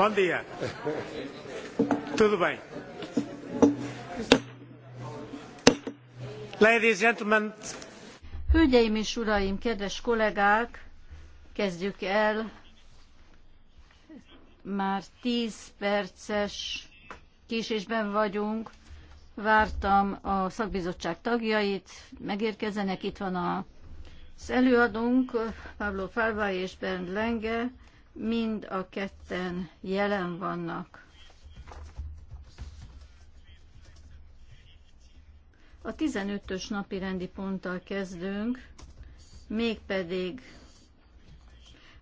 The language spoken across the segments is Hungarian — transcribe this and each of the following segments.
Bom dia. Tudo bem. Ladies and gentlemen. Hölgyeim és uraim, kedves kollégák, kezdjük el már 10 perces késésben vagyunk. Vártam a szakbizottság tagjait, megérkezenek, itt van a az előadónk, Pablo Falva és Bernd Lenge, mind a ketten jelen vannak. A 15-ös napi rendi ponttal kezdünk, mégpedig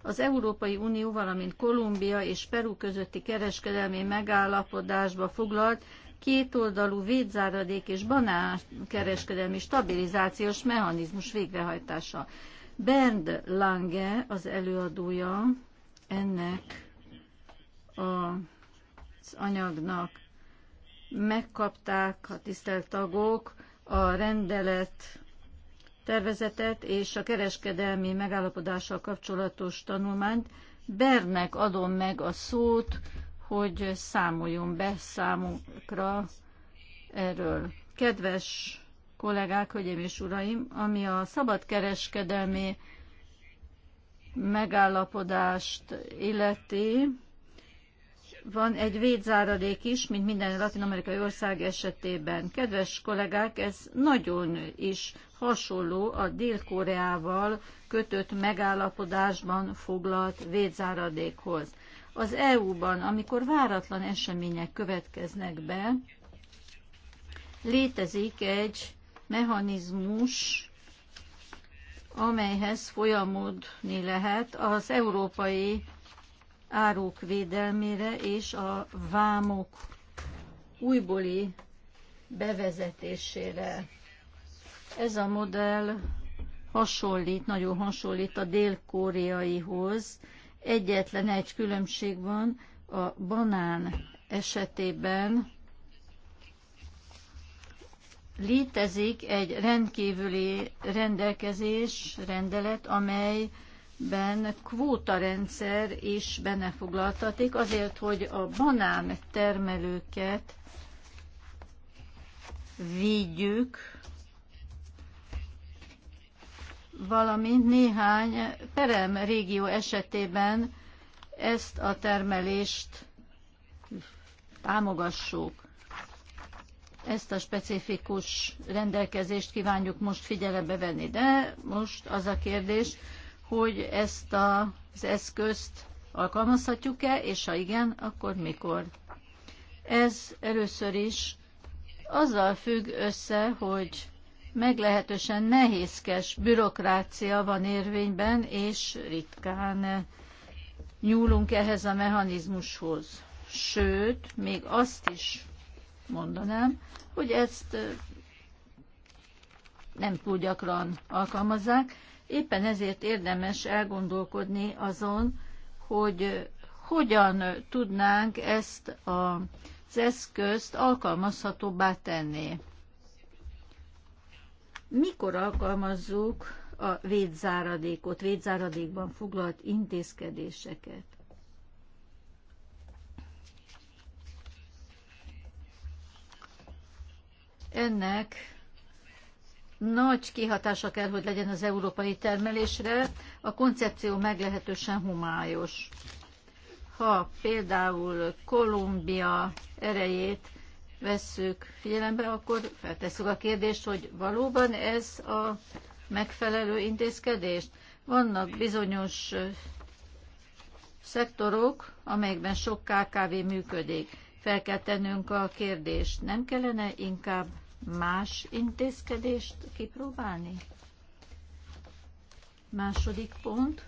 az Európai Unió, valamint Kolumbia és Peru közötti kereskedelmi megállapodásba foglalt kétoldalú védzáradék és banán kereskedelmi stabilizációs mechanizmus végrehajtása. Bernd Lange az előadója, ennek a, az anyagnak. Megkapták a tisztelt tagok a rendelet tervezetet és a kereskedelmi megállapodással kapcsolatos tanulmányt. Bernek adom meg a szót, hogy számoljon be számukra erről. Kedves kollégák, hölgyeim és uraim, ami a szabadkereskedelmi megállapodást illeti, van egy védzáradék is, mint minden latin-amerikai ország esetében. Kedves kollégák, ez nagyon is hasonló a Dél-Koreával kötött megállapodásban foglalt védzáradékhoz. Az EU-ban, amikor váratlan események következnek be, létezik egy mechanizmus, amelyhez folyamodni lehet az európai áruk védelmére és a vámok újbóli bevezetésére. Ez a modell hasonlít, nagyon hasonlít a dél-koreaihoz. Egyetlen egy különbség van, a banán esetében létezik egy rendkívüli rendelkezés, rendelet, amelyben kvótarendszer is benne foglaltatik, azért, hogy a banán termelőket védjük, valamint néhány perem régió esetében ezt a termelést támogassuk. Ezt a specifikus rendelkezést kívánjuk most figyelembe venni. De most az a kérdés, hogy ezt az eszközt alkalmazhatjuk-e, és ha igen, akkor mikor. Ez először is azzal függ össze, hogy meglehetősen nehézkes bürokrácia van érvényben, és ritkán nyúlunk ehhez a mechanizmushoz. Sőt, még azt is mondanám, hogy ezt nem túl gyakran alkalmazzák. Éppen ezért érdemes elgondolkodni azon, hogy hogyan tudnánk ezt az eszközt alkalmazhatóbbá tenni. Mikor alkalmazzuk a védzáradékot, védzáradékban foglalt intézkedéseket? Ennek nagy kihatása kell, hogy legyen az európai termelésre, a koncepció meglehetősen humályos. Ha például Kolumbia erejét vesszük figyelembe, akkor feltesszük a kérdést, hogy valóban ez a megfelelő intézkedés. Vannak bizonyos szektorok, amelyekben sok KKV működik fel kell tennünk a kérdést. Nem kellene inkább más intézkedést kipróbálni? Második pont.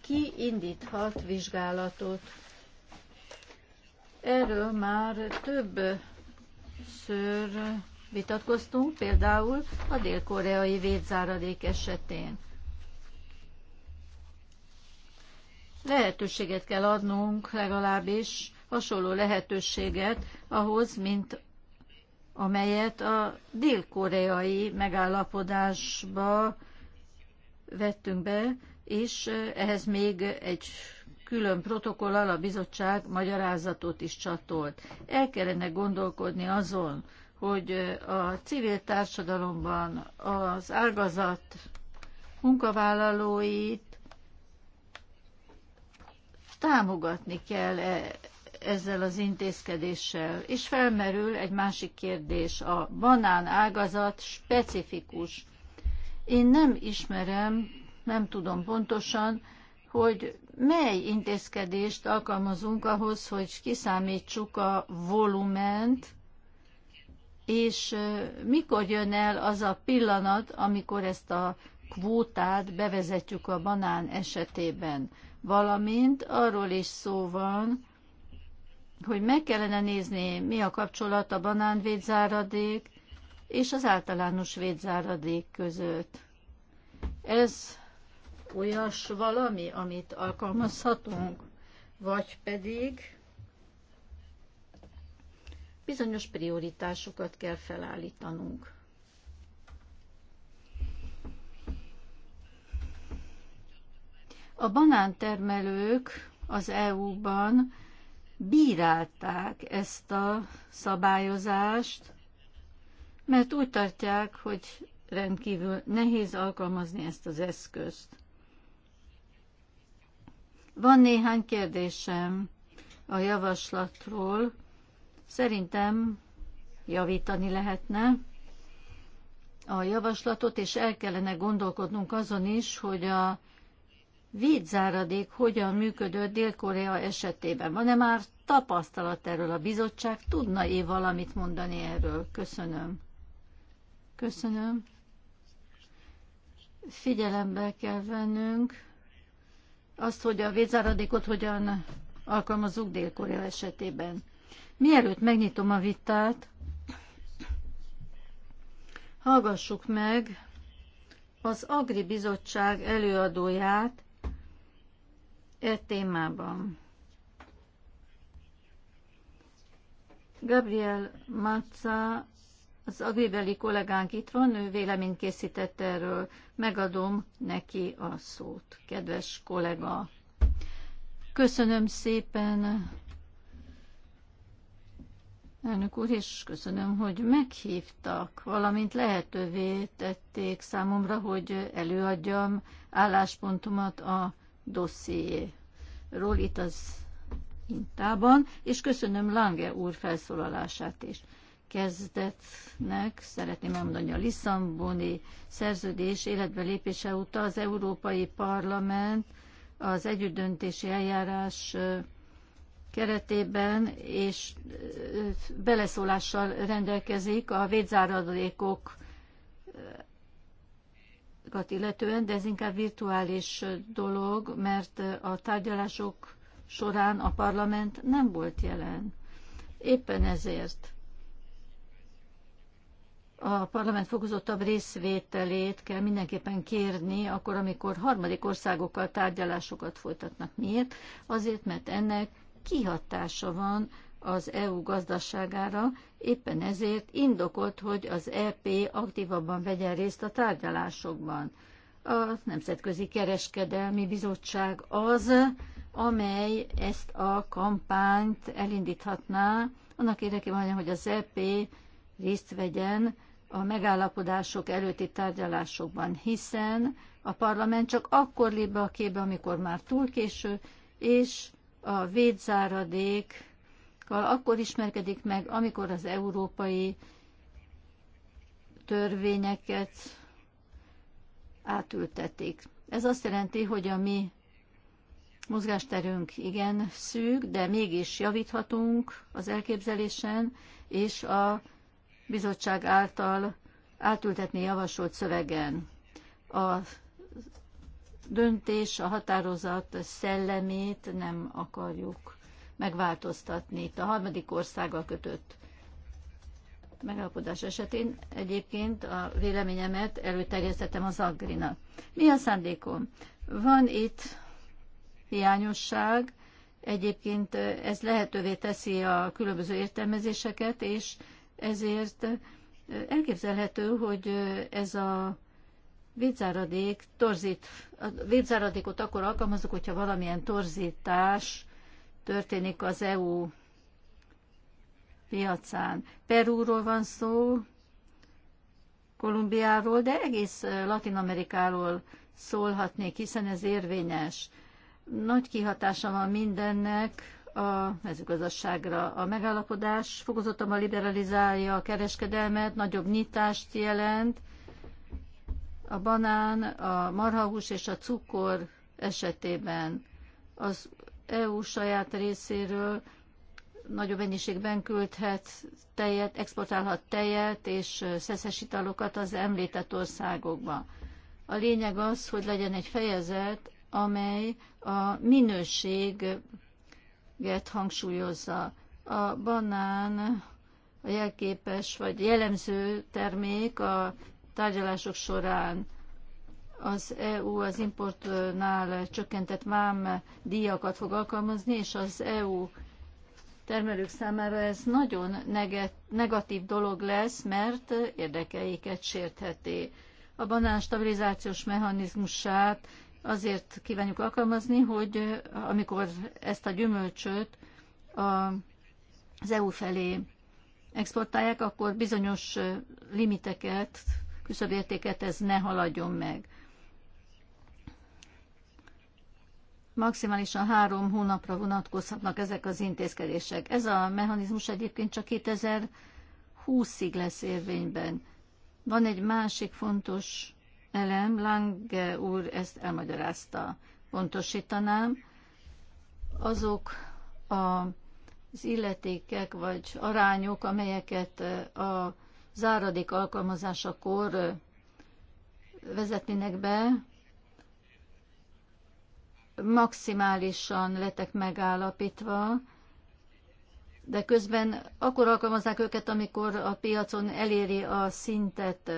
Ki indíthat vizsgálatot? Erről már több ször vitatkoztunk, például a dél-koreai védzáradék esetén. lehetőséget kell adnunk legalábbis hasonló lehetőséget ahhoz, mint amelyet a dél-koreai megállapodásba vettünk be, és ehhez még egy külön protokollal a bizottság magyarázatot is csatolt. El kellene gondolkodni azon, hogy a civil társadalomban az ágazat munkavállalóit támogatni kell e, ezzel az intézkedéssel. És felmerül egy másik kérdés, a banán ágazat specifikus. Én nem ismerem, nem tudom pontosan, hogy mely intézkedést alkalmazunk ahhoz, hogy kiszámítsuk a volument, és e, mikor jön el az a pillanat, amikor ezt a kvótát bevezetjük a banán esetében valamint arról is szó van, hogy meg kellene nézni, mi a kapcsolat a banánvédzáradék és az általános védzáradék között. Ez olyas valami, amit alkalmazhatunk, vagy pedig bizonyos prioritásokat kell felállítanunk. A banántermelők az EU-ban bírálták ezt a szabályozást, mert úgy tartják, hogy rendkívül nehéz alkalmazni ezt az eszközt. Van néhány kérdésem a javaslatról. Szerintem javítani lehetne a javaslatot, és el kellene gondolkodnunk azon is, hogy a védzáradék hogyan működött Dél-Korea esetében. Van-e már tapasztalat erről a bizottság? Tudna-e valamit mondani erről? Köszönöm. Köszönöm. Figyelembe kell vennünk azt, hogy a védzáradékot hogyan alkalmazunk Dél-Korea esetében. Mielőtt megnyitom a vitát, hallgassuk meg az Agri Bizottság előadóját, témában. Gabriel Matza, az agribeli kollégánk itt van, ő véleményt készített erről. Megadom neki a szót, kedves kollega. Köszönöm szépen, elnök úr, és köszönöm, hogy meghívtak, valamint lehetővé tették számomra, hogy előadjam álláspontomat a dossziéról itt az Intában, és köszönöm Lange úr felszólalását is. Kezdetnek szeretném elmondani a Lisszamboni szerződés életbe lépése óta az Európai Parlament az együttdöntési eljárás keretében és beleszólással rendelkezik a védzáradékok illetően, de ez inkább virtuális dolog, mert a tárgyalások során a parlament nem volt jelen. Éppen ezért a parlament fokozottabb részvételét kell mindenképpen kérni, akkor, amikor harmadik országokkal tárgyalásokat folytatnak. Miért? Azért, mert ennek kihatása van az EU gazdaságára, éppen ezért indokolt, hogy az EP aktívabban vegyen részt a tárgyalásokban. A Nemzetközi Kereskedelmi Bizottság az, amely ezt a kampányt elindíthatná, annak érdekében, hogy az EP részt vegyen a megállapodások előtti tárgyalásokban, hiszen a parlament csak akkor lép be a képbe, amikor már túl késő, és a védzáradék akkor ismerkedik meg, amikor az európai törvényeket átültetik. Ez azt jelenti, hogy a mi mozgásterünk igen szűk, de mégis javíthatunk az elképzelésen, és a bizottság által átültetni javasolt szövegen. A döntés, a határozat szellemét nem akarjuk megváltoztatni itt a harmadik országgal kötött megállapodás esetén egyébként a véleményemet előterjesztettem az Agrina. Mi a szándékom? Van itt hiányosság, egyébként ez lehetővé teszi a különböző értelmezéseket, és ezért elképzelhető, hogy ez a védzáradék torzít, a védzáradékot akkor alkalmazok, hogyha valamilyen torzítás történik az EU piacán. Perúról van szó, Kolumbiáról, de egész Latin Amerikáról szólhatnék, hiszen ez érvényes. Nagy kihatása van mindennek a mezőgazdaságra. A megállapodás a liberalizálja a kereskedelmet, nagyobb nyitást jelent. A banán, a marhahús és a cukor esetében az EU saját részéről nagyobb mennyiségben küldhet tejet, exportálhat tejet és szeszes italokat az említett országokba. A lényeg az, hogy legyen egy fejezet, amely a minőséget hangsúlyozza. A banán a jelképes vagy jellemző termék a tárgyalások során az EU az importnál csökkentett mám díjakat fog alkalmazni, és az EU termelők számára ez nagyon negatív dolog lesz, mert érdekeiket sértheti. A banán stabilizációs mechanizmusát azért kívánjuk alkalmazni, hogy amikor ezt a gyümölcsöt az EU felé exportálják, akkor bizonyos limiteket, küszöbértéket ez ne haladjon meg. maximálisan három hónapra vonatkozhatnak ezek az intézkedések. Ez a mechanizmus egyébként csak 2020-ig lesz érvényben. Van egy másik fontos elem, Lange úr ezt elmagyarázta, pontosítanám, azok a, az illetékek vagy arányok, amelyeket a záradék alkalmazásakor vezetnének be, maximálisan letek megállapítva, de közben akkor alkalmazzák őket, amikor a piacon eléri a szintet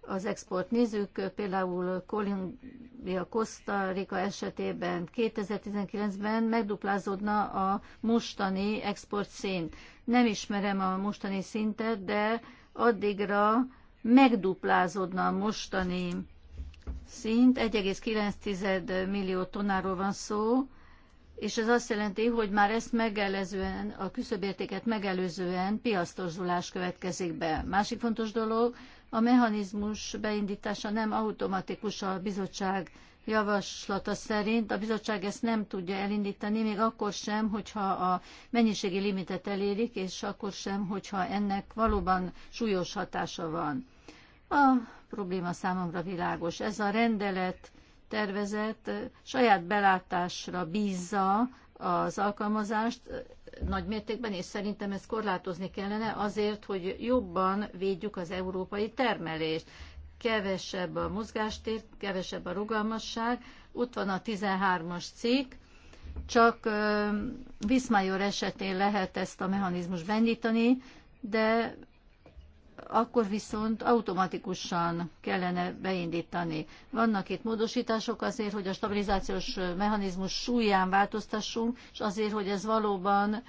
az export. Nézzük például Kolumbia, Costa Rica esetében 2019-ben megduplázódna a mostani export szint. Nem ismerem a mostani szintet, de addigra megduplázódna a mostani szint, 1,9 millió tonnáról van szó, és ez azt jelenti, hogy már ezt megelőzően, a küszöbértéket megelőzően piasztorzulás következik be. Másik fontos dolog, a mechanizmus beindítása nem automatikus a bizottság javaslata szerint. A bizottság ezt nem tudja elindítani, még akkor sem, hogyha a mennyiségi limitet elérik, és akkor sem, hogyha ennek valóban súlyos hatása van. A probléma számomra világos. Ez a rendelet tervezet saját belátásra bízza az alkalmazást nagy mértékben, és szerintem ezt korlátozni kellene azért, hogy jobban védjük az európai termelést. Kevesebb a mozgástér, kevesebb a rugalmasság. Ott van a 13-as cikk, csak Viszmajor esetén lehet ezt a mechanizmus benyitani, de akkor viszont automatikusan kellene beindítani. Vannak itt módosítások azért, hogy a stabilizációs mechanizmus súlyán változtassunk, és azért, hogy ez valóban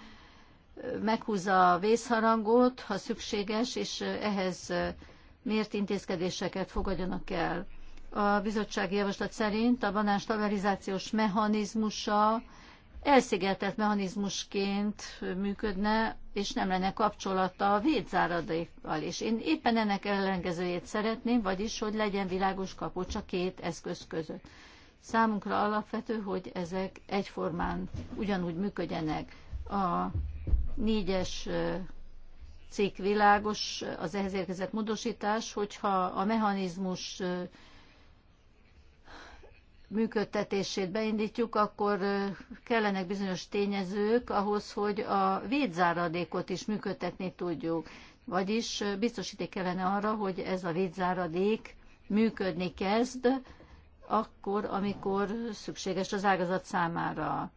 meghúzza a vészharangot, ha szükséges, és ehhez miért intézkedéseket fogadjanak el. A bizottsági javaslat szerint a banán stabilizációs mechanizmusa elszigetelt mechanizmusként működne, és nem lenne kapcsolata a védzáradékkal. És én éppen ennek ellenkezőjét szeretném, vagyis, hogy legyen világos kapocs a két eszköz között. Számunkra alapvető, hogy ezek egyformán ugyanúgy működjenek. A négyes cikk világos, az ehhez érkezett módosítás, hogyha a mechanizmus működtetését beindítjuk, akkor kellenek bizonyos tényezők ahhoz, hogy a védzáradékot is működtetni tudjuk. Vagyis biztosíték kellene arra, hogy ez a védzáradék működni kezd, akkor, amikor szükséges az ágazat számára.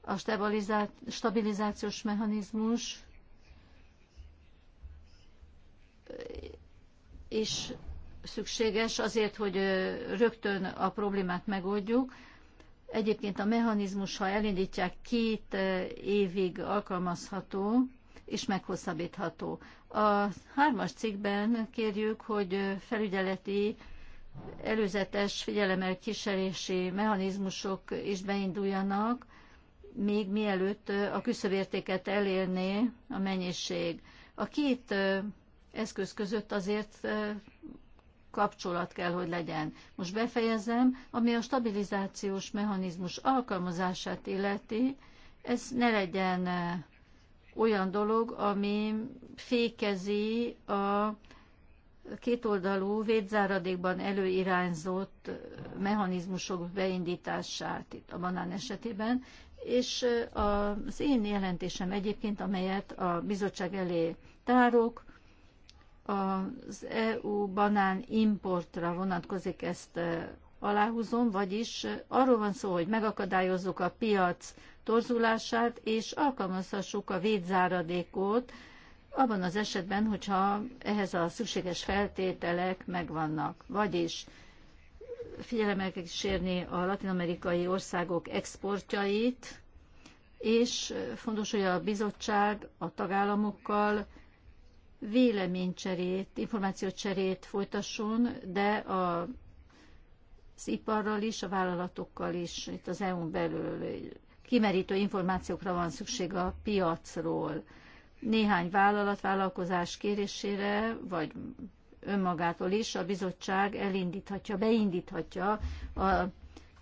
A stabilizációs mechanizmus és szükséges azért, hogy rögtön a problémát megoldjuk. Egyébként a mechanizmus, ha elindítják, két évig alkalmazható és meghosszabbítható. A hármas cikkben kérjük, hogy felügyeleti előzetes figyelemmel kísérési mechanizmusok is beinduljanak, még mielőtt a küszöbértéket elérné a mennyiség. A két eszköz között azért kapcsolat kell, hogy legyen. Most befejezem, ami a stabilizációs mechanizmus alkalmazását illeti, ez ne legyen eh, olyan dolog, ami fékezi a kétoldalú védzáradékban előirányzott eh, mechanizmusok beindítását itt a banán esetében, és eh, az én jelentésem egyébként, amelyet a bizottság elé tárok, az EU banán importra vonatkozik, ezt aláhúzom, vagyis arról van szó, hogy megakadályozzuk a piac torzulását, és alkalmazhassuk a védzáradékot abban az esetben, hogyha ehhez a szükséges feltételek megvannak. Vagyis figyelemmel kell kísérni a latinamerikai országok exportjait, és fontos, hogy a bizottság a tagállamokkal véleménycserét, információcserét folytasson, de a, az iparral is, a vállalatokkal is, itt az EU-n belül kimerítő információkra van szükség a piacról. Néhány vállalat vállalkozás kérésére, vagy önmagától is a bizottság elindíthatja, beindíthatja a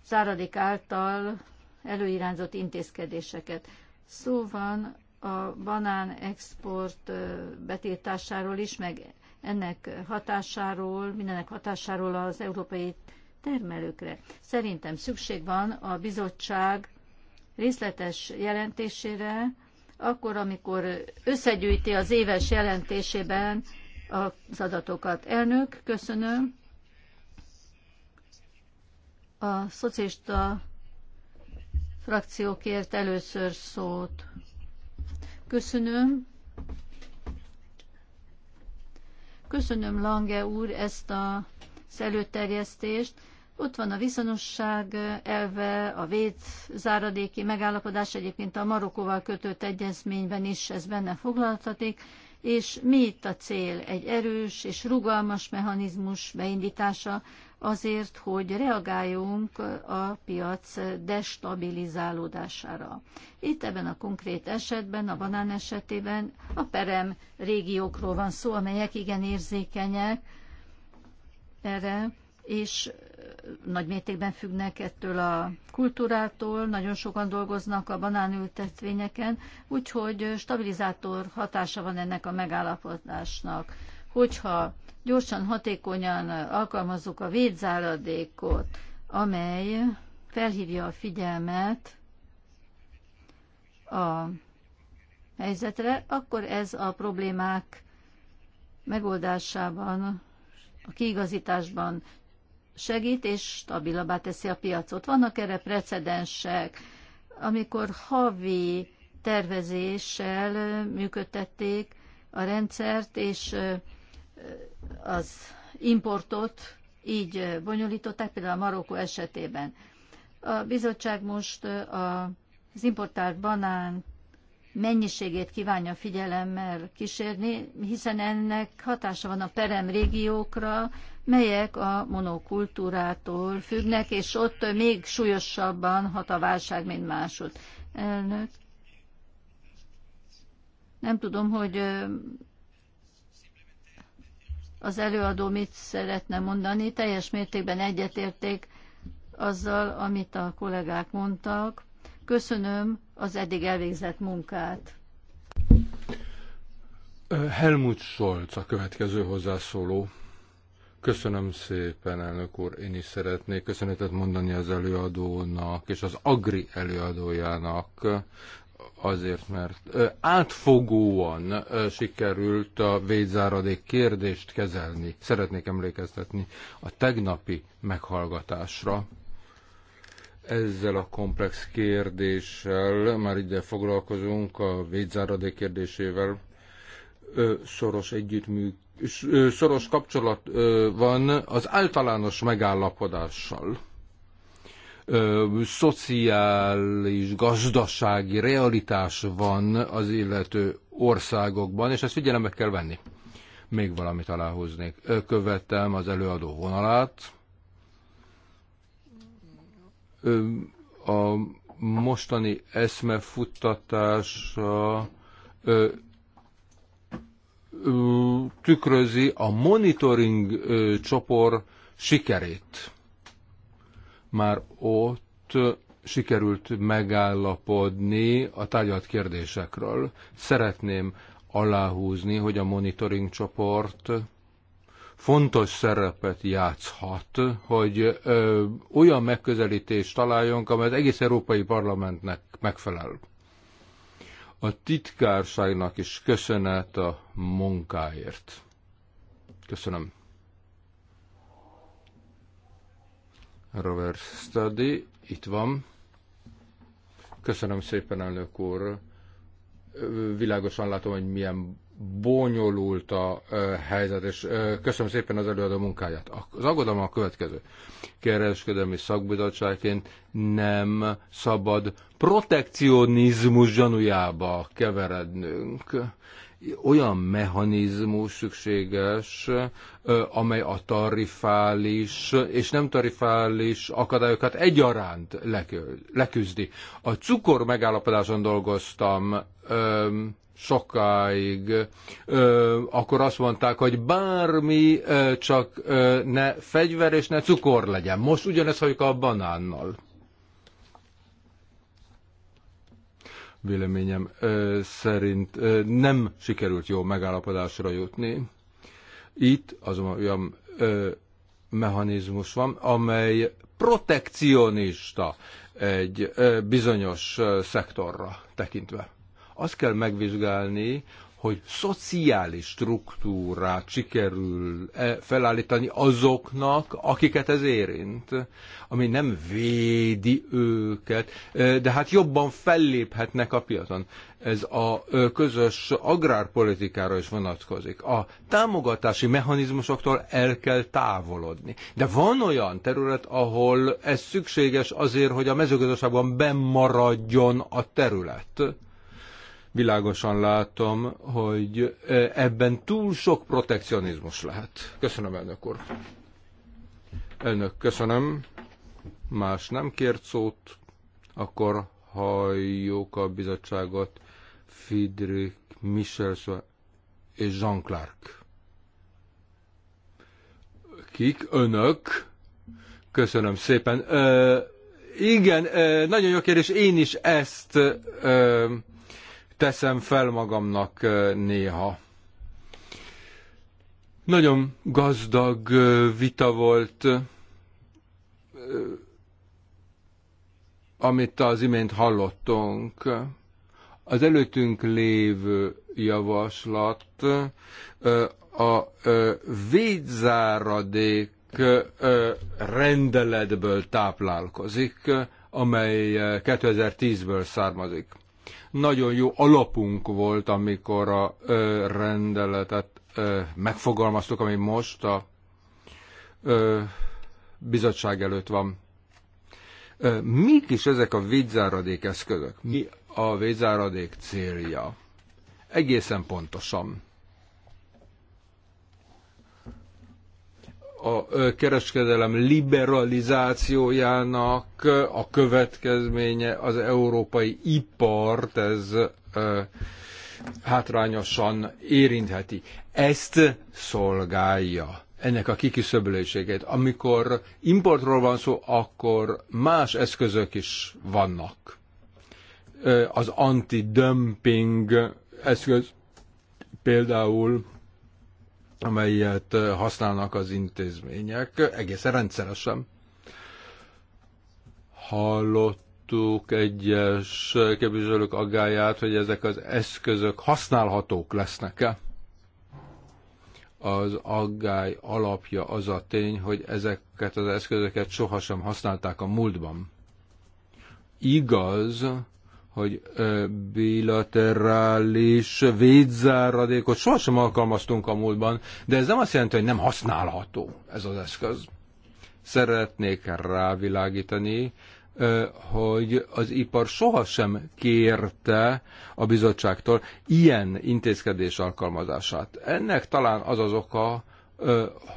záradék által előirányzott intézkedéseket. Szóval a banán export betiltásáról is, meg ennek hatásáról, mindenek hatásáról az európai termelőkre. Szerintem szükség van a bizottság részletes jelentésére, akkor, amikor összegyűjti az éves jelentésében az adatokat. Elnök, köszönöm. A szocialista frakció kért először szót. Köszönöm. Köszönöm, Lange úr, ezt a előterjesztést. Ott van a viszonosság elve, a záradéki megállapodás egyébként a Marokkóval kötött egyezményben is ez benne foglaltatik, és mi itt a cél? Egy erős és rugalmas mechanizmus beindítása, azért, hogy reagáljunk a piac destabilizálódására. Itt ebben a konkrét esetben, a banán esetében a perem régiókról van szó, amelyek igen érzékenyek erre, és nagy mértékben függnek ettől a kultúrától, nagyon sokan dolgoznak a banánültetvényeken, úgyhogy stabilizátor hatása van ennek a megállapodásnak hogyha gyorsan, hatékonyan alkalmazzuk a védzáradékot, amely felhívja a figyelmet a helyzetre, akkor ez a problémák megoldásában, a kiigazításban segít és stabilabbá teszi a piacot. Vannak erre precedensek, amikor havi tervezéssel működtették a rendszert, és az importot így bonyolították, például a Marokkó esetében. A bizottság most az importált banán mennyiségét kívánja figyelemmel kísérni, hiszen ennek hatása van a perem régiókra, melyek a monokultúrától függnek, és ott még súlyosabban hat a válság, mint másod. Elnök, nem tudom, hogy az előadó mit szeretne mondani. Teljes mértékben egyetérték azzal, amit a kollégák mondtak. Köszönöm az eddig elvégzett munkát. Helmut Scholz a következő hozzászóló. Köszönöm szépen, elnök úr. Én is szeretnék köszönetet mondani az előadónak és az Agri előadójának azért, mert átfogóan sikerült a védzáradék kérdést kezelni. Szeretnék emlékeztetni a tegnapi meghallgatásra. Ezzel a komplex kérdéssel már ide foglalkozunk a védzáradék kérdésével. Szoros együttműk, szoros kapcsolat van az általános megállapodással ö, szociális, gazdasági realitás van az illető országokban, és ezt figyelembe kell venni. Még valamit aláhoznék. Követtem az előadó vonalát. Ö, a mostani eszmefuttatása ö, ö, tükrözi a monitoring ö, csoport sikerét már ott sikerült megállapodni a tárgyalt kérdésekről. Szeretném aláhúzni, hogy a monitoring csoport fontos szerepet játszhat, hogy ö, olyan megközelítést találjunk, amely az egész Európai Parlamentnek megfelel. A titkárságnak is köszönet a munkáért. Köszönöm. Robert Study, itt van. Köszönöm szépen, elnök úr. Világosan látom, hogy milyen bonyolult a helyzet, és köszönöm szépen az előadó munkáját. Az aggodalom a következő. Kereskedelmi szakbizottságként nem szabad protekcionizmus gyanújába keverednünk olyan mechanizmus szükséges, amely a tarifális és nem tarifális akadályokat egyaránt leküzdi. A cukor megállapodáson dolgoztam sokáig, akkor azt mondták, hogy bármi csak ne fegyver és ne cukor legyen. Most ugyanezt halljuk a banánnal. Véleményem szerint nem sikerült jó megállapodásra jutni. Itt azonban olyan mechanizmus van, amely protekcionista egy bizonyos szektorra tekintve. Azt kell megvizsgálni, hogy szociális struktúrát sikerül -e felállítani azoknak, akiket ez érint, ami nem védi őket, e, de hát jobban felléphetnek a piacon. Ez a e, közös agrárpolitikára is vonatkozik. A támogatási mechanizmusoktól el kell távolodni. De van olyan terület, ahol ez szükséges azért, hogy a mezőgazdaságban bemaradjon a terület Világosan látom, hogy ebben túl sok protekcionizmus lehet. Köszönöm, elnök úr. Elnök, köszönöm. Más nem kért szót, akkor halljuk a bizottságot. Friedrich Michelson és Jean Clark. Kik? Önök? Köszönöm szépen. Ö, igen, ö, nagyon jó kérdés. Én is ezt ö, teszem fel magamnak néha. Nagyon gazdag vita volt, amit az imént hallottunk. Az előttünk lévő javaslat a védzáradék rendeletből táplálkozik, amely 2010-ből származik. Nagyon jó alapunk volt, amikor a ö, rendeletet ö, megfogalmaztuk, ami most a ö, bizottság előtt van. Ö, mik is ezek a védzáradék eszközök? Mi a védzáradék célja? Egészen pontosan a kereskedelem liberalizációjának a következménye az európai ipart, ez hátrányosan érintheti. Ezt szolgálja ennek a kiküszöbölését. Amikor importról van szó, akkor más eszközök is vannak. Az anti-dumping eszköz például amelyet használnak az intézmények egészen rendszeresen. Hallottuk egyes képviselők aggáját, hogy ezek az eszközök használhatók lesznek-e. Az aggály alapja az a tény, hogy ezeket az eszközöket sohasem használták a múltban. Igaz, hogy bilaterális védzáradékot sohasem alkalmaztunk a múltban, de ez nem azt jelenti, hogy nem használható ez az eszköz. Szeretnék rávilágítani, hogy az ipar sohasem kérte a bizottságtól ilyen intézkedés alkalmazását. Ennek talán az az oka,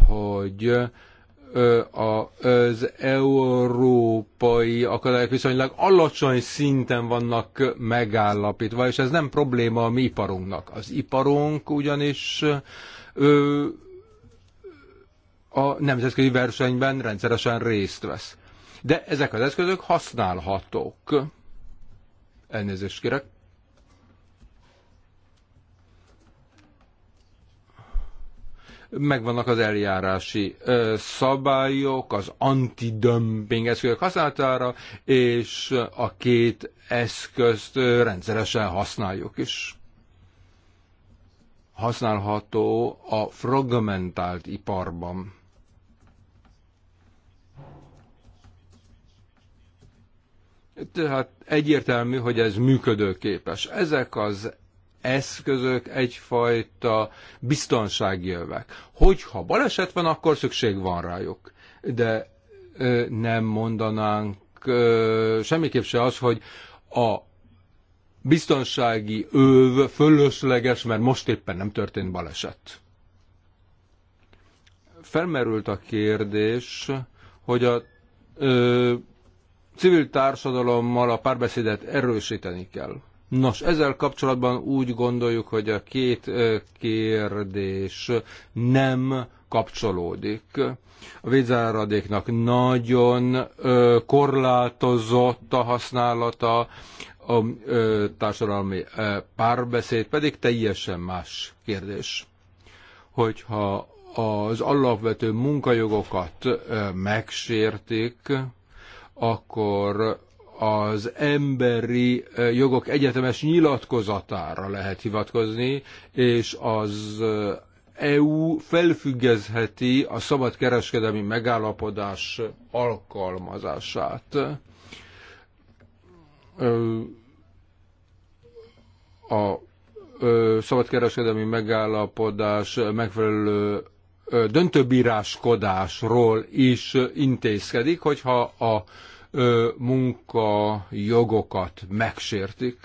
hogy az európai akadályok viszonylag alacsony szinten vannak megállapítva, és ez nem probléma a mi iparunknak. Az iparunk ugyanis a nemzetközi versenyben rendszeresen részt vesz. De ezek az eszközök használhatók. Elnézést kérek. megvannak az eljárási szabályok, az antidömping eszközök használatára, és a két eszközt rendszeresen használjuk is. Használható a fragmentált iparban. Tehát egyértelmű, hogy ez működőképes. Ezek az eszközök egyfajta biztonsági övek. Hogyha baleset van, akkor szükség van rájuk. De ö, nem mondanánk ö, semmiképp se az, hogy a biztonsági öv fölösleges, mert most éppen nem történt baleset. Felmerült a kérdés, hogy a ö, civil társadalommal a párbeszédet erősíteni kell. Nos, ezzel kapcsolatban úgy gondoljuk, hogy a két kérdés nem kapcsolódik. A vízáradéknak nagyon korlátozott a használata, a társadalmi párbeszéd pedig teljesen más kérdés. Hogyha az alapvető munkajogokat megsértik, akkor az emberi jogok egyetemes nyilatkozatára lehet hivatkozni, és az EU felfüggezheti a szabadkereskedelmi megállapodás alkalmazását. A szabadkereskedelmi megállapodás megfelelő döntőbíráskodásról is intézkedik, hogyha a munkajogokat megsértik,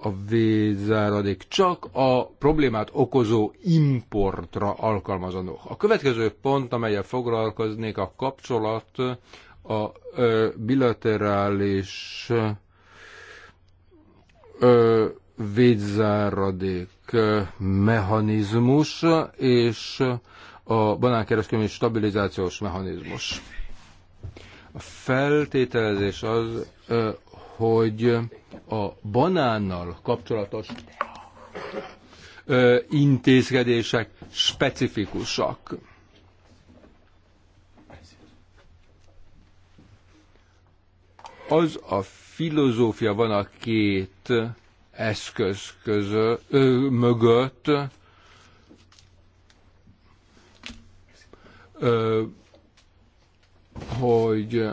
a védzáradék csak a problémát okozó importra alkalmazandó. A következő pont, amelyel foglalkoznék, a kapcsolat a ö, bilaterális védzáradék mechanizmus és a banánkereskedelmi stabilizációs mechanizmus. A feltételezés az, hogy a banánnal kapcsolatos intézkedések specifikusak. Az a filozófia van a két eszköz közö, ö, mögött, ö, hogy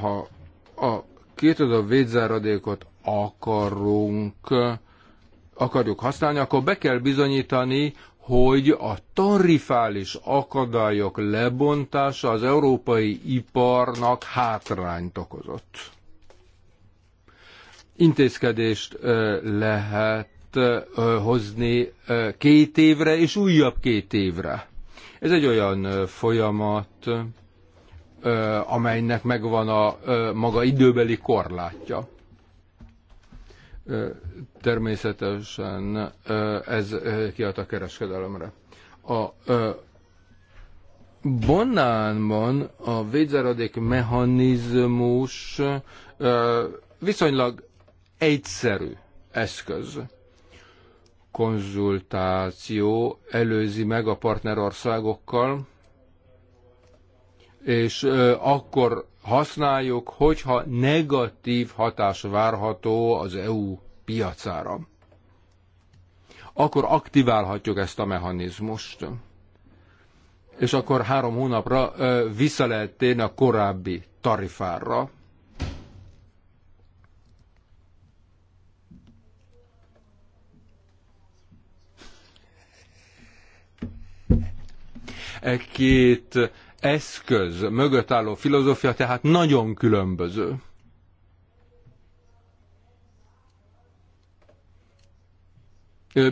ha a két a védzáradékot akarunk, akarjuk használni, akkor be kell bizonyítani, hogy a tarifális akadályok lebontása az európai iparnak hátrányt okozott. Intézkedést lehet hozni két évre és újabb két évre. Ez egy olyan folyamat, amelynek megvan a maga időbeli korlátja. Természetesen ez kiad a kereskedelemre. A Bonnánban a védzeradék mechanizmus viszonylag egyszerű eszköz. Konzultáció előzi meg a partnerországokkal, és akkor használjuk, hogyha negatív hatás várható az EU piacára. Akkor aktiválhatjuk ezt a mechanizmust. És akkor három hónapra vissza lehet térni a korábbi tarifára, Egy két eszköz mögött álló filozófia tehát nagyon különböző.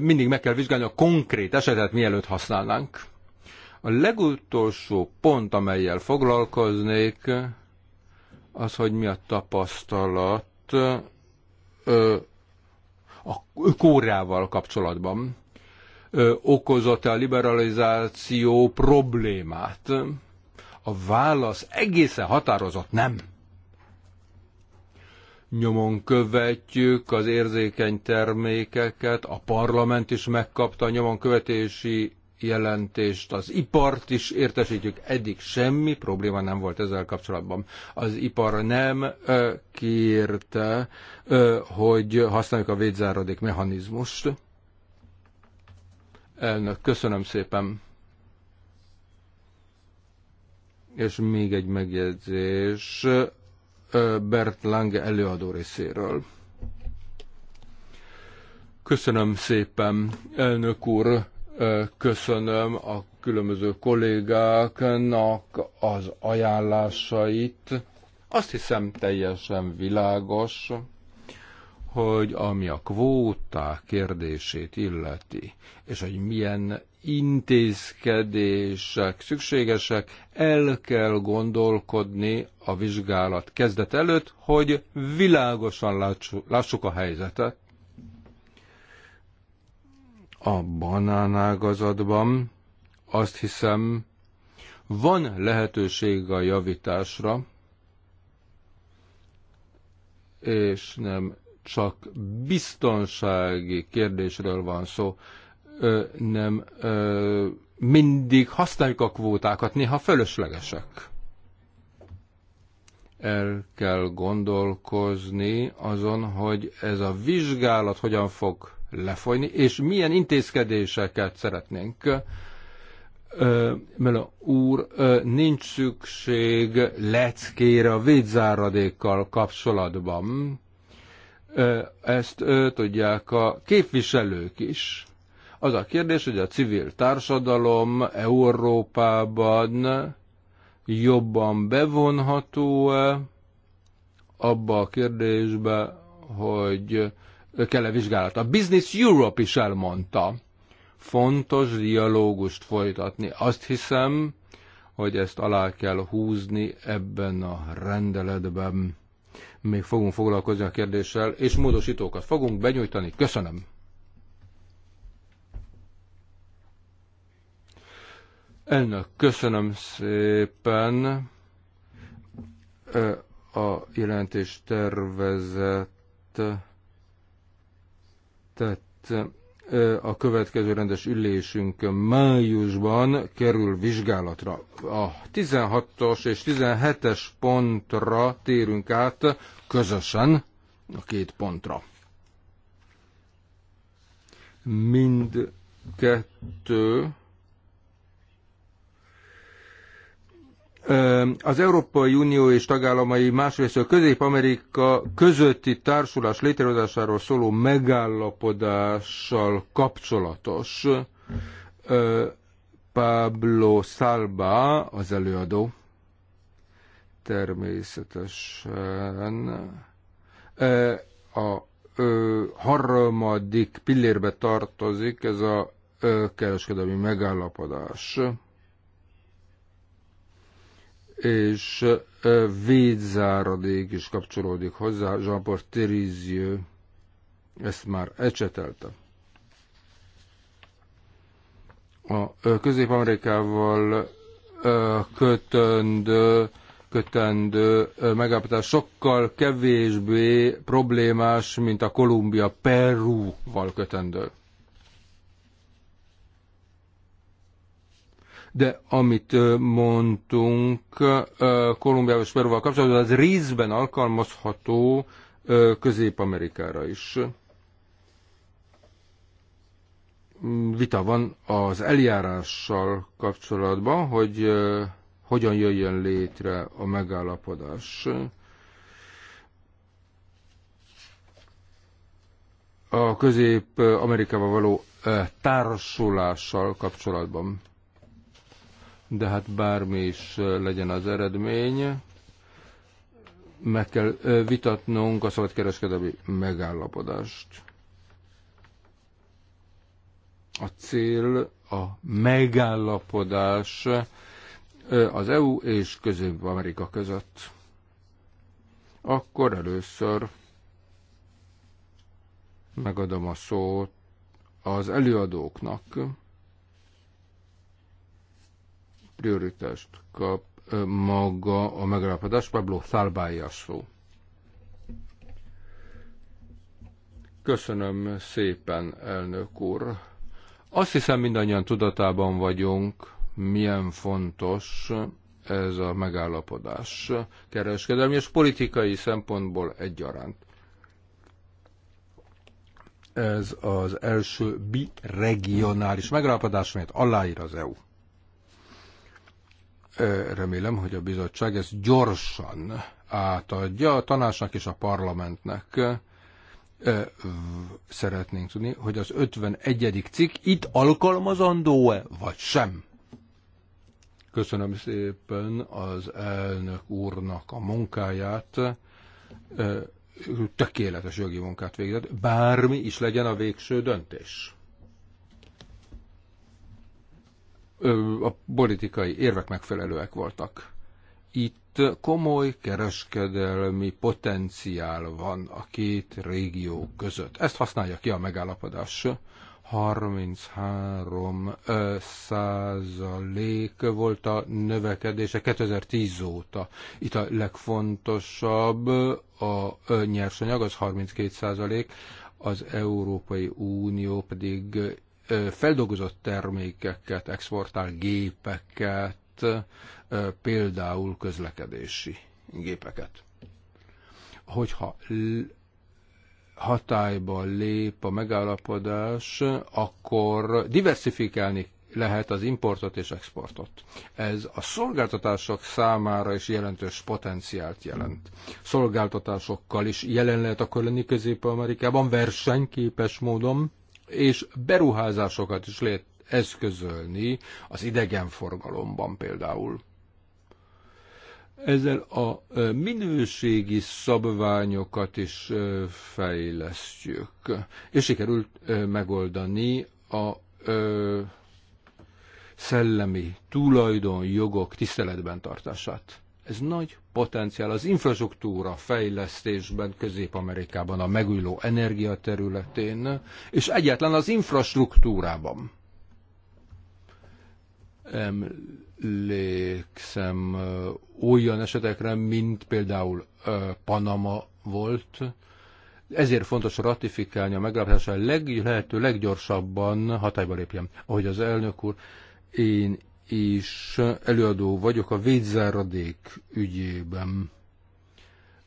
Mindig meg kell vizsgálni a konkrét esetet, mielőtt használnánk. A legutolsó pont, amelyel foglalkoznék, az, hogy mi a tapasztalat a Kórával kapcsolatban. Okozott-e a liberalizáció problémát? A válasz egészen határozott nem. Nyomon követjük az érzékeny termékeket, a parlament is megkapta a nyomon követési jelentést, az ipart is értesítjük, eddig semmi probléma nem volt ezzel kapcsolatban. Az ipar nem ö, kérte, ö, hogy használjuk a védzáradék mechanizmust. Elnök, köszönöm szépen. És még egy megjegyzés Bert Lange előadó részéről. Köszönöm szépen, elnök úr, köszönöm a különböző kollégáknak az ajánlásait. Azt hiszem teljesen világos, hogy ami a kvóták kérdését illeti, és hogy milyen intézkedések szükségesek, el kell gondolkodni a vizsgálat kezdet előtt, hogy világosan lássuk a helyzetet. A banánágazatban azt hiszem, van lehetőség a javításra, és nem csak biztonsági kérdésről van szó, ö, nem ö, mindig használjuk a kvótákat, néha fölöslegesek. El kell gondolkozni azon, hogy ez a vizsgálat hogyan fog lefolyni, és milyen intézkedéseket szeretnénk. Mert úr, nincs szükség leckére a védzáradékkal kapcsolatban ezt tudják a képviselők is. Az a kérdés, hogy a civil társadalom Európában jobban bevonható-e abba a kérdésbe, hogy kell-e vizsgálat. A Business Europe is elmondta, fontos dialógust folytatni. Azt hiszem, hogy ezt alá kell húzni ebben a rendeletben még fogunk foglalkozni a kérdéssel, és módosítókat fogunk benyújtani. Köszönöm! Ennek köszönöm szépen a jelentés tervezett tett a következő rendes ülésünk májusban kerül vizsgálatra. A 16-os és 17-es pontra térünk át közösen a két pontra. Mindkettő Az Európai Unió és tagállamai másrészt a Közép-Amerika közötti társulás létrehozásáról szóló megállapodással kapcsolatos. Pablo Salba az előadó. Természetesen a harmadik pillérbe tartozik ez a kereskedelmi megállapodás és védzáradék is kapcsolódik hozzá. Jean-Paul Thérizieux ezt már ecsetelte. A Közép-Amerikával kötendő, kötendő megállapodás sokkal kevésbé problémás, mint a Kolumbia-Perúval kötendő. de amit mondtunk Kolumbiával és Peruval kapcsolatban, az részben alkalmazható Közép-Amerikára is. Vita van az eljárással kapcsolatban, hogy hogyan jöjjön létre a megállapodás. A Közép-Amerikával való társulással kapcsolatban de hát bármi is legyen az eredmény, meg kell vitatnunk a szabadkereskedelmi megállapodást. A cél a megállapodás az EU és Közép-Amerika között. Akkor először megadom a szót az előadóknak prioritást kap maga a megállapodás. Pablo Szálbája szó. Köszönöm szépen, elnök úr. Azt hiszem mindannyian tudatában vagyunk, milyen fontos ez a megállapodás kereskedelmi és politikai szempontból egyaránt. Ez az első bi-regionális megállapodás, amelyet aláír az EU. Remélem, hogy a bizottság ezt gyorsan átadja a tanácsnak és a parlamentnek. Szeretnénk tudni, hogy az 51. cikk itt alkalmazandó-e, vagy sem. Köszönöm szépen az elnök úrnak a munkáját tökéletes jogi munkát végzett, bármi is legyen a végső döntés. a politikai érvek megfelelőek voltak. Itt komoly kereskedelmi potenciál van a két régió között. Ezt használja ki a megállapodás. 33 százalék volt a növekedése 2010 óta. Itt a legfontosabb a nyersanyag, az 32 százalék, az Európai Unió pedig feldolgozott termékeket exportál, gépeket, például közlekedési gépeket. Hogyha hatályba lép a megállapodás, akkor diversifikálni lehet az importot és exportot. Ez a szolgáltatások számára is jelentős potenciált jelent. Szolgáltatásokkal is jelen lehet akkor lenni Közép-Amerikában versenyképes módon, és beruházásokat is lehet eszközölni az idegenforgalomban például. Ezzel a minőségi szabványokat is fejlesztjük, és sikerült megoldani a szellemi tulajdonjogok tiszteletben tartását. Ez nagy potenciál az infrastruktúra fejlesztésben, Közép-Amerikában, a megújuló energia területén, és egyetlen az infrastruktúrában. Emlékszem olyan esetekre, mint például Panama volt, ezért fontos ratifikálni a megállapodás, a leg, lehető leggyorsabban hatályba lépjen. Ahogy az elnök úr, én és előadó vagyok a védzáradék ügyében.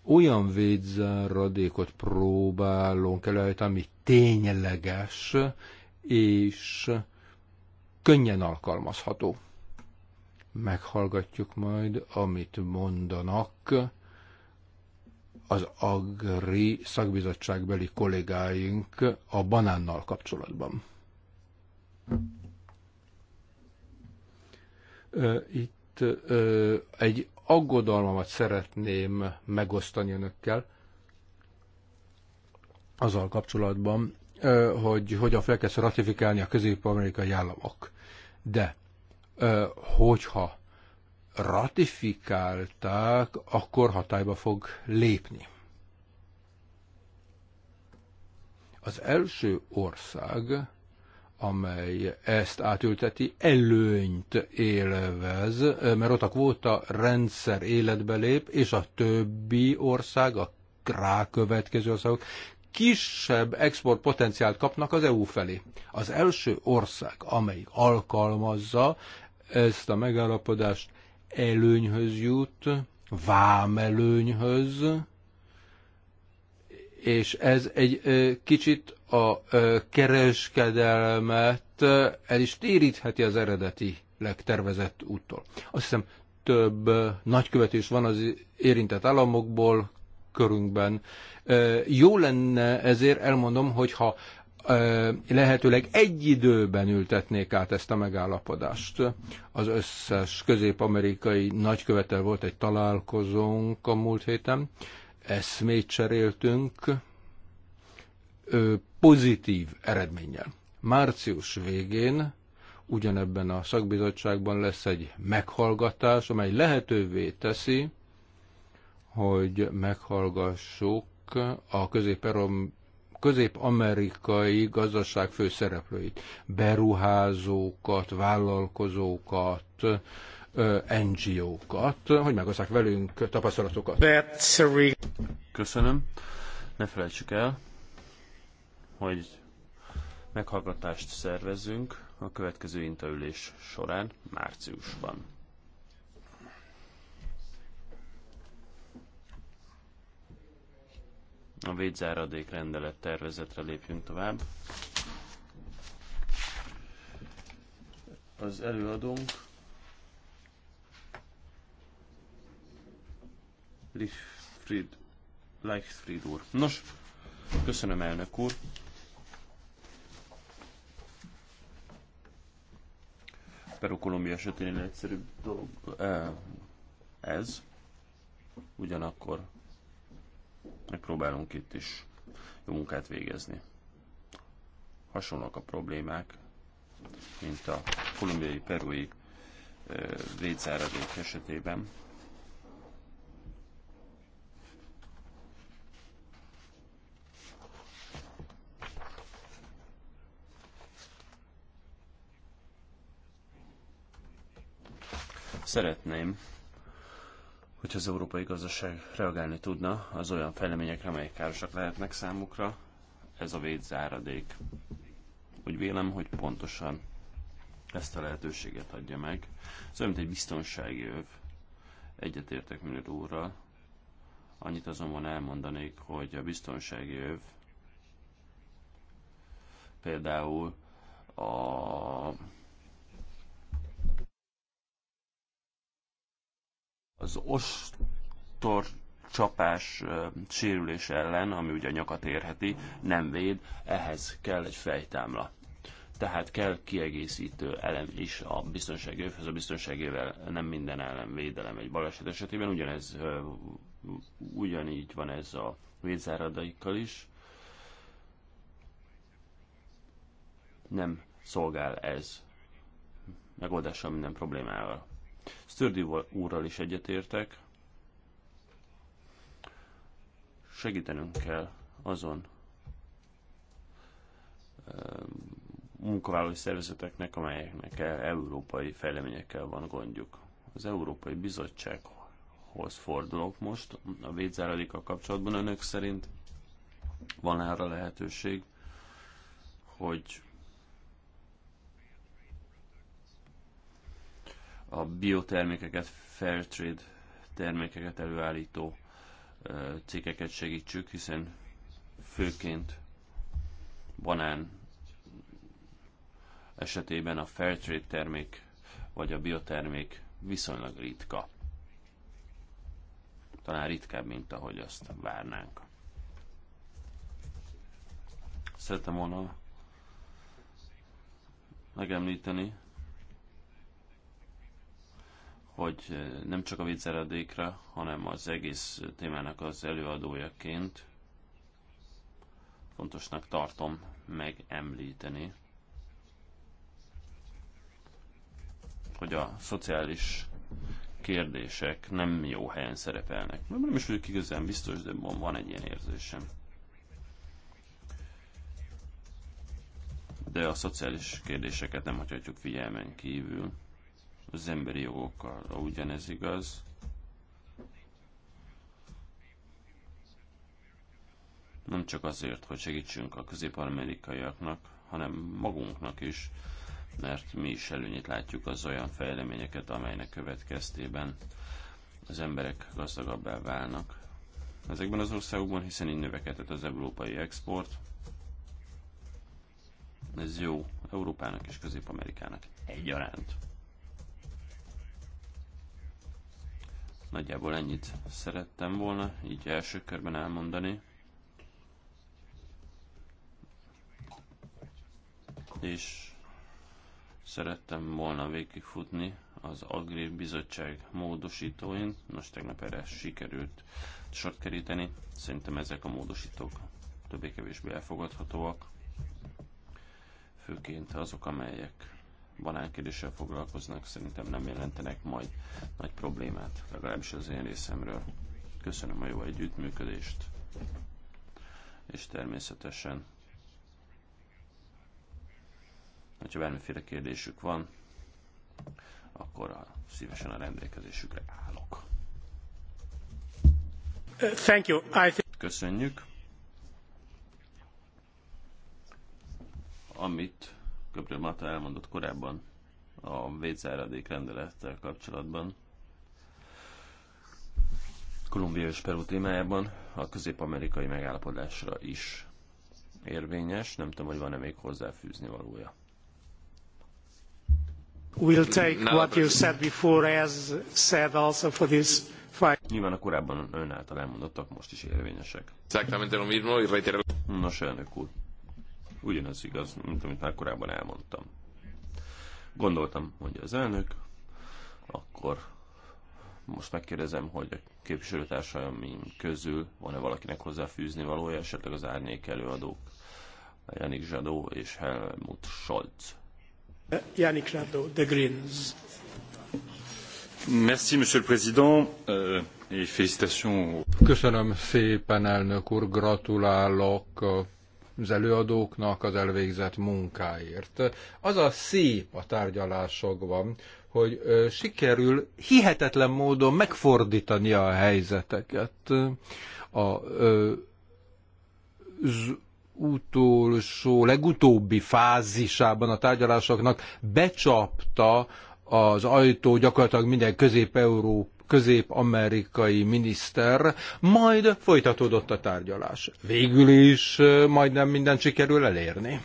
Olyan védzáradékot próbálunk előállítani, ami tényleges és könnyen alkalmazható. Meghallgatjuk majd, amit mondanak az Agri szakbizottságbeli kollégáink a banánnal kapcsolatban. Itt egy aggodalmamat szeretném megosztani önökkel azzal kapcsolatban, hogy hogyan fel kell ratifikálni a közép-amerikai államok. De hogyha ratifikálták, akkor hatályba fog lépni. Az első ország, amely ezt átülteti, előnyt élvez, mert ott a kvóta rendszer életbe lép, és a többi ország, a rákövetkező országok kisebb exportpotenciált kapnak az EU felé. Az első ország, amelyik alkalmazza ezt a megállapodást, előnyhöz jut, vámelőnyhöz, és ez egy kicsit a kereskedelmet el is térítheti az eredeti legtervezett úttól. Azt hiszem, több nagykövetés van az érintett államokból körünkben. Jó lenne ezért elmondom, hogyha lehetőleg egy időben ültetnék át ezt a megállapodást. Az összes közép-amerikai nagykövetel volt egy találkozónk a múlt héten, eszmét cseréltünk pozitív eredménnyel. Március végén ugyanebben a szakbizottságban lesz egy meghallgatás, amely lehetővé teszi, hogy meghallgassuk a közép-amerikai gazdaság főszereplőit, beruházókat, vállalkozókat, NGO-kat, hogy megosztják velünk tapasztalatokat. Köszönöm. Ne felejtsük el, hogy meghallgatást szervezünk a következő intaülés során, márciusban. A védzáradék rendelet tervezetre lépjünk tovább. Az előadónk Lichfried, Lichfried úr. Nos, köszönöm elnök úr. Peru-Kolumbia esetén egyszerűbb dolog ez. Ugyanakkor megpróbálunk itt is jó munkát végezni. Hasonlók a problémák, mint a kolumbiai perui védzáradék esetében. Szeretném, hogy az európai gazdaság reagálni tudna az olyan fejleményekre, amelyek károsak lehetnek számukra. Ez a védzáradék. Úgy vélem, hogy pontosan ezt a lehetőséget adja meg. Ez olyan, mint egy biztonsági öv. Egyetértek minőt úrral. Annyit azonban elmondanék, hogy a biztonsági öv például a az ostor csapás sérülés ellen, ami ugye a nyakat érheti, nem véd, ehhez kell egy fejtámla. Tehát kell kiegészítő elem is a biztonsági övhöz, a biztonságével nem minden ellen védelem egy baleset esetében, ugyanez, ugyanígy van ez a védzáradaikkal is. Nem szolgál ez megoldással minden problémával. Szördi úrral is egyetértek. Segítenünk kell azon ehm, munkavállalói szervezeteknek, amelyeknek e- európai fejleményekkel van gondjuk. Az Európai Bizottsághoz fordulok most a védzáradékkal kapcsolatban. Önök szerint van erre lehetőség, hogy a biotermékeket, fairtrade termékeket előállító cégeket segítsük, hiszen főként banán esetében a fairtrade termék vagy a biotermék viszonylag ritka. Talán ritkább, mint ahogy azt várnánk. Szeretem volna megemlíteni, hogy eh, nem csak a vicceredékre, hanem az egész témának az előadójaként fontosnak tartom megemlíteni, hogy a szociális kérdések nem jó helyen szerepelnek. Nem is vagyok igazán biztos, de van egy ilyen érzésem. De a szociális kérdéseket nem hagyhatjuk figyelmen kívül az emberi jogokkal. Ugyanez igaz. Nem csak azért, hogy segítsünk a közép-amerikaiaknak, hanem magunknak is, mert mi is előnyét látjuk az olyan fejleményeket, amelynek következtében az emberek gazdagabbá válnak. Ezekben az országokban, hiszen így növekedett az európai export, ez jó Európának és Közép-Amerikának egyaránt. Nagyjából ennyit szerettem volna így első körben elmondani. És szerettem volna végigfutni az Agri Bizottság módosítóin. Most tegnap erre sikerült sort keríteni. Szerintem ezek a módosítók többé-kevésbé elfogadhatóak. Főként azok, amelyek banánkérdéssel foglalkoznak, szerintem nem jelentenek majd nagy problémát, legalábbis az én részemről. Köszönöm a jó együttműködést, és természetesen, hogyha bármiféle kérdésük van, akkor a, szívesen a rendelkezésükre állok. Thank you. I Köszönjük. Amit Köprő Mata elmondott korábban a védzáradék rendelettel kapcsolatban, Kolumbia és Peru témájában a közép-amerikai megállapodásra is érvényes. Nem tudom, hogy van-e még hozzáfűzni valója. We'll take what you said before as said also for this fight. Nyilván a korábban ön által elmondottak most is érvényesek. Exactamente lo mismo y reiterar. Nos, elnök úr ugyanaz igaz, mint amit már korábban elmondtam. Gondoltam, mondja az elnök, akkor most megkérdezem, hogy a képviselőtársaim közül van-e valakinek hozzáfűzni valója, esetleg az árnyék előadók, Janik Zsadó és Helmut Scholz. Janik Zsadó, The Greens. Merci, Monsieur le Président, euh, et félicitations. Köszönöm szépen, elnök úr, gratulálok az előadóknak az elvégzett munkáért. Az a szép a tárgyalásokban, hogy sikerül hihetetlen módon megfordítani a helyzeteket. A utolsó, legutóbbi fázisában a tárgyalásoknak becsapta az ajtó gyakorlatilag minden közép-európa közép-amerikai miniszter, majd folytatódott a tárgyalás. Végül is majdnem minden sikerül elérni.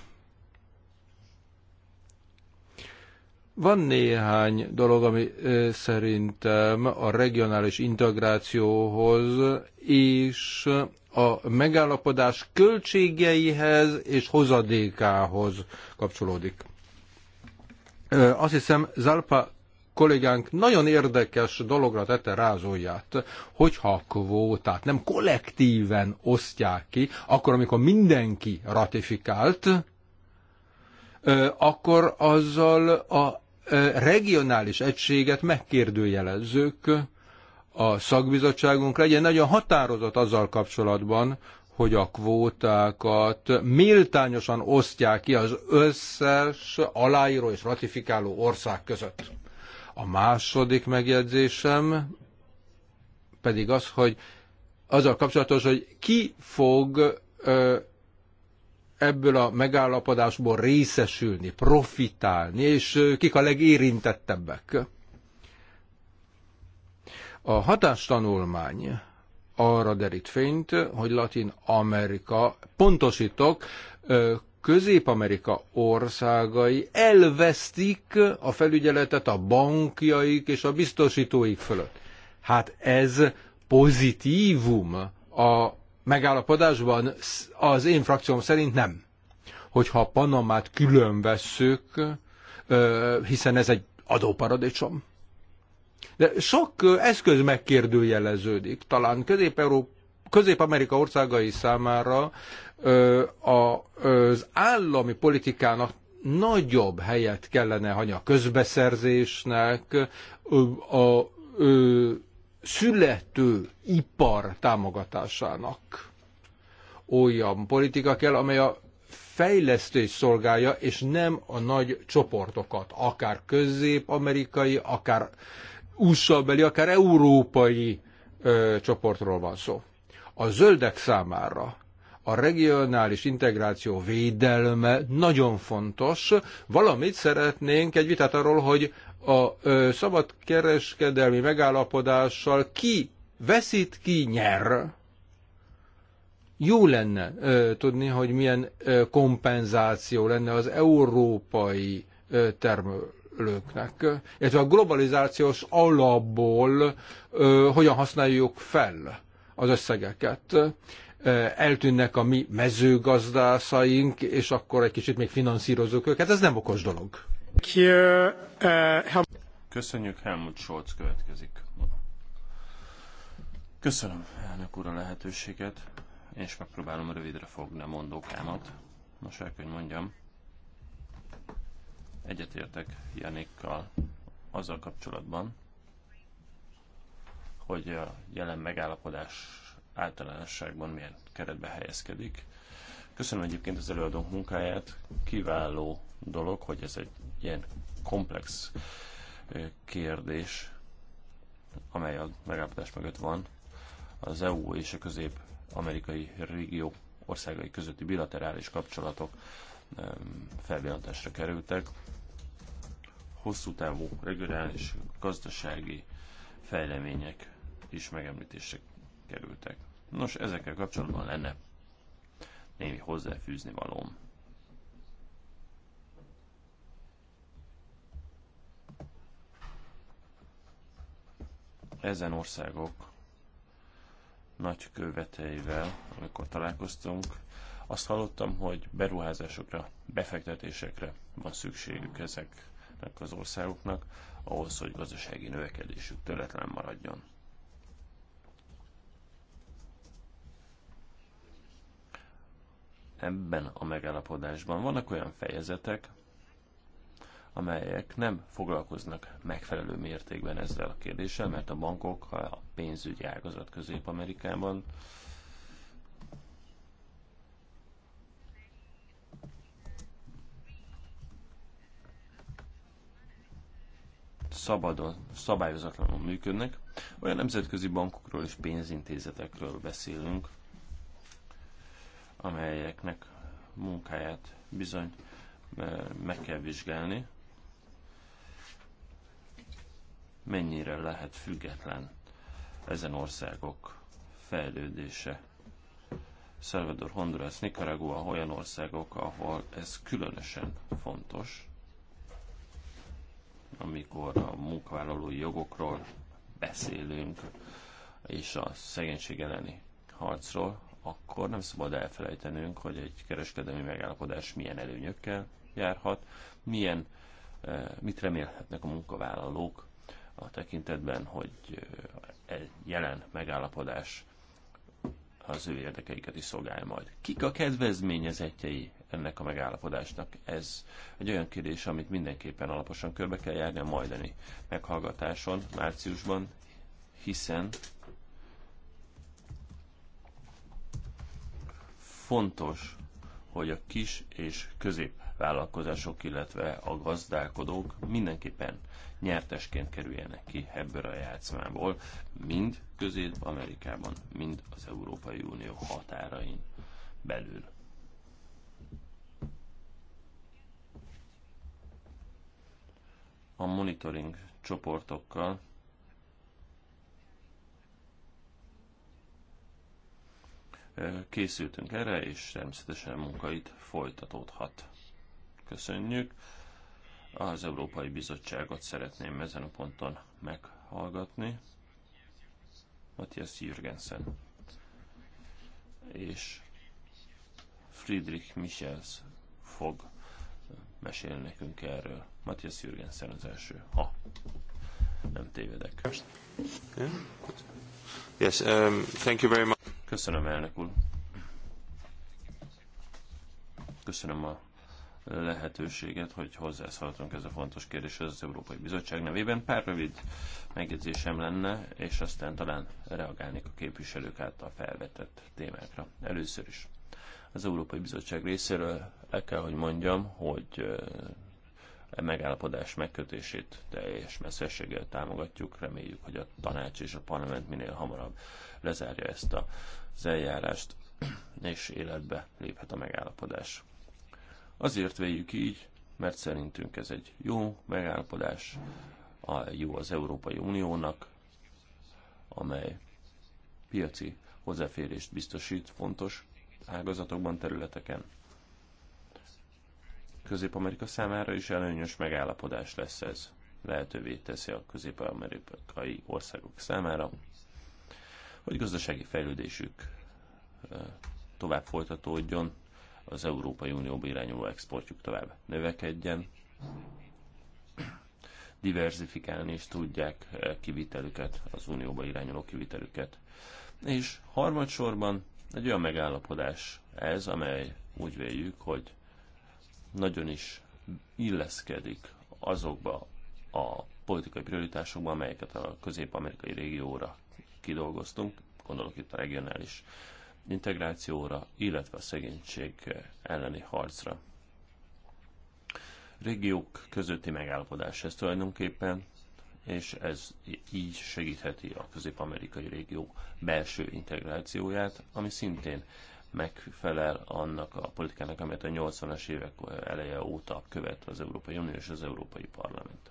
Van néhány dolog, ami szerintem a regionális integrációhoz és a megállapodás költségeihez és hozadékához kapcsolódik. Azt hiszem, Zalpa kollégánk nagyon érdekes dologra tette rázóját, hogyha a kvótát nem kollektíven osztják ki, akkor amikor mindenki ratifikált, akkor azzal a regionális egységet megkérdőjelezzük, a szakbizottságunk legyen nagyon határozott azzal kapcsolatban, hogy a kvótákat méltányosan osztják ki az összes aláíró és ratifikáló ország között. A második megjegyzésem pedig az, hogy azzal kapcsolatos, hogy ki fog ebből a megállapodásból részesülni, profitálni, és kik a legérintettebbek. A hatástanulmány arra derít fényt, hogy Latin Amerika, pontosítok, Közép-Amerika országai elvesztik a felügyeletet a bankjaik és a biztosítóik fölött. Hát ez pozitívum a megállapodásban az én frakcióm szerint nem. Hogyha Panamát külön vesszük, hiszen ez egy adóparadicsom. De sok eszköz megkérdőjeleződik. Talán Közép-Amerika Közép országai számára az állami politikának nagyobb helyet kellene hagyni a közbeszerzésnek, a születő ipar támogatásának. Olyan politika kell, amely a fejlesztés szolgálja, és nem a nagy csoportokat, akár közép-amerikai, akár usa akár európai ö, csoportról van szó. A zöldek számára a regionális integráció védelme nagyon fontos, valamit szeretnénk egy vitát arról, hogy a ö, szabad kereskedelmi megállapodással ki veszít, ki nyer. Jó lenne ö, tudni, hogy milyen ö, kompenzáció lenne az európai ö, termelőknek, illetve a globalizációs alapból ö, hogyan használjuk fel az összegeket eltűnnek a mi mezőgazdászaink, és akkor egy kicsit még finanszírozunk őket. Ez nem okos dolog. Uh, Köszönjük, Helmut Scholz következik. Köszönöm, elnök úr, a lehetőséget, és megpróbálom rövidre fogni a mondókámat. Most el kell, mondjam, egyetértek Janikkal azzal kapcsolatban, hogy a jelen megállapodás általánosságban milyen keretbe helyezkedik. Köszönöm egyébként az előadónk munkáját. Kiváló dolog, hogy ez egy ilyen komplex kérdés, amely a megállapodás mögött van. Az EU és a közép-amerikai régió országai közötti bilaterális kapcsolatok felvillantásra kerültek. Hosszú távú regionális gazdasági fejlemények is megemlítésre kerültek. Nos, ezekkel kapcsolatban lenne némi hozzáfűzni valóm. Ezen országok nagy követeivel, amikor találkoztunk, azt hallottam, hogy beruházásokra, befektetésekre van szükségük ezeknek az országoknak, ahhoz, hogy gazdasági növekedésük töretlen maradjon. ebben a megállapodásban vannak olyan fejezetek, amelyek nem foglalkoznak megfelelő mértékben ezzel a kérdéssel, mert a bankok a pénzügyi ágazat Közép-Amerikában szabadon, szabályozatlanul működnek. Olyan nemzetközi bankokról és pénzintézetekről beszélünk, amelyeknek munkáját bizony meg kell vizsgálni, mennyire lehet független ezen országok fejlődése. Salvador, Honduras, Nicaragua olyan országok, ahol ez különösen fontos, amikor a munkavállalói jogokról beszélünk, és a szegénység elleni harcról, akkor nem szabad elfelejtenünk, hogy egy kereskedelmi megállapodás milyen előnyökkel járhat, milyen, eh, mit remélhetnek a munkavállalók a tekintetben, hogy eh, egy jelen megállapodás az ő érdekeiket is szolgálja majd. Kik a kedvezményezetjei ennek a megállapodásnak? Ez egy olyan kérdés, amit mindenképpen alaposan körbe kell járni a majdani meghallgatáson márciusban, hiszen Fontos, hogy a kis és középvállalkozások, illetve a gazdálkodók mindenképpen nyertesként kerüljenek ki ebből a játszmából, mind Közép-Amerikában, mind az Európai Unió határain belül. A monitoring csoportokkal készültünk erre, és természetesen munkait folytatódhat. Köszönjük. Az Európai Bizottságot szeretném ezen a ponton meghallgatni. Matthias Jürgensen és Friedrich Michels fog mesélni nekünk erről. Matthias Jürgensen az első, ha nem tévedek. Yes, um, thank you very much. Köszönöm, elnök úr. Köszönöm a lehetőséget, hogy hozzászólhatunk ez a fontos kérdéshez az Európai Bizottság nevében. Pár rövid megjegyzésem lenne, és aztán talán reagálnék a képviselők által felvetett témákra. Először is az Európai Bizottság részéről le kell, hogy mondjam, hogy E megállapodás megkötését teljes messzességgel támogatjuk. Reméljük, hogy a tanács és a parlament minél hamarabb lezárja ezt a, az eljárást, és életbe léphet a megállapodás. Azért véljük így, mert szerintünk ez egy jó megállapodás, a jó az Európai Uniónak, amely piaci hozzáférést biztosít fontos ágazatokban, területeken, Közép-Amerika számára is előnyös megállapodás lesz ez. Lehetővé teszi a közép-amerikai országok számára, hogy gazdasági fejlődésük tovább folytatódjon, az Európai Unióba irányuló exportjuk tovább növekedjen, diversifikálni is tudják kivitelüket, az Unióba irányuló kivitelüket. És harmadsorban egy olyan megállapodás ez, amely úgy véljük, hogy nagyon is illeszkedik azokba a politikai prioritásokba, amelyeket a közép-amerikai régióra kidolgoztunk, gondolok itt a regionális integrációra, illetve a szegénység elleni harcra. Régiók közötti megállapodás ez tulajdonképpen, és ez így segítheti a közép-amerikai régió belső integrációját, ami szintén megfelel annak a politikának, amelyet a 80-as évek eleje óta követ az Európai Unió és az Európai Parlament.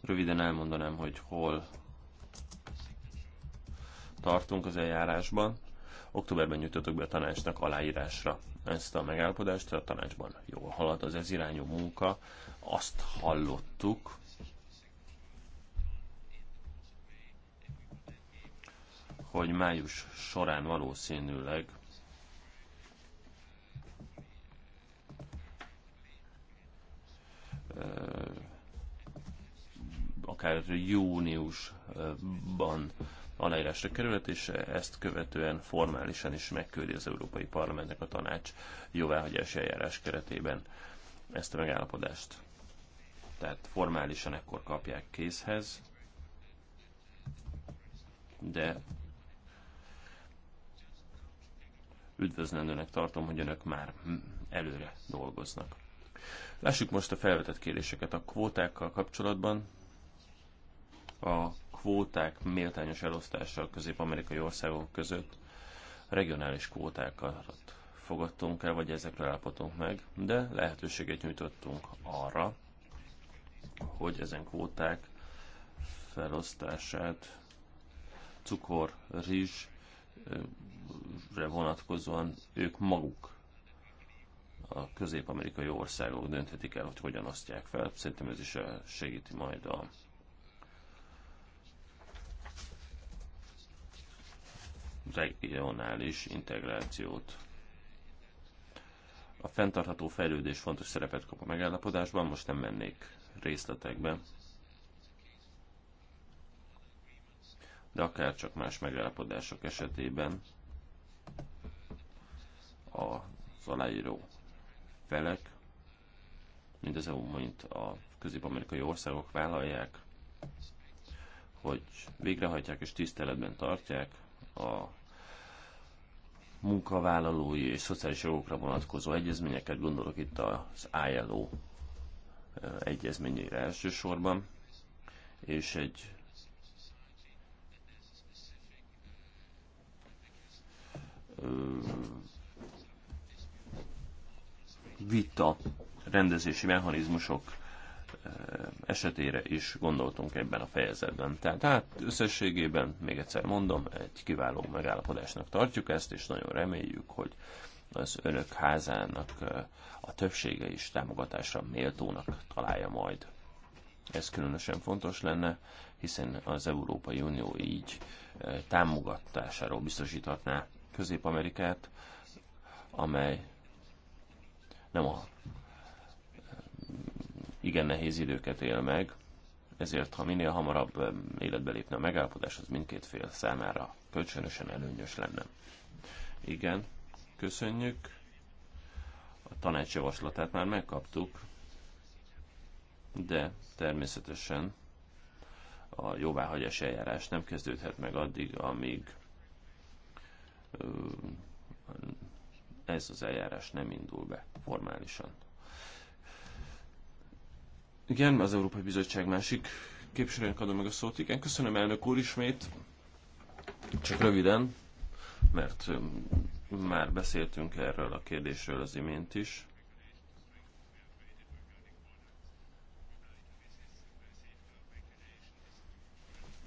Röviden elmondanám, hogy hol tartunk az eljárásban. Októberben nyújtottuk be a tanácsnak aláírásra ezt a megállapodást, a tanácsban jól halad az ez irányú munka. Azt hallottuk, hogy május során valószínűleg akár júniusban aláírásra került, és ezt követően formálisan is megküldi az Európai Parlamentnek a tanács jóváhagyási eljárás keretében ezt a megállapodást. Tehát formálisan ekkor kapják kézhez, de üdvözlendőnek tartom, hogy önök már előre dolgoznak. Lássuk most a felvetett kérdéseket a kvótákkal kapcsolatban. A kvóták méltányos elosztása a közép-amerikai országok között regionális kvótákat fogadtunk el, vagy ezekre állapotunk meg, de lehetőséget nyújtottunk arra, hogy ezen kvóták felosztását cukor, rizs, re vonatkozóan ők maguk a közép-amerikai országok dönthetik el, hogy hogyan osztják fel. Szerintem ez is eh, segíti majd a regionális integrációt. A fenntartható fejlődés fontos szerepet kap a megállapodásban, most nem mennék részletekbe, de akár csak más megállapodások esetében az aláíró felek, mint az EU, mint a közép-amerikai országok vállalják, hogy végrehajtják és tiszteletben tartják a munkavállalói és szociális jogokra vonatkozó egyezményeket, gondolok itt az ILO egyezményére elsősorban, és egy vita rendezési mechanizmusok eh, esetére is gondoltunk ebben a fejezetben. Tehát hát összességében, még egyszer mondom, egy kiváló megállapodásnak tartjuk ezt, és nagyon reméljük, hogy az önök házának eh, a többsége is támogatásra méltónak találja majd. Ez különösen fontos lenne, hiszen az Európai Unió így eh, támogatásáról biztosíthatná Közép-Amerikát, amely nem a igen nehéz időket él meg, ezért ha minél hamarabb életbe lépne a megállapodás, az mindkét fél számára kölcsönösen előnyös lenne. Igen, köszönjük. A tanács javaslatát már megkaptuk, de természetesen a jóváhagyás eljárás nem kezdődhet meg addig, amíg ez az eljárás nem indul be formálisan. Igen, az Európai Bizottság másik képviselőnek adom meg a szót. Igen, köszönöm elnök úr ismét. Csak röviden, mert már beszéltünk erről a kérdésről az imént is.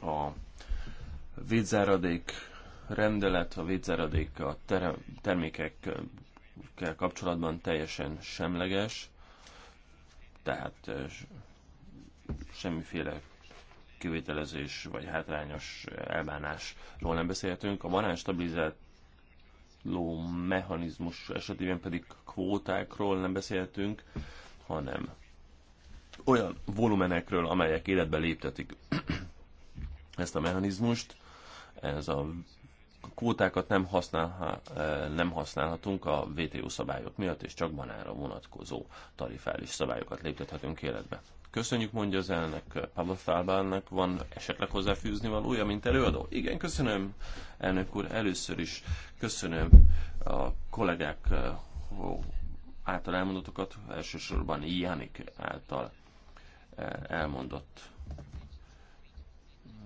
A védzáradék rendelet a védzáradék a ter- termékekkel kapcsolatban teljesen semleges, tehát semmiféle kivételezés vagy hátrányos elbánásról nem beszélhetünk. A banán stabilizáló mechanizmus esetében pedig kvótákról nem beszélhetünk, hanem olyan volumenekről, amelyek életbe léptetik ezt a mechanizmust. Ez a kvótákat nem, használ, nem használhatunk a VTO szabályok miatt, és csak banára vonatkozó tarifális szabályokat léptethetünk életbe. Köszönjük, mondja az elnök Pavel Fálbának. Van esetleg hozzáfűzni valója, mint előadó? Igen, köszönöm, elnök úr. Először is köszönöm a kollégák által elmondottakat, elsősorban Jánik által elmondott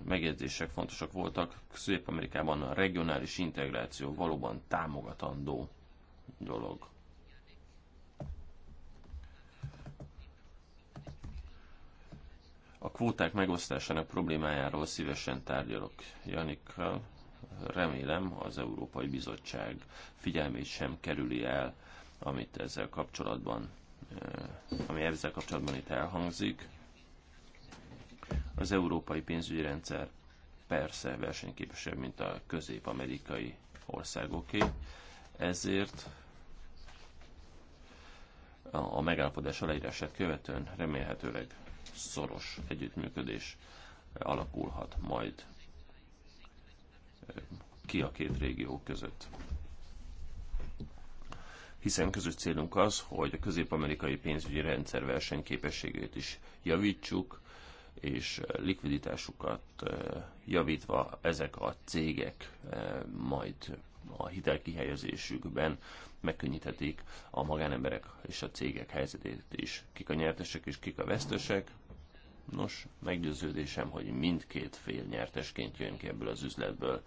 megjegyzések fontosak voltak. Közép-Amerikában a regionális integráció valóban támogatandó dolog. A kvóták megosztásának problémájáról szívesen tárgyalok Janikkal. Remélem az Európai Bizottság figyelmét sem kerüli el, amit ezzel kapcsolatban, eh, ami ezzel kapcsolatban itt elhangzik az európai pénzügyi rendszer persze versenyképesebb, mint a közép-amerikai országoké, ezért a megállapodás aláírását követően remélhetőleg szoros együttműködés alakulhat majd ki a két régió között. Hiszen közös célunk az, hogy a közép-amerikai pénzügyi rendszer versenyképességét is javítsuk, és likviditásukat javítva ezek a cégek majd a hitelkihelyezésükben megkönnyíthetik a magánemberek és a cégek helyzetét is. Kik a nyertesek és kik a vesztesek? Nos, meggyőződésem, hogy mindkét fél nyertesként jön ki ebből az üzletből.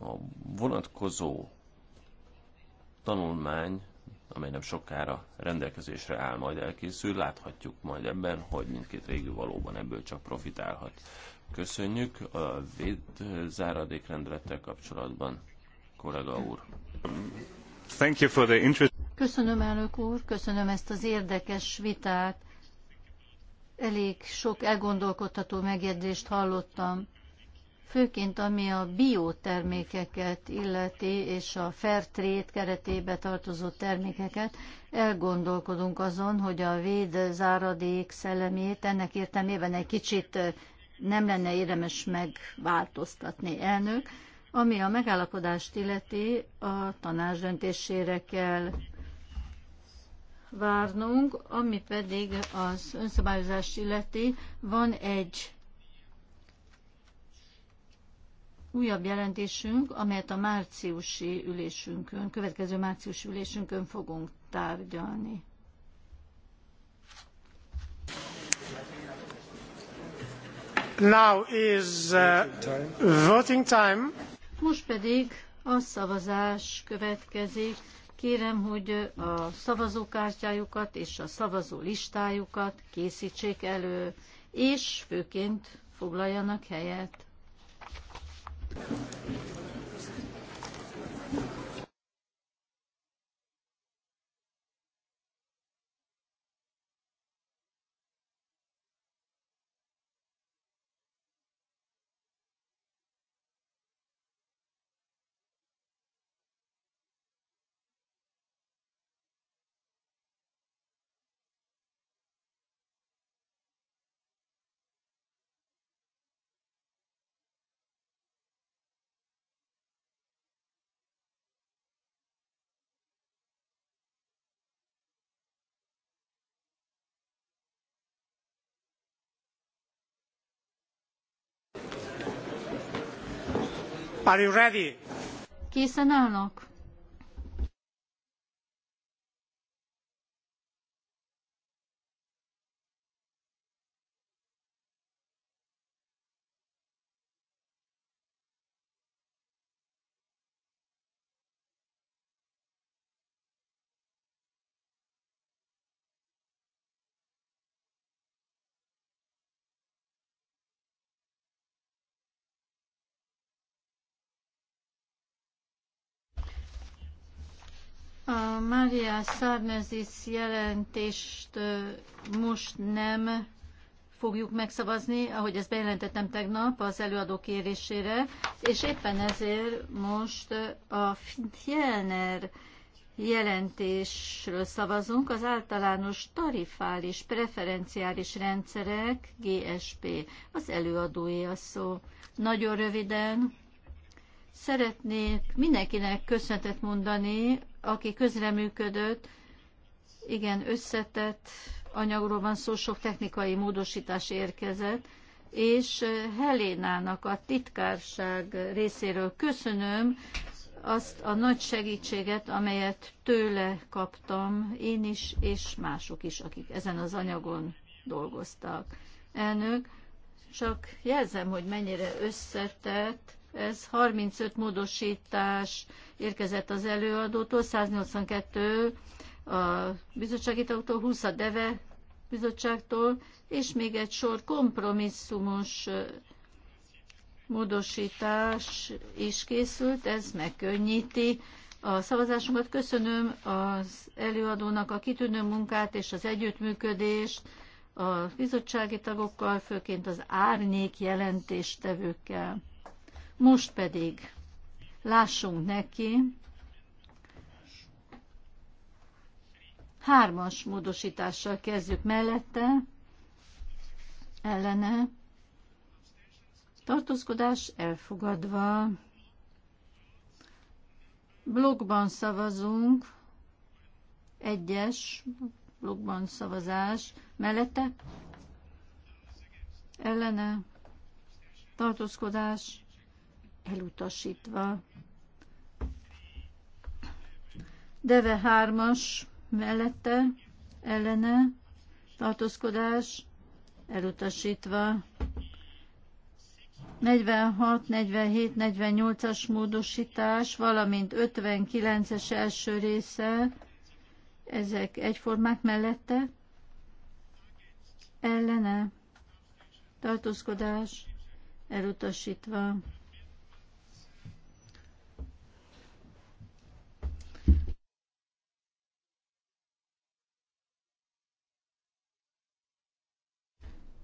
A vonatkozó tanulmány amely nem sokára rendelkezésre áll, majd elkészül. Láthatjuk majd ebben, hogy mindkét régió valóban ebből csak profitálhat. Köszönjük a véd záradékrendelettel kapcsolatban, kollega úr. Thank you for the interest. Köszönöm, elnök úr, köszönöm ezt az érdekes vitát. Elég sok elgondolkodható megjegyzést hallottam főként ami a biotermékeket illeti, és a fair trade keretébe tartozó termékeket, elgondolkodunk azon, hogy a véd záradék szellemét ennek értelmében egy kicsit nem lenne érdemes megváltoztatni elnök. Ami a megállapodást illeti, a tanács döntésére kell várnunk, ami pedig az önszabályozást illeti, van egy újabb jelentésünk, amelyet a márciusi ülésünkön, következő márciusi ülésünkön fogunk tárgyalni. Now is uh, voting time. Most pedig a szavazás következik. Kérem, hogy a szavazókártyájukat és a szavazó listájukat készítsék elő, és főként foglaljanak helyet. Thank you. Készen állnak? A Mária Szárnezis jelentést most nem fogjuk megszavazni, ahogy ezt bejelentettem tegnap az előadó kérésére, és éppen ezért most a Fjellner jelentésről szavazunk, az általános tarifális preferenciális rendszerek, GSP, az előadói a szó. Nagyon röviden szeretnék mindenkinek köszönetet mondani, aki közreműködött. Igen, összetett anyagról van szó, sok technikai módosítás érkezett, és Helénának a titkárság részéről köszönöm azt a nagy segítséget, amelyet tőle kaptam én is, és mások is, akik ezen az anyagon dolgoztak. Elnök, csak jelzem, hogy mennyire összetett ez 35 módosítás érkezett az előadótól, 182 a bizottsági tagtól, 20 a DEVE bizottságtól, és még egy sor kompromisszumos módosítás is készült, ez megkönnyíti a szavazásunkat. Köszönöm az előadónak a kitűnő munkát és az együttműködést a bizottsági tagokkal, főként az árnyék jelentéstevőkkel. Most pedig lássunk neki. Hármas módosítással kezdjük mellette, ellene, tartózkodás elfogadva. blogban szavazunk, egyes blogban szavazás, mellette, ellene, tartózkodás elutasítva. Deve hármas mellette, ellene, tartózkodás, elutasítva. 46, 47, 48-as módosítás, valamint 59-es első része, ezek egyformák mellette, ellene, tartózkodás, elutasítva.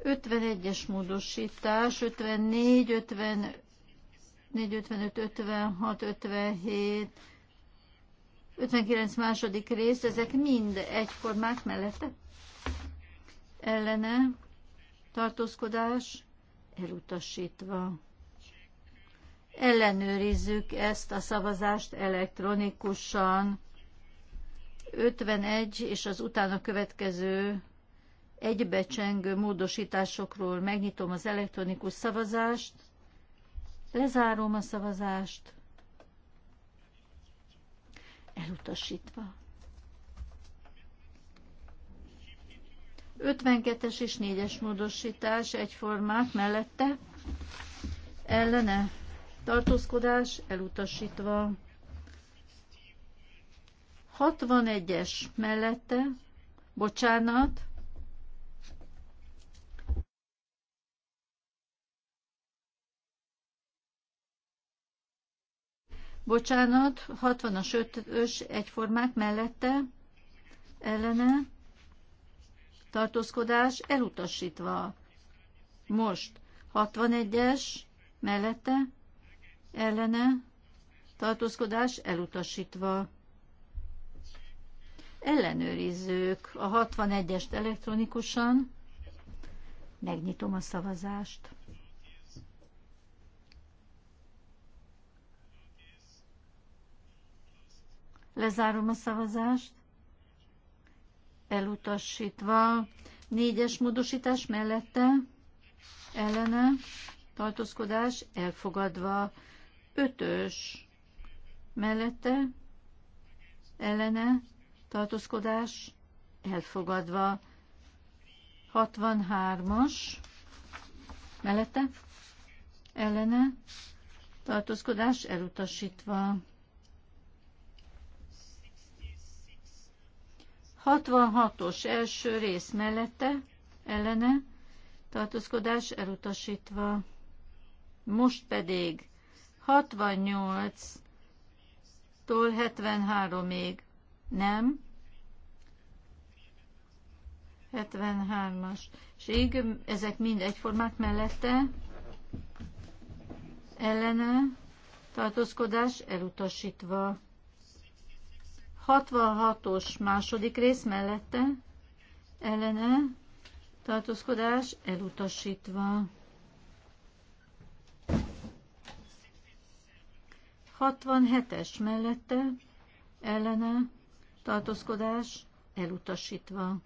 51-es módosítás, 54, 50, 4, 55, 56, 57, 59 második rész, ezek mind egyformák mellette. Ellene tartózkodás elutasítva. Ellenőrizzük ezt a szavazást elektronikusan. 51 és az utána következő egybecsengő módosításokról megnyitom az elektronikus szavazást, lezárom a szavazást, elutasítva. 52-es és 4-es módosítás egyformák mellette, ellene tartózkodás elutasítva. 61-es mellette, bocsánat, bocsánat, 60-as, 5-ös egyformák mellette, ellene, tartózkodás elutasítva. Most 61-es mellette, ellene, tartózkodás elutasítva. Ellenőrizzük a 61-est elektronikusan. Megnyitom a szavazást. Lezárom a szavazást. Elutasítva. Négyes módosítás mellette. Ellene. Tartózkodás elfogadva. Ötös mellette. Ellene. Tartózkodás elfogadva. 63-as mellette. Ellene. Tartózkodás elutasítva. 66-os első rész mellette, ellene, tartózkodás elutasítva. Most pedig 68-tól 73-ig nem, 73-as. És így ezek mind egyformák mellette ellene tartózkodás elutasítva. 66-os második rész mellette ellene tartózkodás elutasítva. 67-es mellette ellene tartózkodás elutasítva.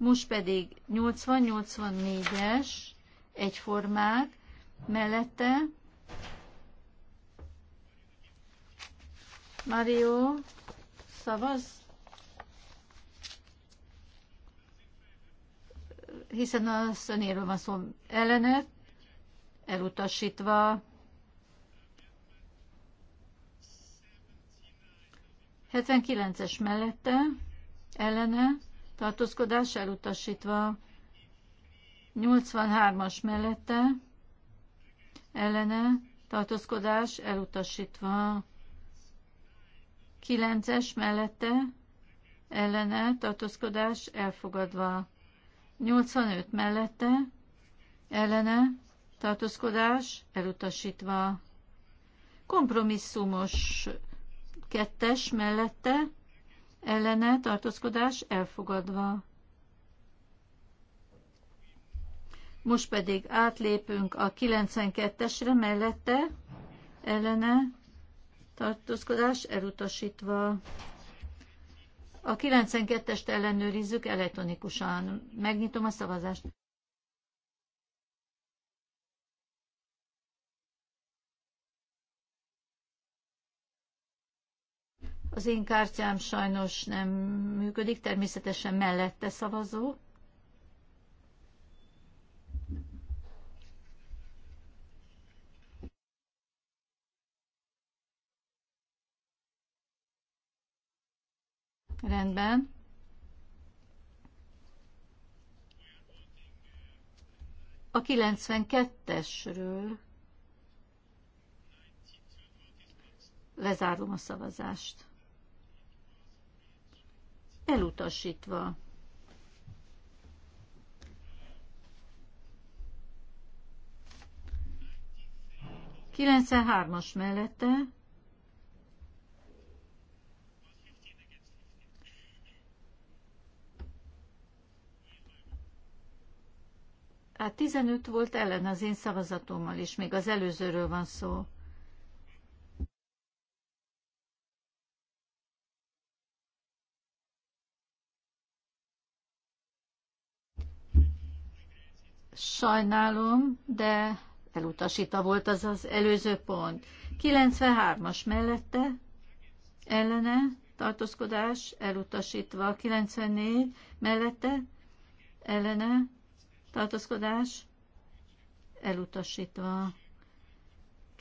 Most pedig 80-84-es egyformák mellette Mario szavaz, hiszen a szönéről van szó ellenet, elutasítva 79-es mellette, ellene, tartózkodás elutasítva. 83-as mellette ellene tartózkodás elutasítva. 9-es mellette ellene tartózkodás elfogadva. 85 mellette ellene tartózkodás elutasítva. Kompromisszumos kettes mellette ellene tartózkodás elfogadva. Most pedig átlépünk a 92-esre mellette, ellene tartózkodás elutasítva. A 92-est ellenőrizzük elektronikusan. Megnyitom a szavazást. Az én kártyám sajnos nem működik, természetesen mellette szavazó. Rendben. A 92-esről lezárom a szavazást elutasítva. hármas mellette Hát 15 volt ellen az én szavazatommal is, még az előzőről van szó. Sajnálom, de elutasítva volt az az előző pont. 93-as mellette ellene tartózkodás elutasítva. 94 mellette ellene tartózkodás elutasítva.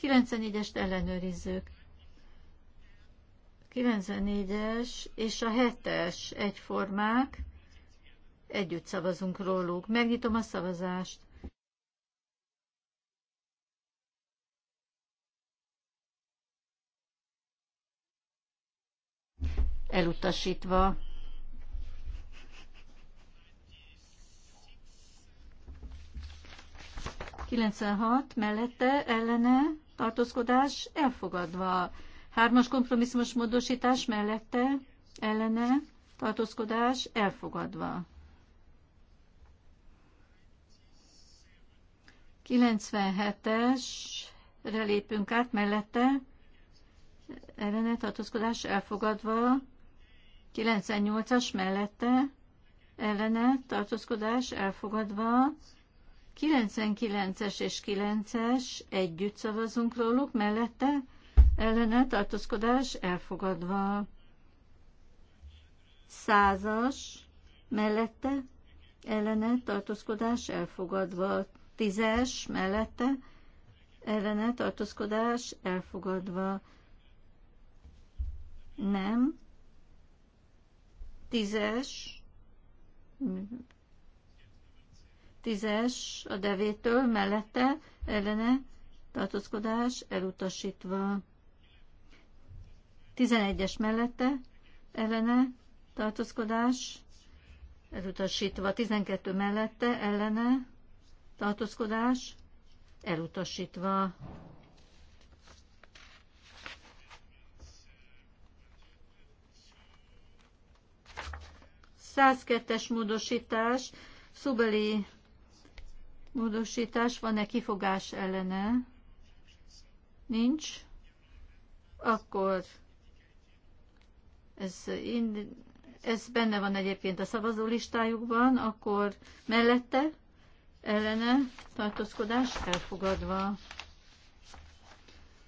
94-est ellenőrizzük. 94-es és a 7-es egyformák Együtt szavazunk róluk. Megnyitom a szavazást. Elutasítva. 96 mellette ellene tartózkodás elfogadva. Hármas kompromisszumos módosítás mellette ellene tartózkodás elfogadva. 97-esre lépünk át, mellette ellene tartózkodás elfogadva, 98-as mellette ellene tartózkodás elfogadva, 99-es és 9-es együtt szavazunk róluk, mellette ellene tartózkodás elfogadva. 100 100-as mellette ellene tartózkodás elfogadva. Tízes mellette ellene tartózkodás elfogadva. Nem. Tízes. Tízes a devétől mellette ellene tartózkodás elutasítva. Tizenegyes mellette ellene tartózkodás elutasítva. Tizenkettő mellette ellene tartózkodás elutasítva. Százkettes módosítás, szubeli módosítás, van-e kifogás ellene? Nincs. Akkor ez, ez benne van egyébként a szavazólistájukban, akkor mellette ellene tartózkodás elfogadva.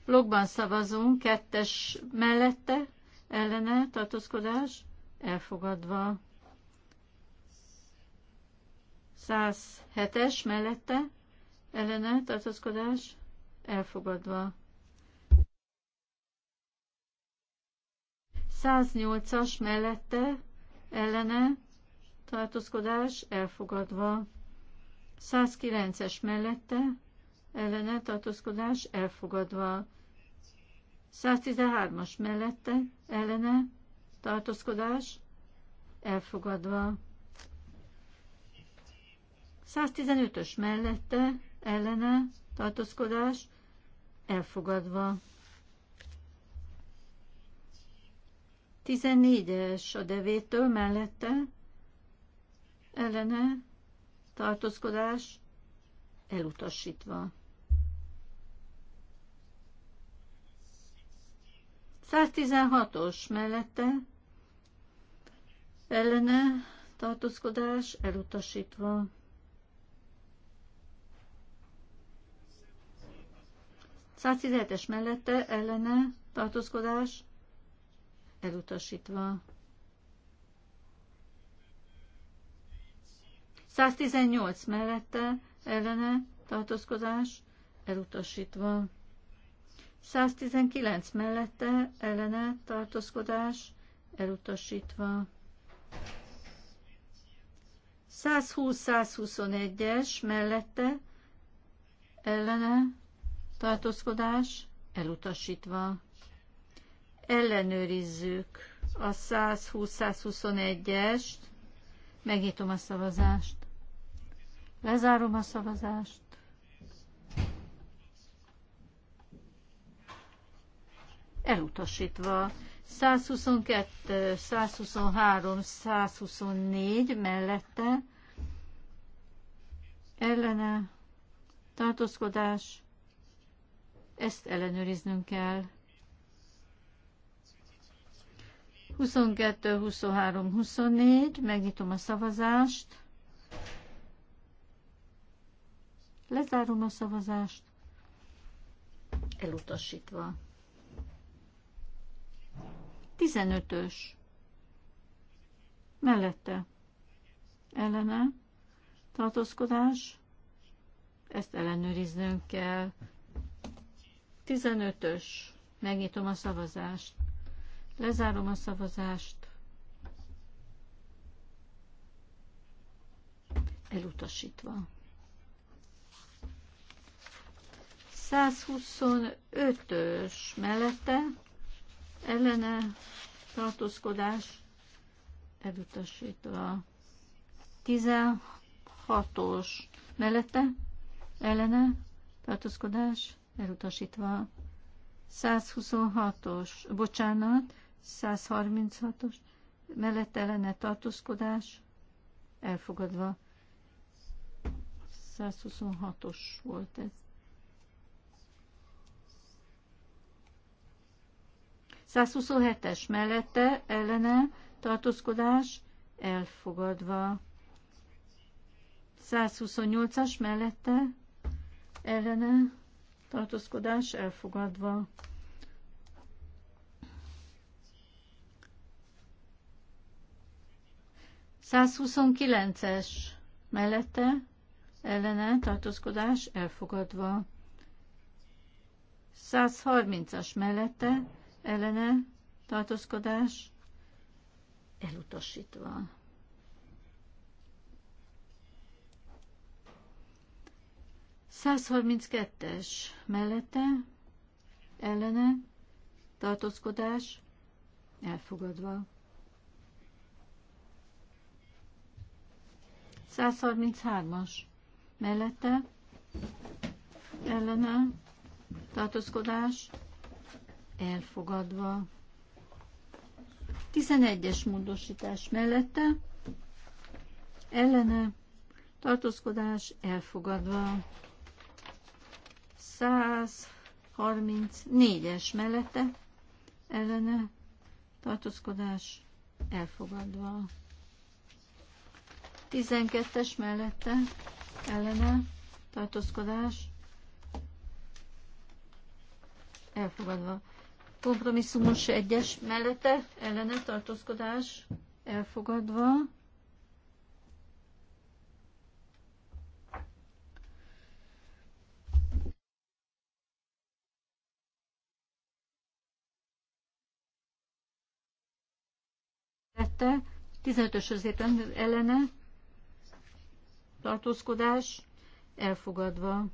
Logban szavazunk, kettes mellette ellene tartózkodás elfogadva. 107-es mellette ellene tartózkodás elfogadva. 108-as mellette ellene tartózkodás elfogadva. 109-es mellette ellene tartózkodás elfogadva. 113-as mellette ellene tartózkodás elfogadva. 115-ös mellette ellene tartózkodás elfogadva. 14-es a devétől mellette ellene tartózkodás elutasítva. 116-os mellette ellene tartózkodás elutasítva. 117-es mellette ellene tartózkodás elutasítva. 118 mellette ellene tartózkodás elutasítva. 119 mellette ellene tartózkodás elutasítva. 120-121-es mellette ellene tartózkodás elutasítva. Ellenőrizzük a 120-121-est. Megnyitom a szavazást. Lezárom a szavazást. Elutasítva 122, 123, 124 mellette ellene tartózkodás, ezt ellenőriznünk kell. 22, 23, 24, megnyitom a szavazást. Lezárom a szavazást. Elutasítva. 15-ös. Mellette. Ellene. Tartózkodás. Ezt ellenőriznünk kell. 15-ös. Megnyitom a szavazást. Lezárom a szavazást. Elutasítva. 125-ös mellette ellene tartózkodás elutasítva. 16-os mellette ellene tartózkodás elutasítva. 126-os, bocsánat, 136-os mellette ellene tartózkodás elfogadva. 126-os volt ez. 127-es mellette ellene tartózkodás elfogadva. 128-as mellette ellene tartózkodás elfogadva. 129-es mellette ellene tartózkodás elfogadva. 130-as mellette ellene tartózkodás elutasítva. Százharminckettes mellette ellene tartózkodás elfogadva. 133-as mellette ellene tartózkodás elfogadva. 11-es módosítás mellette ellene tartózkodás elfogadva. 134-es mellette ellene tartózkodás elfogadva. 12-es mellette ellene tartózkodás elfogadva. Kompromisszumos egyes mellette ellene tartózkodás elfogadva. Tette 15-ös azért ellene tartózkodás elfogadva.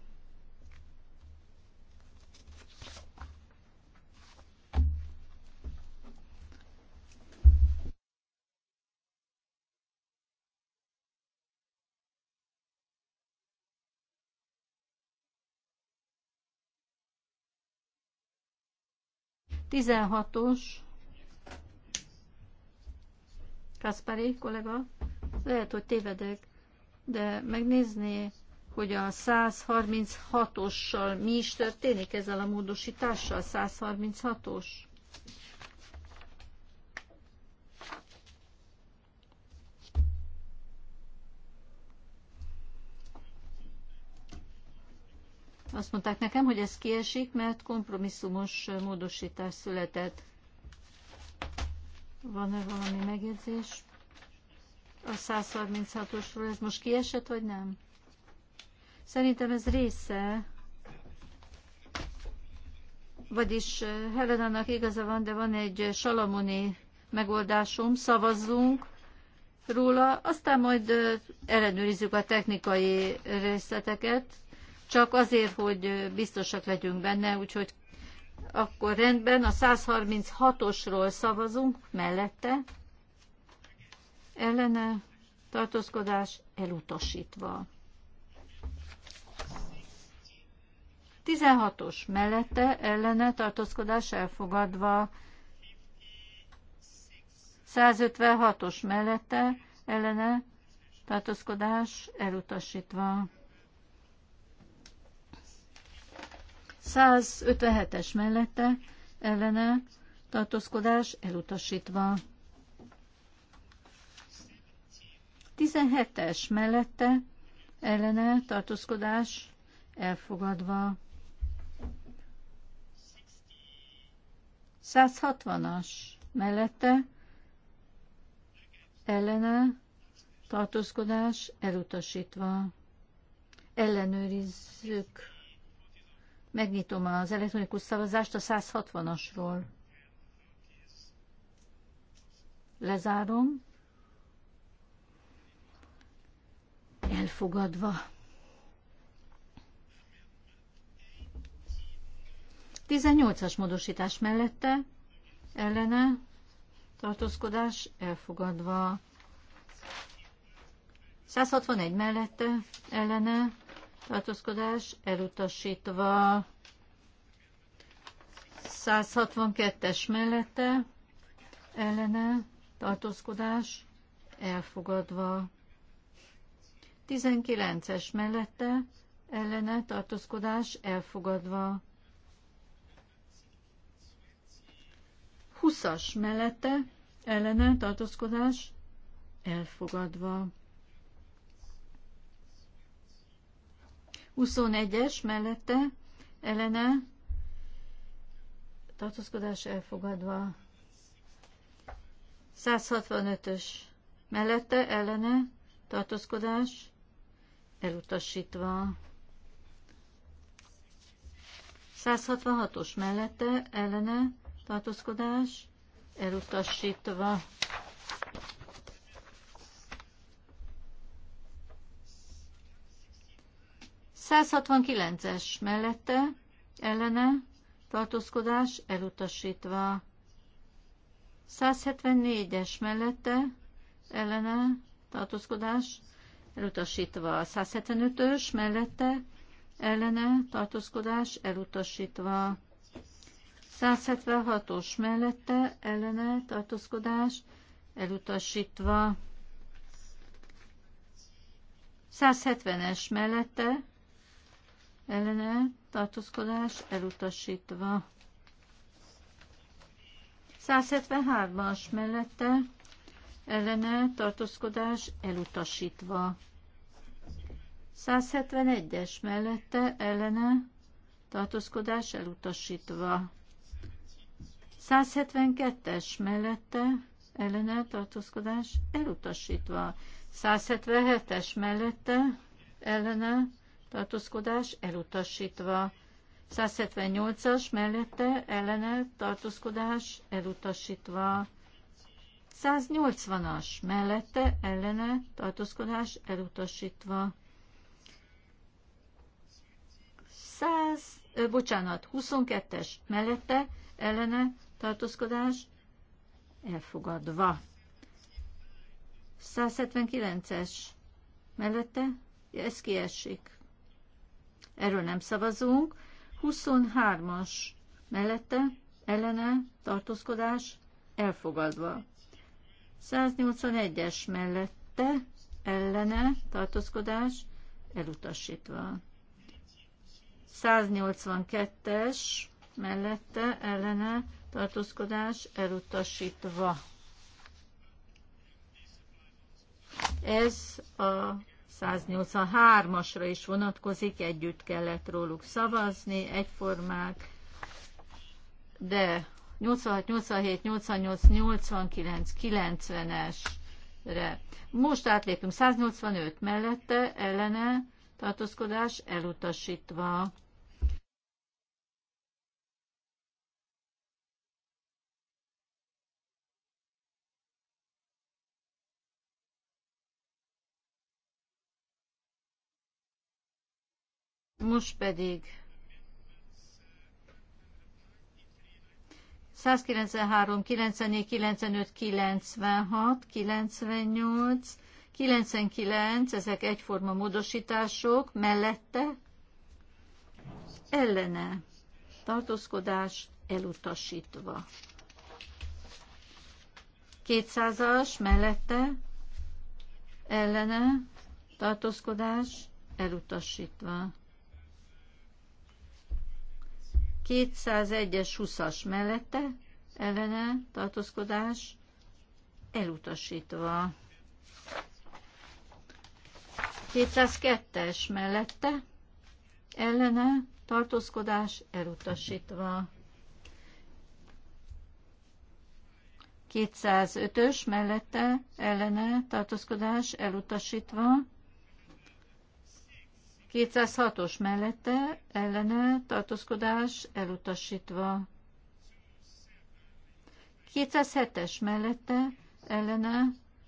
16-os, Kaspari kollega, lehet, hogy tévedek, de megnézné, hogy a 136-ossal mi is történik ezzel a módosítással, 136-os. Azt mondták nekem, hogy ez kiesik, mert kompromisszumos módosítás született. Van-e valami megjegyzés? A 136-osról ez most kiesett, vagy nem? Szerintem ez része, vagyis eh, Helenának igaza van, de van egy eh, salamoni megoldásom, szavazzunk róla, aztán majd eh, ellenőrizzük a technikai részleteket, csak azért, hogy biztosak legyünk benne, úgyhogy akkor rendben, a 136-osról szavazunk, mellette, ellene, tartózkodás elutasítva. 16-os mellette ellene tartózkodás elfogadva, 156-os mellette ellene tartózkodás elutasítva. 157-es mellette ellene tartózkodás elutasítva. 17-es mellette ellene tartózkodás elfogadva. 160-as mellette ellene tartózkodás elutasítva. Ellenőrizzük Megnyitom az elektronikus szavazást a 160-asról. Lezárom. Elfogadva. 18-as módosítás mellette, ellene, tartózkodás elfogadva. 161 mellette, ellene, tartózkodás elutasítva. 162-es mellette ellene tartózkodás elfogadva. 19-es mellette ellene tartózkodás elfogadva. 20-as mellette ellene tartózkodás elfogadva. 21-es mellette Elena tartózkodás elfogadva. 165-ös mellette Elena tartózkodás elutasítva. 166-os mellette Elena tartózkodás elutasítva. 169-es mellette ellene tartózkodás elutasítva. 174-es mellette ellene tartózkodás elutasítva. 175-ös mellette ellene tartózkodás elutasítva. 176-os mellette ellene tartózkodás elutasítva. 170-es mellette ellene tartózkodás elutasítva. 173-as mellette ellene tartózkodás elutasítva. 171-es mellette ellene tartózkodás elutasítva. 172-es mellette ellene tartózkodás elutasítva. 177-es mellette ellene tartózkodás elutasítva. 178-as mellette ellene tartózkodás elutasítva. 180-as mellette ellene tartózkodás elutasítva. 100, ö, bocsánat, 22-es mellette ellene tartózkodás elfogadva. 179-es mellette, ez kiesik erről nem szavazunk. 23-as mellette ellene tartózkodás elfogadva. 181-es mellette ellene tartózkodás elutasítva. 182-es mellette ellene tartózkodás elutasítva. Ez a 183-asra is vonatkozik, együtt kellett róluk szavazni, egyformák, de 86, 87, 88, 89, 90-esre. Most átlépünk 185 mellette, ellene tartózkodás elutasítva. Most pedig 193, 94, 95, 96, 98, 99, ezek egyforma módosítások, mellette ellene tartózkodás elutasítva. 200-as mellette ellene tartózkodás elutasítva. 201-es 20-as mellette ellene tartózkodás elutasítva. 202-es mellette ellene tartózkodás elutasítva. 205-ös mellette ellene tartózkodás elutasítva. 206-os mellette ellene tartózkodás elutasítva. 207-es mellette ellene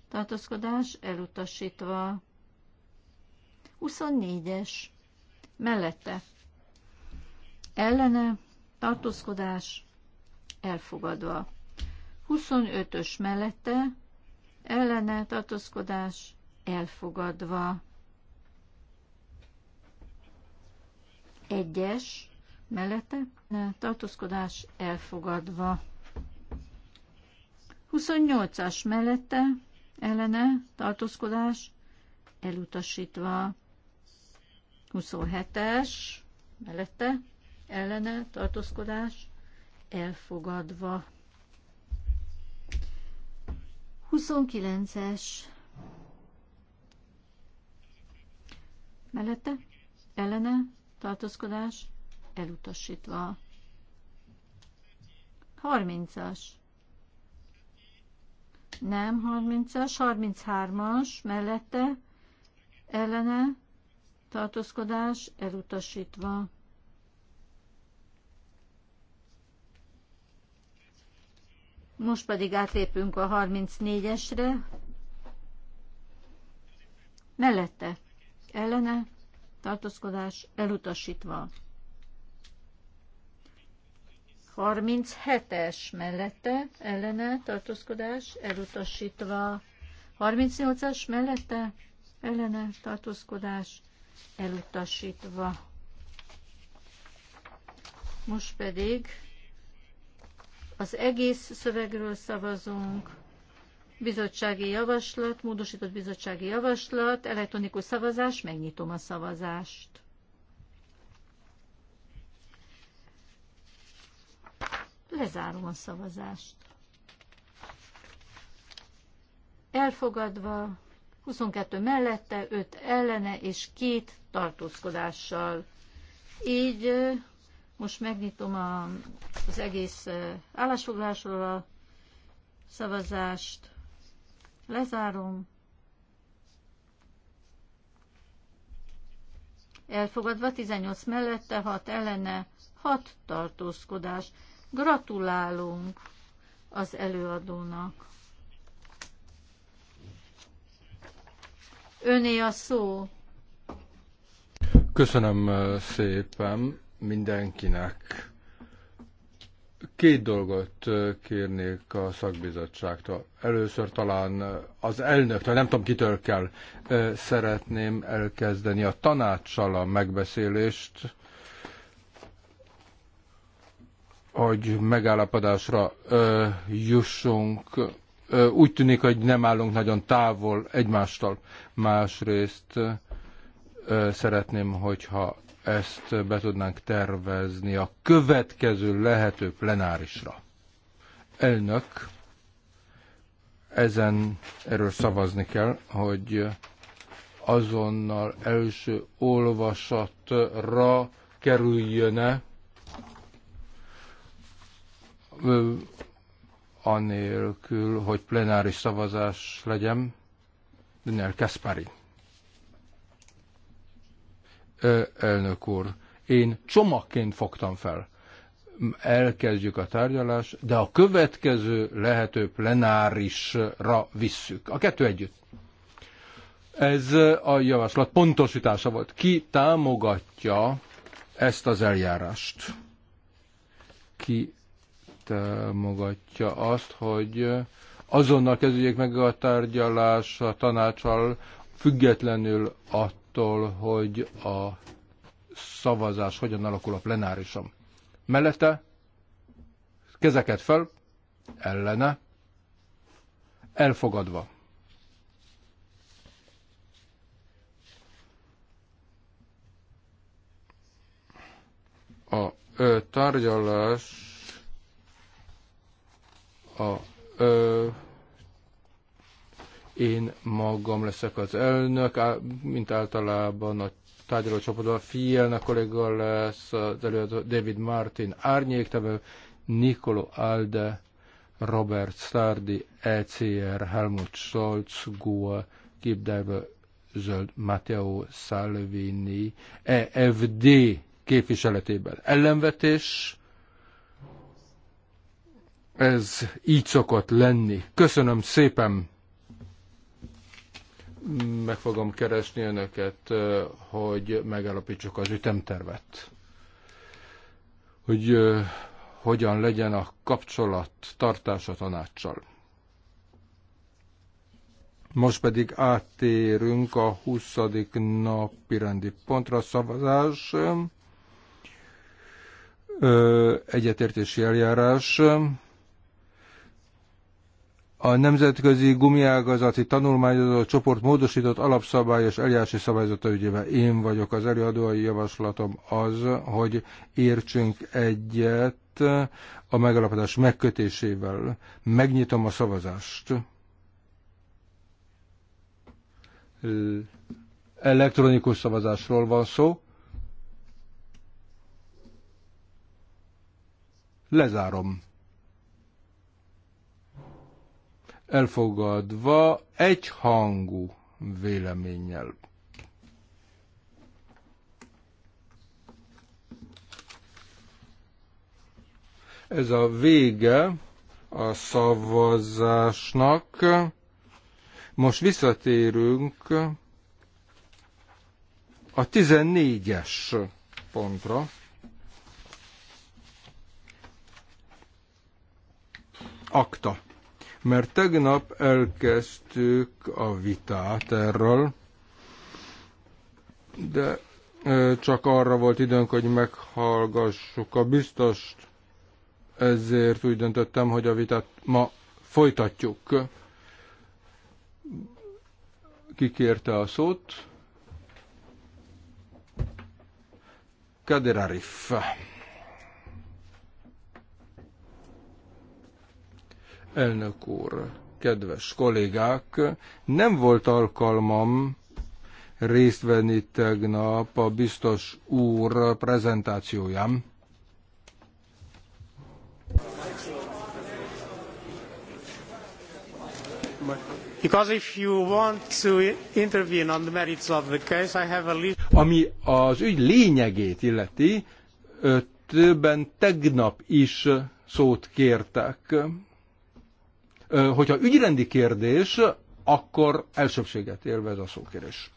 tartózkodás elutasítva. 24-es mellette ellene tartózkodás elfogadva. 25-ös mellette ellene tartózkodás elfogadva. egyes mellette tartózkodás elfogadva. 28-as mellette ellene tartózkodás elutasítva. 27-es mellette ellene tartózkodás elfogadva. 29-es mellette ellene tartózkodás elutasítva. 30-as. Nem 30-as, 33-as mellette ellene tartózkodás elutasítva. Most pedig átlépünk a 34-esre. Mellette ellene tartózkodás elutasítva. 37-es mellette ellene tartózkodás elutasítva. 38-as mellette ellene tartózkodás elutasítva. Most pedig az egész szövegről szavazunk bizottsági javaslat, módosított bizottsági javaslat, elektronikus szavazás, megnyitom a szavazást. Lezárom a szavazást. Elfogadva 22 mellette, 5 ellene és 2 tartózkodással. Így most megnyitom a, az egész állásfoglalásról a szavazást. Lezárom. Elfogadva 18 mellette, 6 ellene, 6 tartózkodás. Gratulálunk az előadónak. Öné a szó. Köszönöm szépen mindenkinek Két dolgot kérnék a szakbizottságtól. Először talán az elnöktől, nem tudom kitől kell, szeretném elkezdeni a tanácssal a megbeszélést, hogy megállapodásra jussunk. Úgy tűnik, hogy nem állunk nagyon távol egymástól. Másrészt szeretném, hogyha ezt be tudnánk tervezni a következő lehető plenárisra. Elnök, ezen erről szavazni kell, hogy azonnal első olvasatra kerüljön-e anélkül, hogy plenáris szavazás legyen. Daniel Kaspari elnök úr. Én csomagként fogtam fel. Elkezdjük a tárgyalást, de a következő lehető plenárisra visszük. A kettő együtt. Ez a javaslat pontosítása volt. Ki támogatja ezt az eljárást? Ki támogatja azt, hogy azonnal kezdjék meg a tárgyalás a tanácsal, függetlenül attól, attól, hogy a szavazás hogyan alakul a plenárisom. Mellette kezeket fel, ellene, elfogadva. A ö, tárgyalás a ö, én magam leszek az elnök, mint általában a csapatban Fielna kolléga lesz, az előadó David Martin árnyéktevő, Nicolo Alde, Robert Stardi, ECR, Helmut Scholz, Gua, Kipdelbe, Zöld, Matteo Salvini, EFD képviseletében. Ellenvetés, ez így szokott lenni. Köszönöm szépen! meg fogom keresni önöket, hogy megállapítsuk az ütemtervet. Hogy hogyan legyen a kapcsolat tartása tanácssal. Most pedig áttérünk a 20. napi rendi pontra szavazás, egyetértési eljárás. A Nemzetközi Gumiágazati Tanulmányozó Csoport módosított alapszabályos eljárási szabályzata ügyében én vagyok az előadói javaslatom az, hogy értsünk egyet a megalapodás megkötésével. Megnyitom a szavazást. Elektronikus szavazásról van szó. Lezárom. elfogadva egyhangú véleménnyel. Ez a vége a szavazásnak. Most visszatérünk a 14-es pontra. Akta mert tegnap elkezdtük a vitát erről, de csak arra volt időnk, hogy meghallgassuk a biztost, ezért úgy döntöttem, hogy a vitát ma folytatjuk. Kikérte a szót. Kadir Arif. Elnök úr, kedves kollégák, nem volt alkalmam részt venni tegnap a biztos úr prezentációján. Ami az ügy lényegét illeti, többen tegnap is szót kértek. Hogyha ügyrendi kérdés, akkor elsőbséget élvez a szókérés.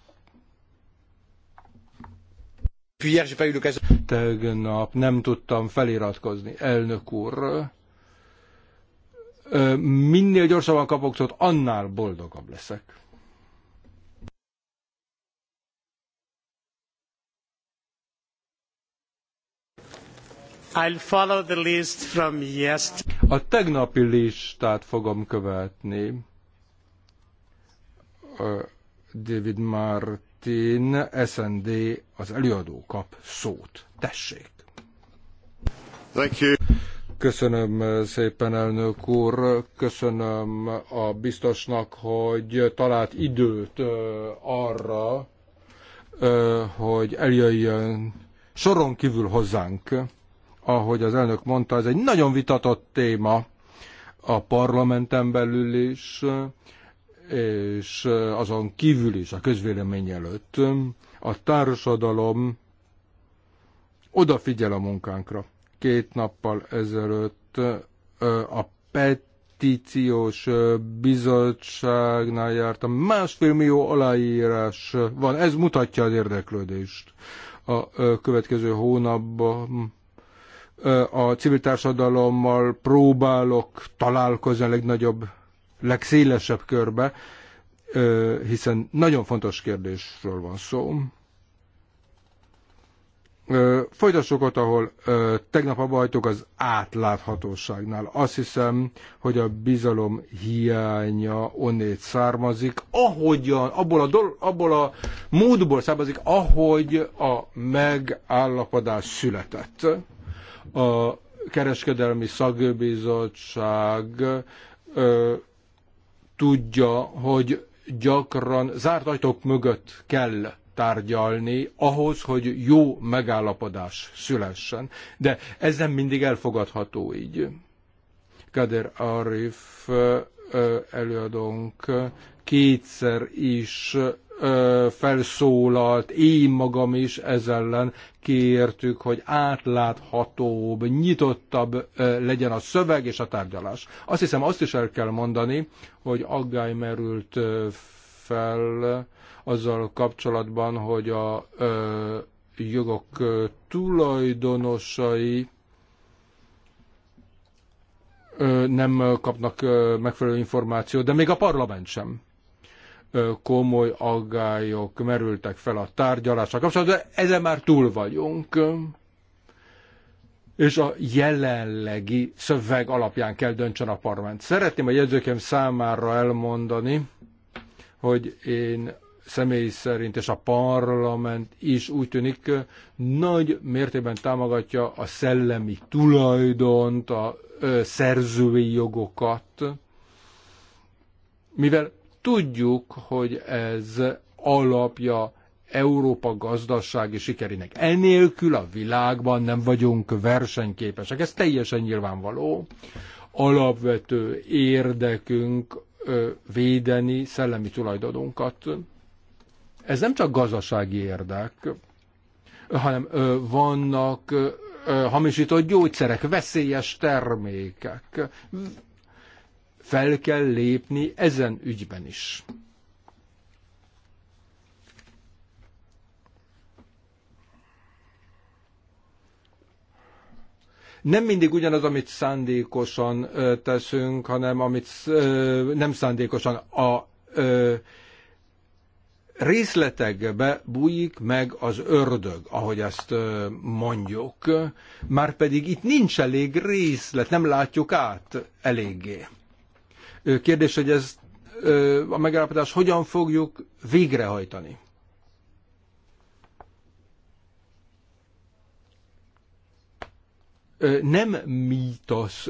Tegnap nem tudtam feliratkozni, elnök úr. Minél gyorsabban kapok szót, annál boldogabb leszek. I'll follow the list from yesterday. A tegnapi listát fogom követni. David Martin, SND, az előadó kap szót. Tessék! Thank you. Köszönöm szépen, elnök úr. Köszönöm a biztosnak, hogy talált időt arra, hogy eljöjjön soron kívül hozzánk ahogy az elnök mondta, ez egy nagyon vitatott téma a parlamenten belül is, és azon kívül is a közvélemény előtt. A társadalom odafigyel a munkánkra. Két nappal ezelőtt a petíciós bizottságnál jártam. Másfél millió aláírás van. Ez mutatja az érdeklődést. A következő hónapban a civil társadalommal próbálok találkozni a legnagyobb, legszélesebb körbe, hiszen nagyon fontos kérdésről van szó. Folytassuk ott, ahol tegnap abba hagytuk az átláthatóságnál. Azt hiszem, hogy a bizalom hiánya onnét származik, ahogyan, abból a, dol, abból a módból származik, ahogy a megállapodás született a kereskedelmi szakbizottság ö, tudja, hogy gyakran zárt ajtók mögött kell tárgyalni ahhoz, hogy jó megállapodás szülessen. De ez nem mindig elfogadható így. Kader Arif előadónk kétszer is felszólalt, én magam is ez ellen kértük, hogy átláthatóbb, nyitottabb legyen a szöveg és a tárgyalás. Azt hiszem azt is el kell mondani, hogy aggály merült fel azzal kapcsolatban, hogy a jogok tulajdonosai nem kapnak megfelelő információt, de még a parlament sem komoly aggályok merültek fel a tárgyalással kapcsolatban, de ezen már túl vagyunk. És a jelenlegi szöveg alapján kell döntsön a parlament. Szeretném a jegyzőkém számára elmondani, hogy én személy szerint és a parlament is úgy tűnik nagy mértékben támogatja a szellemi tulajdont, a szerzői jogokat, mivel Tudjuk, hogy ez alapja Európa gazdasági sikerének. Enélkül a világban nem vagyunk versenyképesek. Ez teljesen nyilvánvaló. Alapvető érdekünk védeni szellemi tulajdonunkat. Ez nem csak gazdasági érdek, hanem vannak hamisított gyógyszerek, veszélyes termékek, fel kell lépni ezen ügyben is. nem mindig ugyanaz, amit szándékosan teszünk, hanem amit nem szándékosan. A részletekbe bújik meg az ördög, ahogy ezt mondjuk. pedig itt nincs elég részlet, nem látjuk át eléggé. Kérdés, hogy ez a megállapodást hogyan fogjuk végrehajtani. Nem mítosz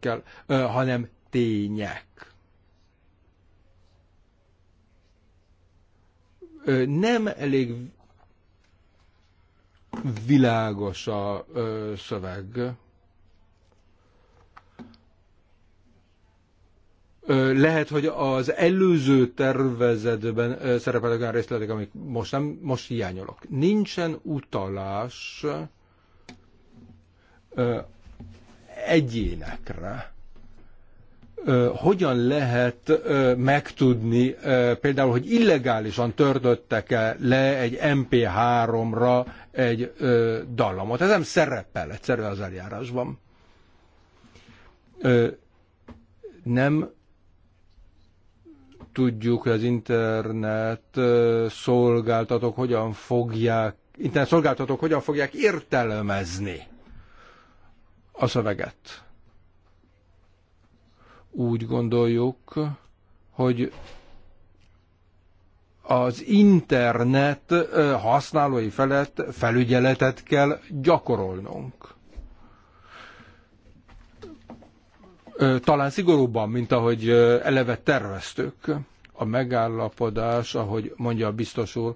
kell, hanem tények. Nem elég világos a szöveg lehet, hogy az előző tervezetben szerepelnek olyan részletek, amik most, nem, most hiányolok. Nincsen utalás egyénekre. Hogyan lehet megtudni például, hogy illegálisan törtöttek-e le egy MP3-ra egy dallamot? Ez nem szerepel egyszerűen az eljárásban. Nem tudjuk, hogy az internet szolgáltatók hogyan fogják, internet szolgáltatók hogyan fogják értelmezni a szöveget. Úgy gondoljuk, hogy az internet használói felett felügyeletet kell gyakorolnunk talán szigorúbban, mint ahogy eleve terveztük. A megállapodás, ahogy mondja a biztos úr,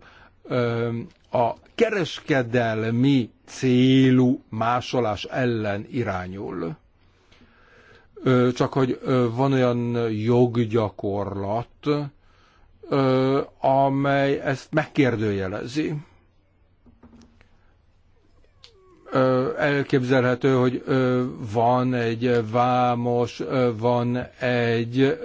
a kereskedelmi célú másolás ellen irányul. Csak hogy van olyan joggyakorlat, amely ezt megkérdőjelezi elképzelhető, hogy van egy vámos, van egy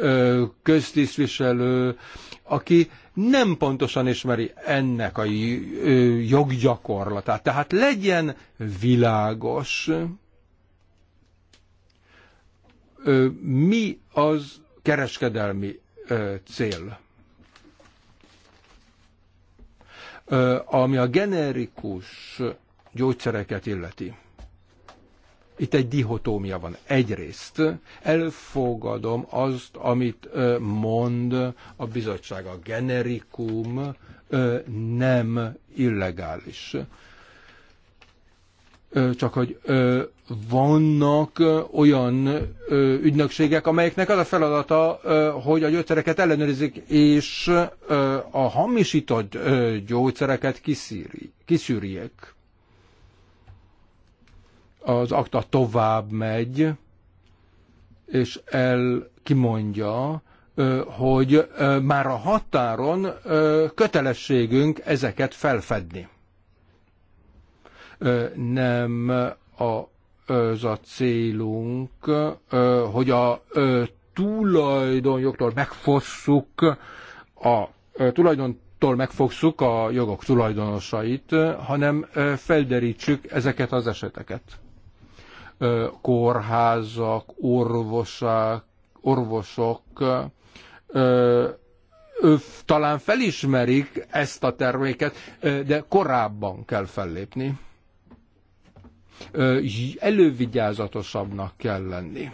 köztisztviselő, aki nem pontosan ismeri ennek a joggyakorlatát. Tehát legyen világos, mi az kereskedelmi cél. Ami a generikus gyógyszereket illeti. Itt egy dihotómia van. Egyrészt elfogadom azt, amit mond a bizottság, a generikum nem illegális csak hogy vannak olyan ügynökségek, amelyeknek az a feladata, hogy a gyógyszereket ellenőrizik, és a hamisított gyógyszereket kiszűri, kiszűrjék az akta tovább megy, és el kimondja, hogy már a határon kötelességünk ezeket felfedni. Nem a, az a célunk, hogy a tulajdonjogtól megfosszuk a tulajdontól megfosszuk a jogok tulajdonosait, hanem felderítsük ezeket az eseteket kórházak, orvosak, orvosok talán felismerik ezt a terméket, de korábban kell fellépni. Elővigyázatosabbnak kell lenni.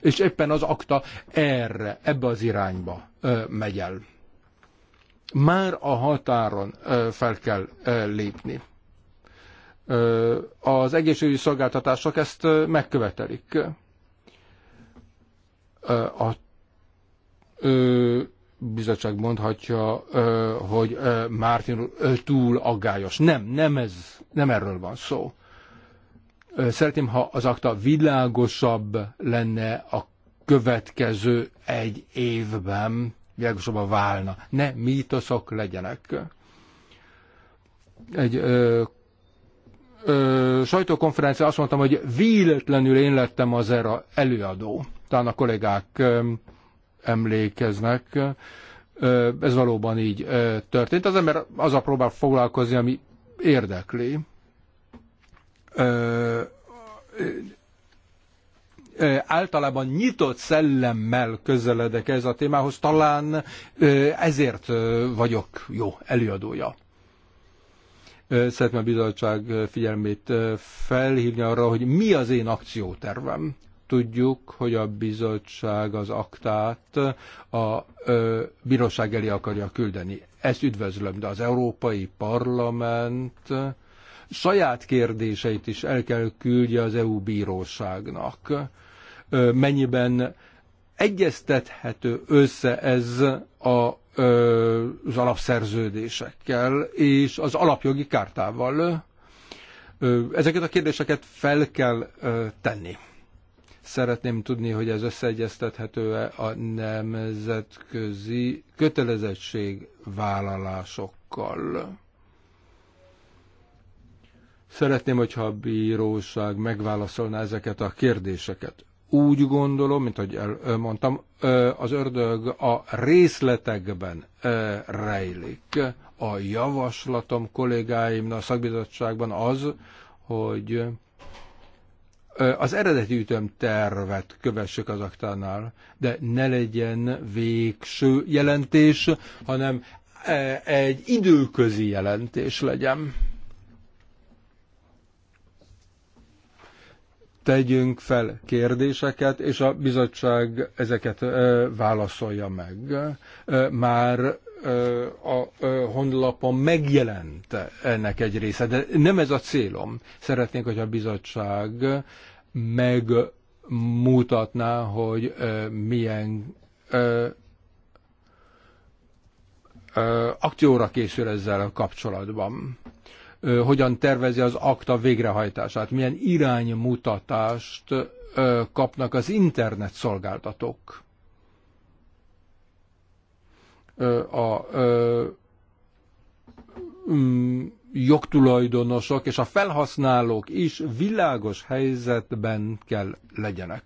És éppen az akta erre, ebbe az irányba megy el. Már a határon fel kell lépni az egészségügyi szolgáltatások ezt megkövetelik. A bizottság mondhatja, hogy Mártin túl aggályos. Nem, nem, ez, nem erről van szó. Szeretném, ha az akta világosabb lenne a következő egy évben világosabban válna. Ne mítoszok legyenek. Egy ö, ö, sajtókonferencián azt mondtam, hogy véletlenül én lettem az era előadó. Talán a kollégák ö, emlékeznek. Ö, ez valóban így ö, történt. Az ember az a próbál foglalkozni, ami érdekli. Ö, általában nyitott szellemmel közeledek ez a témához, talán ezért vagyok jó előadója. Szeretném a bizottság figyelmét felhívni arra, hogy mi az én akciótervem. Tudjuk, hogy a bizottság az aktát a ö, bíróság elé akarja küldeni. Ezt üdvözlöm, de az Európai Parlament saját kérdéseit is el kell küldje az EU bíróságnak. Mennyiben egyeztethető össze ez a az alapszerződésekkel és az alapjogi kártával. Ezeket a kérdéseket fel kell tenni. Szeretném tudni, hogy ez összeegyeztethető-e a nemzetközi kötelezettség vállalásokkal. Szeretném, hogyha a bíróság megválaszolná ezeket a kérdéseket úgy gondolom, mint ahogy elmondtam, az ördög a részletekben rejlik. A javaslatom kollégáimnak a szakbizottságban az, hogy az eredeti ütemtervet kövessük az aktánál, de ne legyen végső jelentés, hanem egy időközi jelentés legyen. tegyünk fel kérdéseket, és a bizottság ezeket válaszolja meg. Már a honlapon megjelent ennek egy része, de nem ez a célom. Szeretnénk, hogy a bizottság megmutatná, hogy milyen akcióra készül ezzel a kapcsolatban hogyan tervezi az akta végrehajtását, milyen iránymutatást kapnak az internet szolgáltatók. A mm, jogtulajdonosok és a felhasználók is világos helyzetben kell legyenek.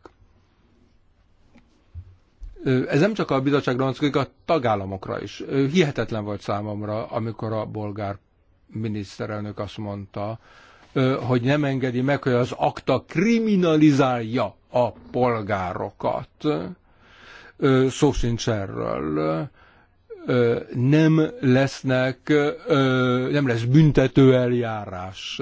Ez nem csak a bizottságra vonatkozik, a tagállamokra is. Hihetetlen volt számomra, amikor a bolgár miniszterelnök azt mondta, hogy nem engedi meg, hogy az akta kriminalizálja a polgárokat. Szó sincs erről. Nem lesznek, nem lesz büntető eljárás.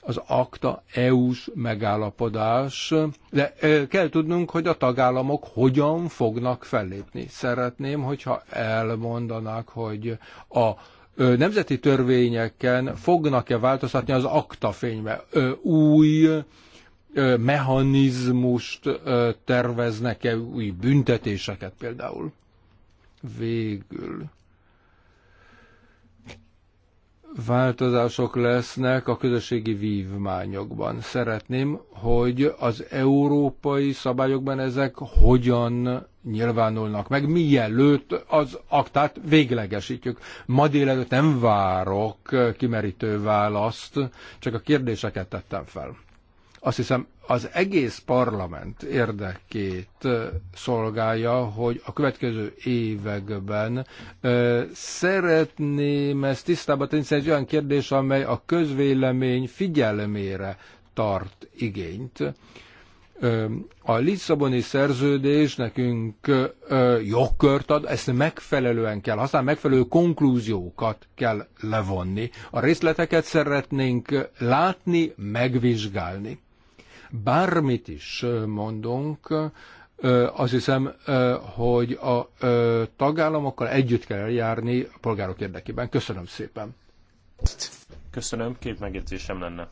Az akta EU-s megállapodás, de kell tudnunk, hogy a tagállamok hogyan fognak fellépni. Szeretném, hogyha elmondanák, hogy a nemzeti törvényeken fognak-e változtatni az aktafénybe? Új mechanizmust terveznek-e, új büntetéseket például? Végül változások lesznek a közösségi vívmányokban. Szeretném, hogy az európai szabályokban ezek hogyan nyilvánulnak meg, mielőtt az aktát véglegesítjük. Ma délelőtt nem várok kimerítő választ, csak a kérdéseket tettem fel. Azt hiszem, az egész parlament érdekét szolgálja, hogy a következő években ö, szeretném ezt tisztába tenni, ez olyan kérdés, amely a közvélemény figyelmére tart igényt a Lisszaboni szerződés nekünk jogkört ad, ezt megfelelően kell használni, megfelelő konklúziókat kell levonni. A részleteket szeretnénk látni, megvizsgálni. Bármit is mondunk, azt hiszem, hogy a tagállamokkal együtt kell eljárni a polgárok érdekében. Köszönöm szépen. Köszönöm, két megjegyzésem lenne.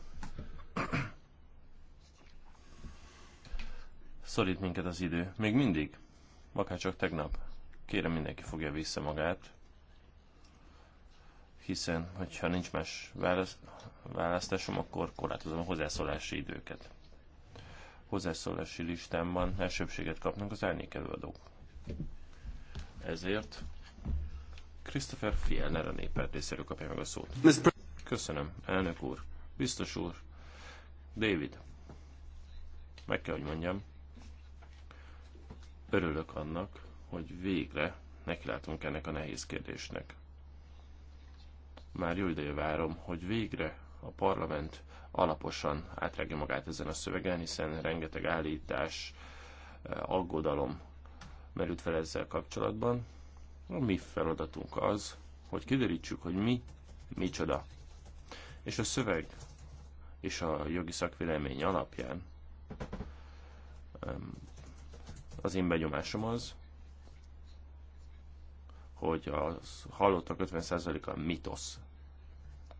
Szorít minket az idő. Még mindig? Akár csak tegnap. Kérem mindenki fogja vissza magát. Hiszen, hogyha nincs más választásom, akkor korlátozom a hozzászólási időket. Hozzászólási listámban elsőbséget kapnak az árnyék Ezért Christopher Fielner a néppertészerű kapja meg a szót. Köszönöm, elnök úr. Biztos úr. David. Meg kell, hogy mondjam, Örülök annak, hogy végre nekilátunk ennek a nehéz kérdésnek. Már jó ideje várom, hogy végre a parlament alaposan átrágja magát ezen a szövegen, hiszen rengeteg állítás, eh, aggodalom merült fel ezzel kapcsolatban. A mi feladatunk az, hogy kiderítsük, hogy mi micsoda. És a szöveg és a jogi szakvélemény alapján az én benyomásom az, hogy a hallottak 50%-a mitosz.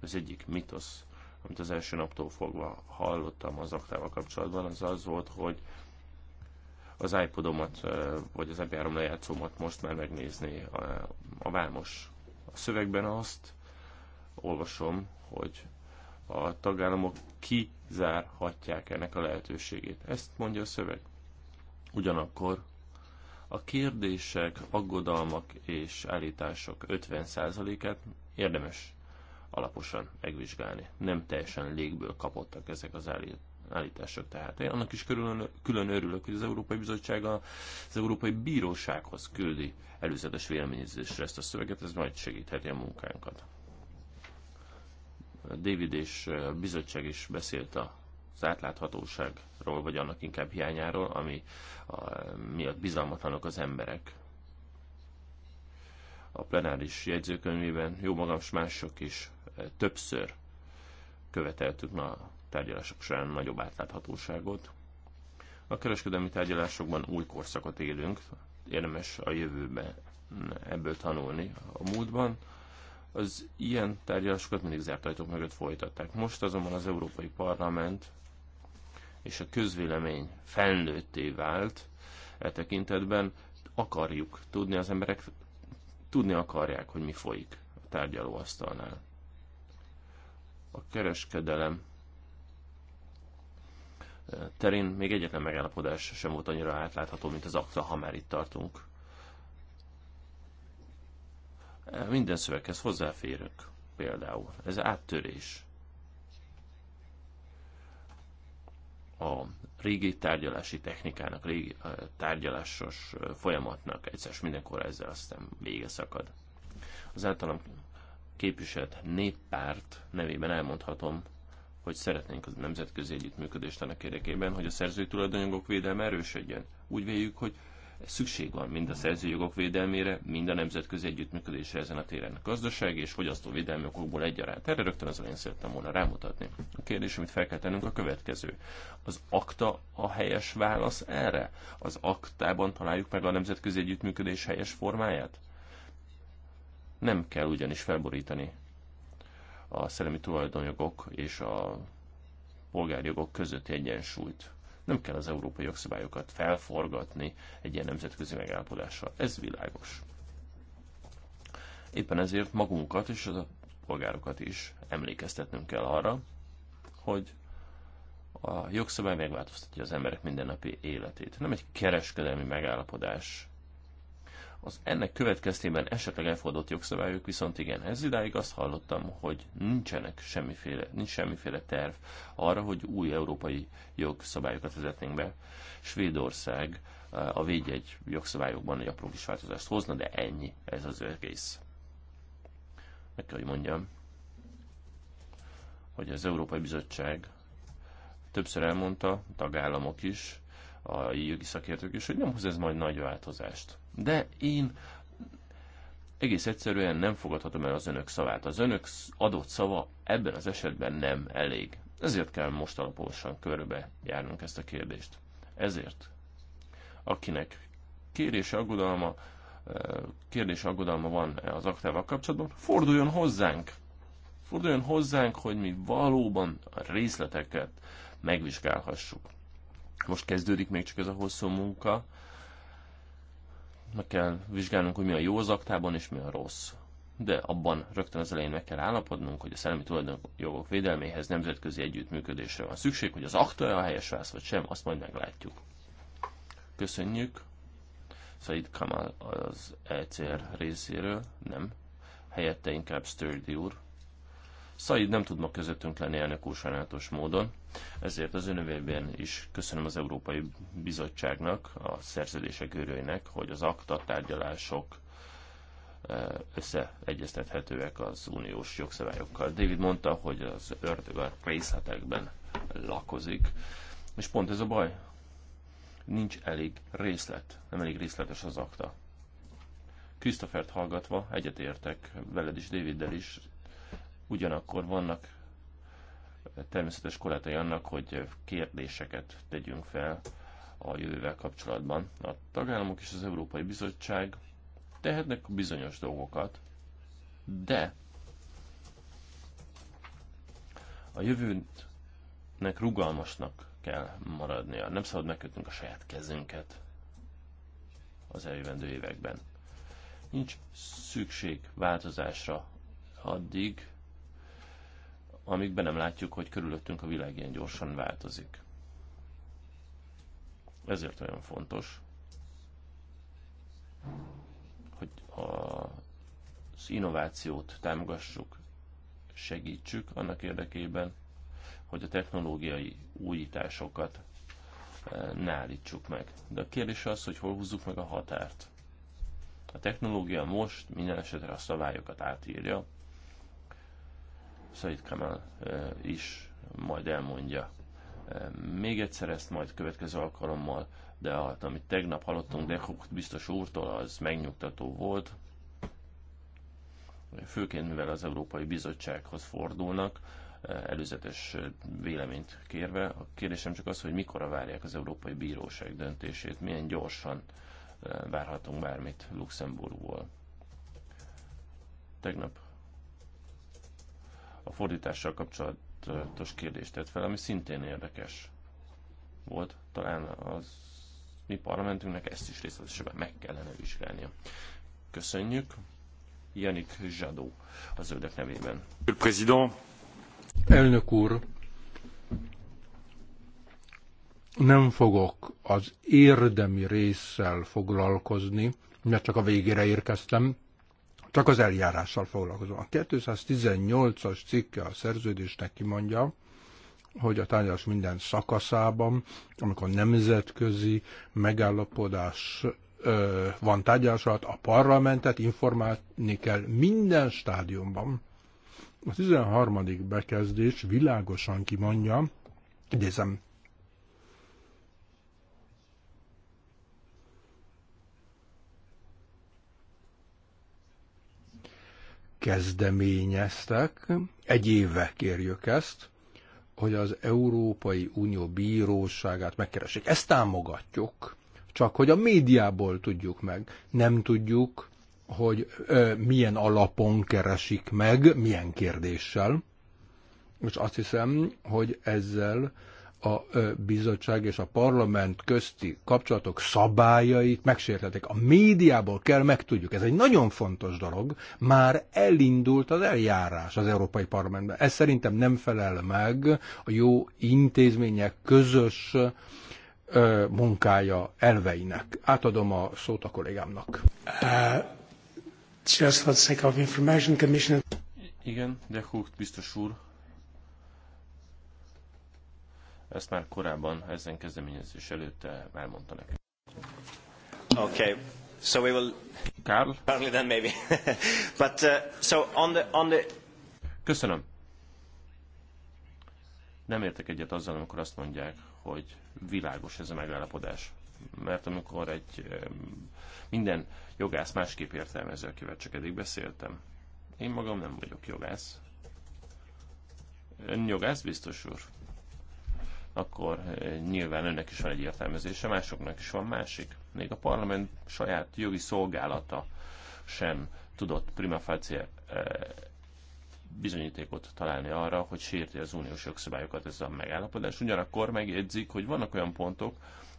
Az egyik mitosz, amit az első naptól fogva hallottam az aktával kapcsolatban, az az volt, hogy az iPodomat, vagy az MP3 lejátszómat most már megnézni a, a vámos. A szövegben azt olvasom, hogy a tagállamok kizárhatják ennek a lehetőségét. Ezt mondja a szöveg. Ugyanakkor a kérdések, aggodalmak és állítások 50%-át érdemes alaposan megvizsgálni. Nem teljesen légből kapottak ezek az állítások. Tehát én annak is külön, külön örülök, hogy az Európai Bizottság az Európai Bírósághoz küldi előzetes véleményezésre ezt a szöveget, ez majd segítheti a munkánkat. David és a bizottság is beszélt a az átláthatóságról, vagy annak inkább hiányáról, ami a, miatt bizalmatlanok az emberek. A plenáris jegyzőkönyvében jó magam és mások is e, többször követeltük na, a tárgyalások során nagyobb átláthatóságot. A kereskedelmi tárgyalásokban új korszakot élünk, érdemes a jövőbe ebből tanulni. A múltban az ilyen tárgyalásokat mindig zárt ajtók mögött folytatták. Most azonban az Európai Parlament és a közvélemény felnőtté vált e tekintetben, akarjuk tudni, az emberek tudni akarják, hogy mi folyik a tárgyalóasztalnál. A kereskedelem e, terén még egyetlen megállapodás sem volt annyira átlátható, mint az akta, ha már itt tartunk. E, minden szöveghez hozzáférök például. Ez áttörés. a régi tárgyalási technikának, régi tárgyalásos folyamatnak egyszer mindenkor ezzel aztán vége szakad. Az általam képviselt néppárt nevében elmondhatom, hogy szeretnénk a nemzetközi együttműködést annak érdekében, hogy a szerzői tulajdonjogok védelme erősödjön. Úgy véljük, hogy Szükség van mind a szerzőjogok védelmére, mind a nemzetközi együttműködésre ezen a téren. Gazdasági és védelmi okokból egyaránt. Erre rögtön az én szerettem volna rámutatni. A kérdés, amit fel kell tennünk, a következő. Az akta a helyes válasz erre? Az aktában találjuk meg a nemzetközi együttműködés helyes formáját? Nem kell ugyanis felborítani a szellemi tulajdonjogok és a polgárjogok közötti egyensúlyt. Nem kell az európai jogszabályokat felforgatni egy ilyen nemzetközi megállapodással. Ez világos. Éppen ezért magunkat és az a polgárokat is emlékeztetnünk kell arra, hogy a jogszabály megváltoztatja az emberek mindennapi életét. Nem egy kereskedelmi megállapodás az ennek következtében esetleg elfogadott jogszabályok viszont igen. Ez idáig azt hallottam, hogy nincsenek semmiféle, nincs semmiféle terv arra, hogy új európai jogszabályokat vezetnénk be. Svédország eh, a védjegy jogszabályokban egy apró kis változást hozna, de ennyi ez az egész. Meg kell, hogy mondjam, hogy az Európai Bizottság többször elmondta, tagállamok is, a jogi szakértők is, hogy nem hoz ez majd nagy változást de én egész egyszerűen nem fogadhatom el az önök szavát. Az önök adott szava ebben az esetben nem elég. Ezért kell most alaposan körbe járnunk ezt a kérdést. Ezért, akinek kérése, aggodalma, eh, kérdés aggodalma van e az aktával kapcsolatban, forduljon hozzánk. Forduljon hozzánk, hogy mi valóban a részleteket megvizsgálhassuk. Most kezdődik még csak ez a hosszú munka, meg kell vizsgálnunk, hogy mi a jó az aktában és mi a rossz. De abban rögtön az elején meg kell állapodnunk, hogy a szellemi tulajdonjogok védelméhez nemzetközi együttműködésre van szükség, hogy az akta a helyes válasz vagy sem, azt majd meglátjuk. Köszönjük. Said Kamal az ECR részéről, nem. Helyette inkább Sturdy úr. Said nem tud ma közöttünk lenni elnök úr módon. Ezért az önövében is köszönöm az Európai Bizottságnak, a szerződések őrőinek, hogy az akta tárgyalások eh, összeegyeztethetőek az uniós jogszabályokkal. David mondta, hogy az ördög a részletekben lakozik, és pont ez a baj. Nincs elég részlet, nem elég részletes az akta. Krisztofert hallgatva egyetértek veled is, Daviddel is, ugyanakkor vannak természetes korlátai annak, hogy kérdéseket tegyünk fel a jövővel kapcsolatban. A tagállamok és az Európai Bizottság tehetnek bizonyos dolgokat, de a jövőnek rugalmasnak kell maradnia. Nem szabad megkötnünk a saját kezünket az eljövendő években. Nincs szükség változásra addig, amíg be nem látjuk, hogy körülöttünk a világ ilyen gyorsan változik. Ezért olyan fontos, hogy a, az innovációt támogassuk, segítsük annak érdekében, hogy a technológiai újításokat eh, ne állítsuk meg. De a kérdés az, hogy hol húzzuk meg a határt. A technológia most minden esetre a szabályokat átírja, Said Kamal is majd elmondja még egyszer ezt majd következő alkalommal, de hát, amit tegnap hallottunk Dehucht biztos úrtól, az megnyugtató volt, főként mivel az Európai Bizottsághoz fordulnak, előzetes véleményt kérve. A kérdésem csak az, hogy mikor várják az Európai Bíróság döntését, milyen gyorsan várhatunk bármit Luxemburgból. Tegnap a fordítással kapcsolatos kérdést tett fel, ami szintén érdekes volt. Talán az mi parlamentünknek ezt is részletesebben meg kellene vizsgálnia. Köszönjük. Janik Zsadó a zöldek nevében. Elnök úr, nem fogok az érdemi résszel foglalkozni, mert csak a végére érkeztem, csak az eljárással foglalkozom. A 218-as cikke a szerződésnek kimondja, hogy a tárgyalás minden szakaszában, amikor nemzetközi megállapodás ö, van tárgyalás alatt, a parlamentet informálni kell minden stádiumban. A 13. bekezdés világosan kimondja, idézem kezdeményeztek, egy éve kérjük ezt, hogy az Európai Unió bíróságát megkeressék. Ezt támogatjuk, csak hogy a médiából tudjuk meg. Nem tudjuk, hogy ö, milyen alapon keresik meg, milyen kérdéssel. És azt hiszem, hogy ezzel a bizottság és a parlament közti kapcsolatok szabályait megsértették. A médiából kell megtudjuk, ez egy nagyon fontos dolog, már elindult az eljárás az Európai Parlamentben. Ez szerintem nem felel meg a jó intézmények közös ö, munkája elveinek. Átadom a szót a kollégámnak. Uh, just for the sake of information, Commissioner. Igen, de Hucht biztos úr, Ezt már korábban, ezen kezdeményezés előtt eh, elmondta nekünk. Okay. So we will... Karl? Probably then maybe. But uh, so on the, on the... Köszönöm. Nem értek egyet azzal, amikor azt mondják, hogy világos ez a megállapodás. Mert amikor egy minden jogász másképp értelmezi, akivel csak eddig beszéltem. Én magam nem vagyok jogász. Ön jogász, biztos úr? akkor eh, nyilván önnek is van egy értelmezése, másoknak is van másik. Még a parlament saját jogi szolgálata sem tudott prima facie eh, bizonyítékot találni arra, hogy sérti az uniós jogszabályokat ez a megállapodás. Ugyanakkor megjegyzik, hogy vannak olyan pontok,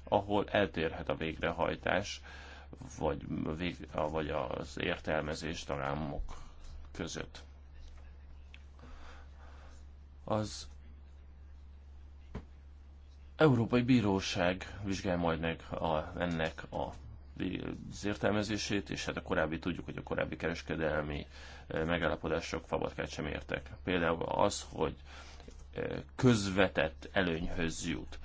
ahol eltérhet a végrehajtás, vagy, vég, vagy az értelmezés tagállamok között. Az Európai Bíróság vizsgál majd meg a, ennek a az értelmezését, és hát a korábbi tudjuk, hogy a korábbi kereskedelmi eh, megállapodások fabatkát sem értek. Például az, hogy eh, közvetett előnyhöz jut,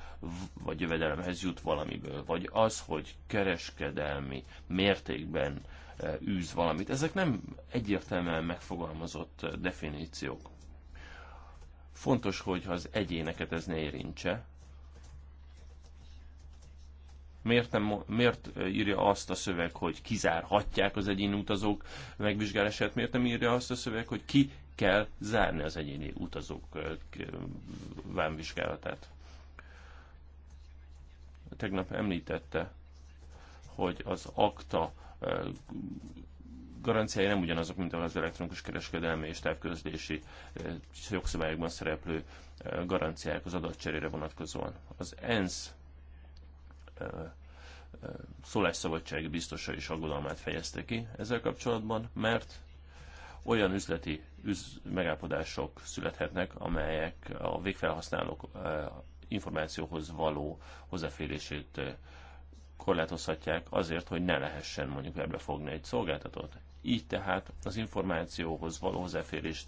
vagy jövedelemhez jut valamiből, vagy az, hogy kereskedelmi mértékben eh, űz valamit. Ezek nem egyértelműen megfogalmazott definíciók. Fontos, hogy az egyéneket ez ne érintse, Miért, nem, miért írja azt a szöveg, hogy kizárhatják az egyéni utazók megvizsgálását? Miért nem írja azt a szöveg, hogy ki kell zárni az egyéni utazók vámvizsgálatát? Tegnap említette, hogy az akta garanciái nem ugyanazok, mint az elektronikus kereskedelmi és távközlési jogszabályokban szereplő garanciák az adatcserére vonatkozóan. Az ENSZ szólásszabadság biztosa is aggodalmát fejezte ki ezzel kapcsolatban, mert olyan üzleti üz megállapodások születhetnek, amelyek a végfelhasználók információhoz való hozzáférését korlátozhatják azért, hogy ne lehessen mondjuk ebbe fogni egy szolgáltatót. Így tehát az információhoz való hozzáférést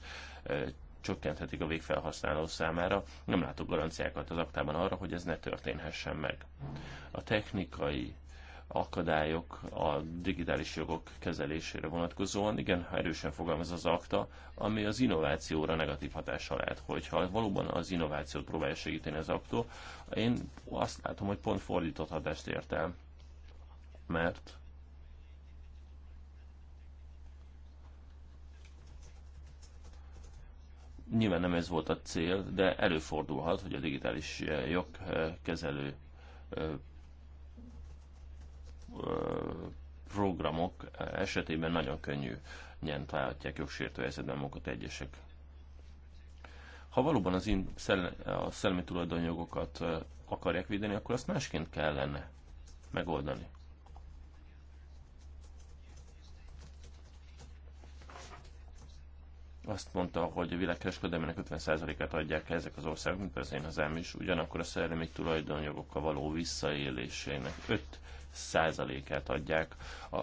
csökkenthetik a végfelhasználó számára. Nem látok garanciákat az aktában arra, hogy ez ne történhessen meg. A technikai akadályok a digitális jogok kezelésére vonatkozóan igen erősen fogalmaz az akta, ami az innovációra negatív hatással lehet, hogyha valóban az innovációt próbálja segíteni az akta. Én azt látom, hogy pont fordított hatást ért el, mert Nyilván nem ez volt a cél, de előfordulhat, hogy a digitális eh, jogkezelő eh, eh, programok esetében nagyon könnyű nyent találhatják jogsértő helyzetben magukat egyesek. Ha valóban az a szellemi tulajdonjogokat akarják védeni, akkor azt másként kellene megoldani. azt mondta, hogy a világkereskedelmének 50%-át adják le ezek az országok, mint az én hazám is, ugyanakkor a szellemi tulajdonjogokkal való visszaélésének 5%-át adják. A,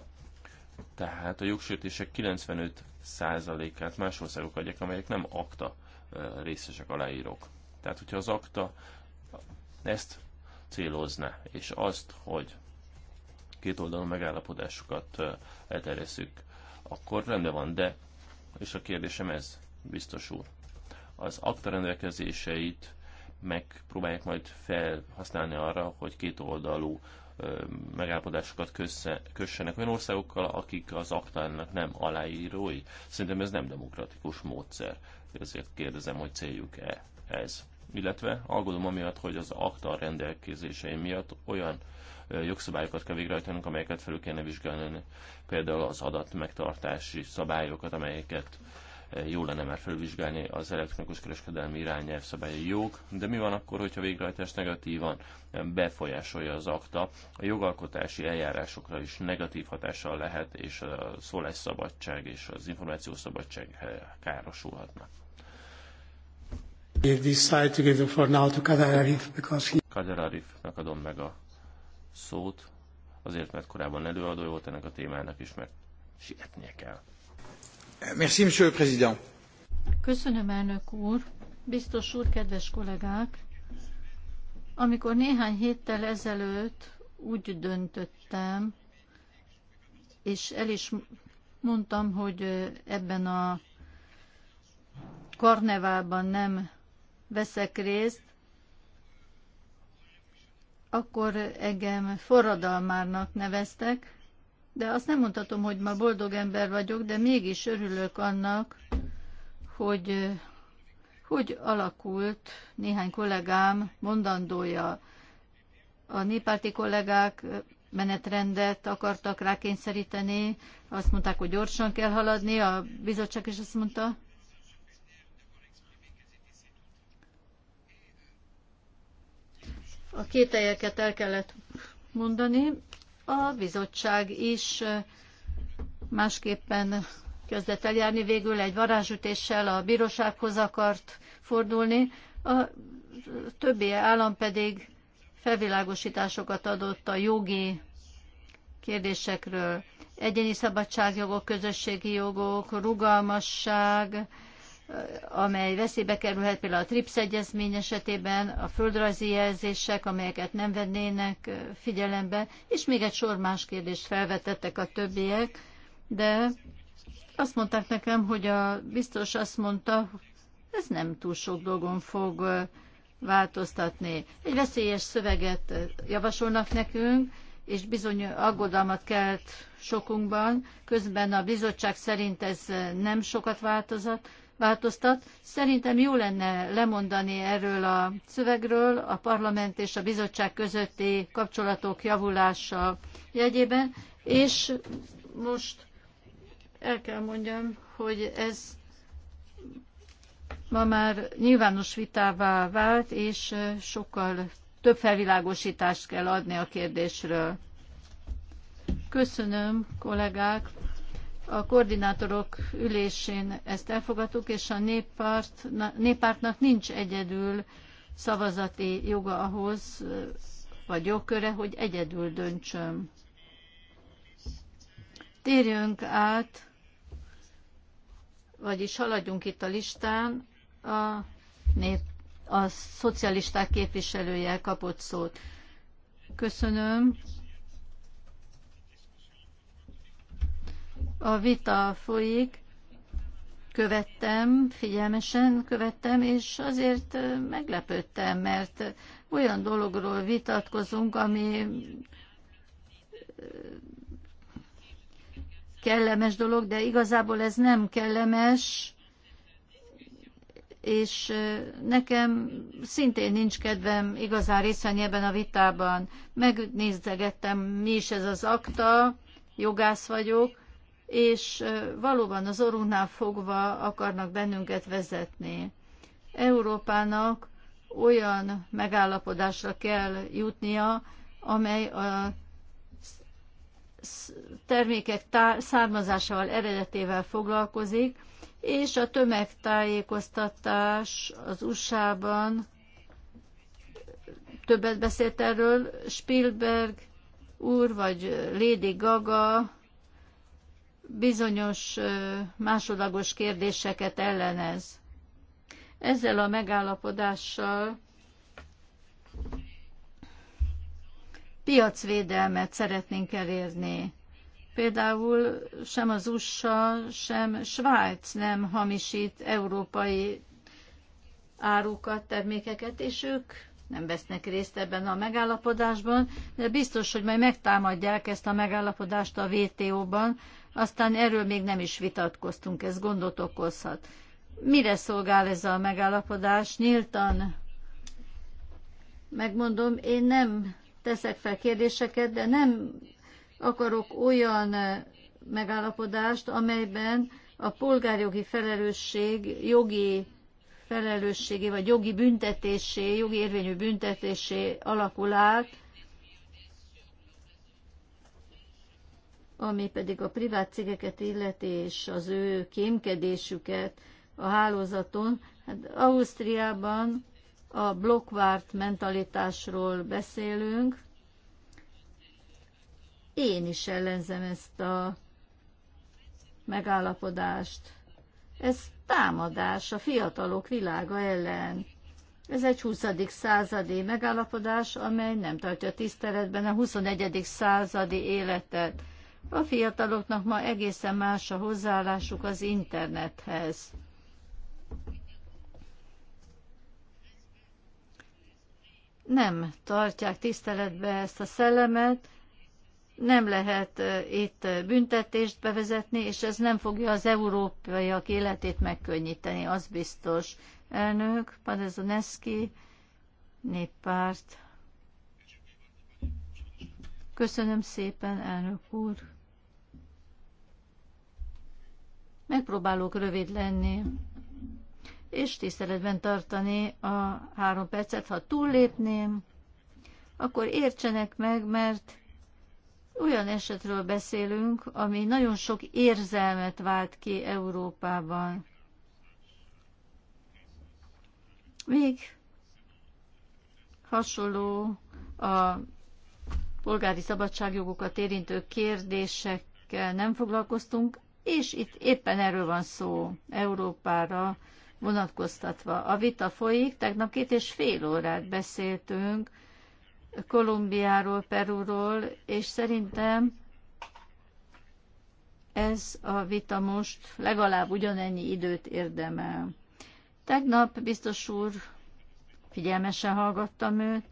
tehát a jogsértések 95%-át más országok adják, amelyek nem akta részesek aláírók. Tehát, hogyha az akta ezt célozna, és azt, hogy két oldalon megállapodásokat elterjesszük, akkor rendben van, de és a kérdésem ez, biztos úr. Az akta rendelkezéseit megpróbálják majd felhasználni arra, hogy két oldalú megállapodásokat kössenek olyan országokkal, akik az aktának nem aláírói. Szerintem ez nem demokratikus módszer. Ezért kérdezem, hogy céljuk-e ez. Illetve aggódom amiatt, hogy az akta rendelkezései miatt olyan jogszabályokat kell végrehajtanunk, amelyeket felül kellene vizsgálni, például az adat megtartási szabályokat, amelyeket eh, jó lenne már felvizsgálni az elektronikus kereskedelmi irányelv szabályai jók, de mi van akkor, hogyha végrehajtás negatívan befolyásolja az akta, a jogalkotási eljárásokra is negatív hatással lehet, és a szólásszabadság és az információszabadság eh, károsulhatnak. Kader Arif, Arif-nak adom meg a szót, azért mert korábban előadó volt ennek a témának, és mert sietnie kell. Merci, monsieur le président. Köszönöm, elnök úr. Biztos úr, kedves kollégák! Amikor néhány héttel ezelőtt úgy döntöttem, és el is mondtam, hogy ebben a karnevában nem veszek részt, akkor engem forradalmárnak neveztek, de azt nem mondhatom, hogy ma boldog ember vagyok, de mégis örülök annak, hogy hogy alakult néhány kollégám mondandója. A néppárti kollégák menetrendet akartak rákényszeríteni, azt mondták, hogy gyorsan kell haladni, a bizottság is azt mondta, a kételyeket el kellett mondani. A bizottság is másképpen kezdett eljárni, végül egy varázsütéssel a bírósághoz akart fordulni, a többi állam pedig felvilágosításokat adott a jogi kérdésekről. Egyéni szabadságjogok, közösségi jogok, rugalmasság, amely veszélybe kerülhet, például a TRIPS egyezmény esetében, a földrajzi jelzések, amelyeket nem vennének figyelembe, és még egy sor más kérdést felvetettek a többiek, de azt mondták nekem, hogy a biztos azt mondta, ez nem túl sok dolgon fog változtatni. Egy veszélyes szöveget javasolnak nekünk, és bizony aggodalmat kelt sokunkban, közben a bizottság szerint ez nem sokat változott, változtat. Szerintem jó lenne lemondani erről a szövegről a parlament és a bizottság közötti kapcsolatok javulása jegyében, és most el kell mondjam, hogy ez ma már nyilvános vitává vált, és sokkal több felvilágosítást kell adni a kérdésről. Köszönöm, kollégák! a koordinátorok ülésén ezt elfogadtuk, és a néppárt, néppártnak nincs egyedül szavazati joga ahhoz, vagy jogköre, hogy egyedül döntsön. Térjünk át, vagyis haladjunk itt a listán, a, nép, a szocialisták képviselője kapott szót. Köszönöm. A vita folyik, követtem, figyelmesen követtem, és azért meglepődtem, mert olyan dologról vitatkozunk, ami kellemes dolog, de igazából ez nem kellemes, és nekem szintén nincs kedvem igazán részt venni ebben a vitában. Megnézegettem, mi is ez az akta, jogász vagyok, és valóban az orrunknál fogva akarnak bennünket vezetni. Európának olyan megállapodásra kell jutnia, amely a termékek származásával, eredetével foglalkozik, és a tömegtájékoztatás az USA-ban, többet beszélt erről Spielberg úr, vagy Lady Gaga, bizonyos másodlagos kérdéseket ellenez. Ezzel a megállapodással piacvédelmet szeretnénk elérni. Például sem az USA, sem Svájc nem hamisít európai árukat, termékeket, és ők nem vesznek részt ebben a megállapodásban, de biztos, hogy majd megtámadják ezt a megállapodást a WTO-ban, aztán erről még nem is vitatkoztunk, ez gondot okozhat. Mire szolgál ez a megállapodás? Nyíltan megmondom, én nem teszek fel kérdéseket, de nem akarok olyan megállapodást, amelyben a polgárjogi felelősség jogi felelősségé, vagy jogi büntetésé, jogi érvényű büntetésé alakul át, ami pedig a privát cégeket illeti, és az ő kémkedésüket a hálózaton. Hát Ausztriában a blokkvárt mentalitásról beszélünk. Én is ellenzem ezt a megállapodást. Ez támadás a fiatalok világa ellen. Ez egy 20. századi megállapodás, amely nem tartja tiszteletben a 21. századi életet. A fiataloknak ma egészen más a hozzáállásuk az internethez. Nem tartják tiszteletbe ezt a szellemet, nem lehet itt büntetést bevezetni, és ez nem fogja az európaiak életét megkönnyíteni, az biztos. Elnök, Padezoneszki, néppárt. Köszönöm szépen, elnök úr. Megpróbálok rövid lenni, és tiszteletben tartani a három percet. Ha túllépném, akkor értsenek meg, mert olyan esetről beszélünk, ami nagyon sok érzelmet vált ki Európában. Még hasonló a polgári szabadságjogokat érintő kérdések? nem foglalkoztunk, és itt éppen erről van szó Európára vonatkoztatva. A vita folyik, tegnap két és fél órát beszéltünk Kolumbiáról, Perúról, és szerintem ez a vita most legalább ugyanennyi időt érdemel. Tegnap biztos úr figyelmesen hallgattam őt,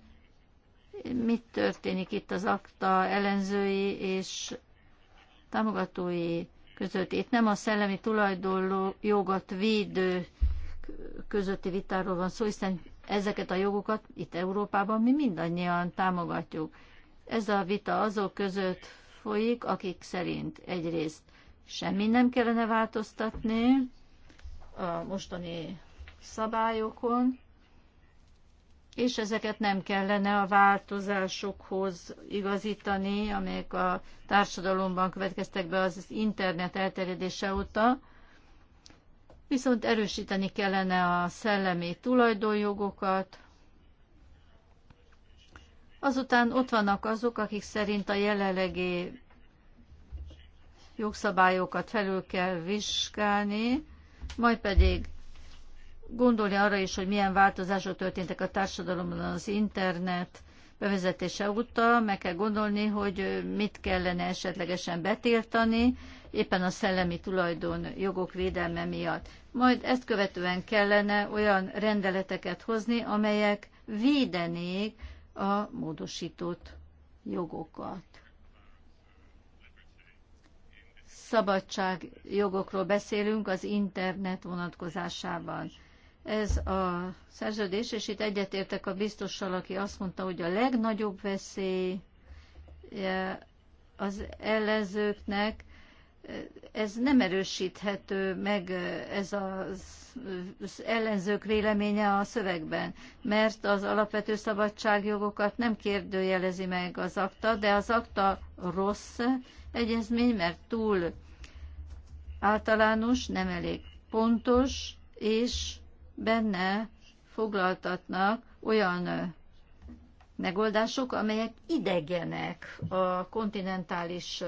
mit történik itt az akta ellenzői és támogatói között. Itt nem a szellemi jogot védő közötti vitáról van szó, hiszen ezeket a jogokat itt Európában mi mindannyian támogatjuk. Ez a vita azok között folyik, akik szerint egyrészt semmi nem kellene változtatni a mostani szabályokon, és ezeket nem kellene a változásokhoz igazítani, amelyek a társadalomban következtek be az internet elterjedése óta, viszont erősíteni kellene a szellemi tulajdonjogokat. Azután ott vannak azok, akik szerint a jelenlegi jogszabályokat felül kell vizsgálni, majd pedig gondolni arra is, hogy milyen változások történtek a társadalomban az internet bevezetése óta, meg kell gondolni, hogy mit kellene esetlegesen betiltani, éppen a szellemi tulajdon jogok védelme miatt. Majd ezt követően kellene olyan rendeleteket hozni, amelyek védenék a módosított jogokat. Szabadságjogokról beszélünk az internet vonatkozásában ez a szerződés, és itt egyetértek a biztossal, aki azt mondta, hogy a legnagyobb veszély eh, az ellenzőknek, eh, ez nem erősíthető meg eh, ez az ellenzők véleménye a szövegben, mert az alapvető szabadságjogokat nem kérdőjelezi meg az akta, de az akta rossz egyezmény, mert túl általános, nem elég pontos, és benne foglaltatnak olyan megoldások, amelyek idegenek a kontinentális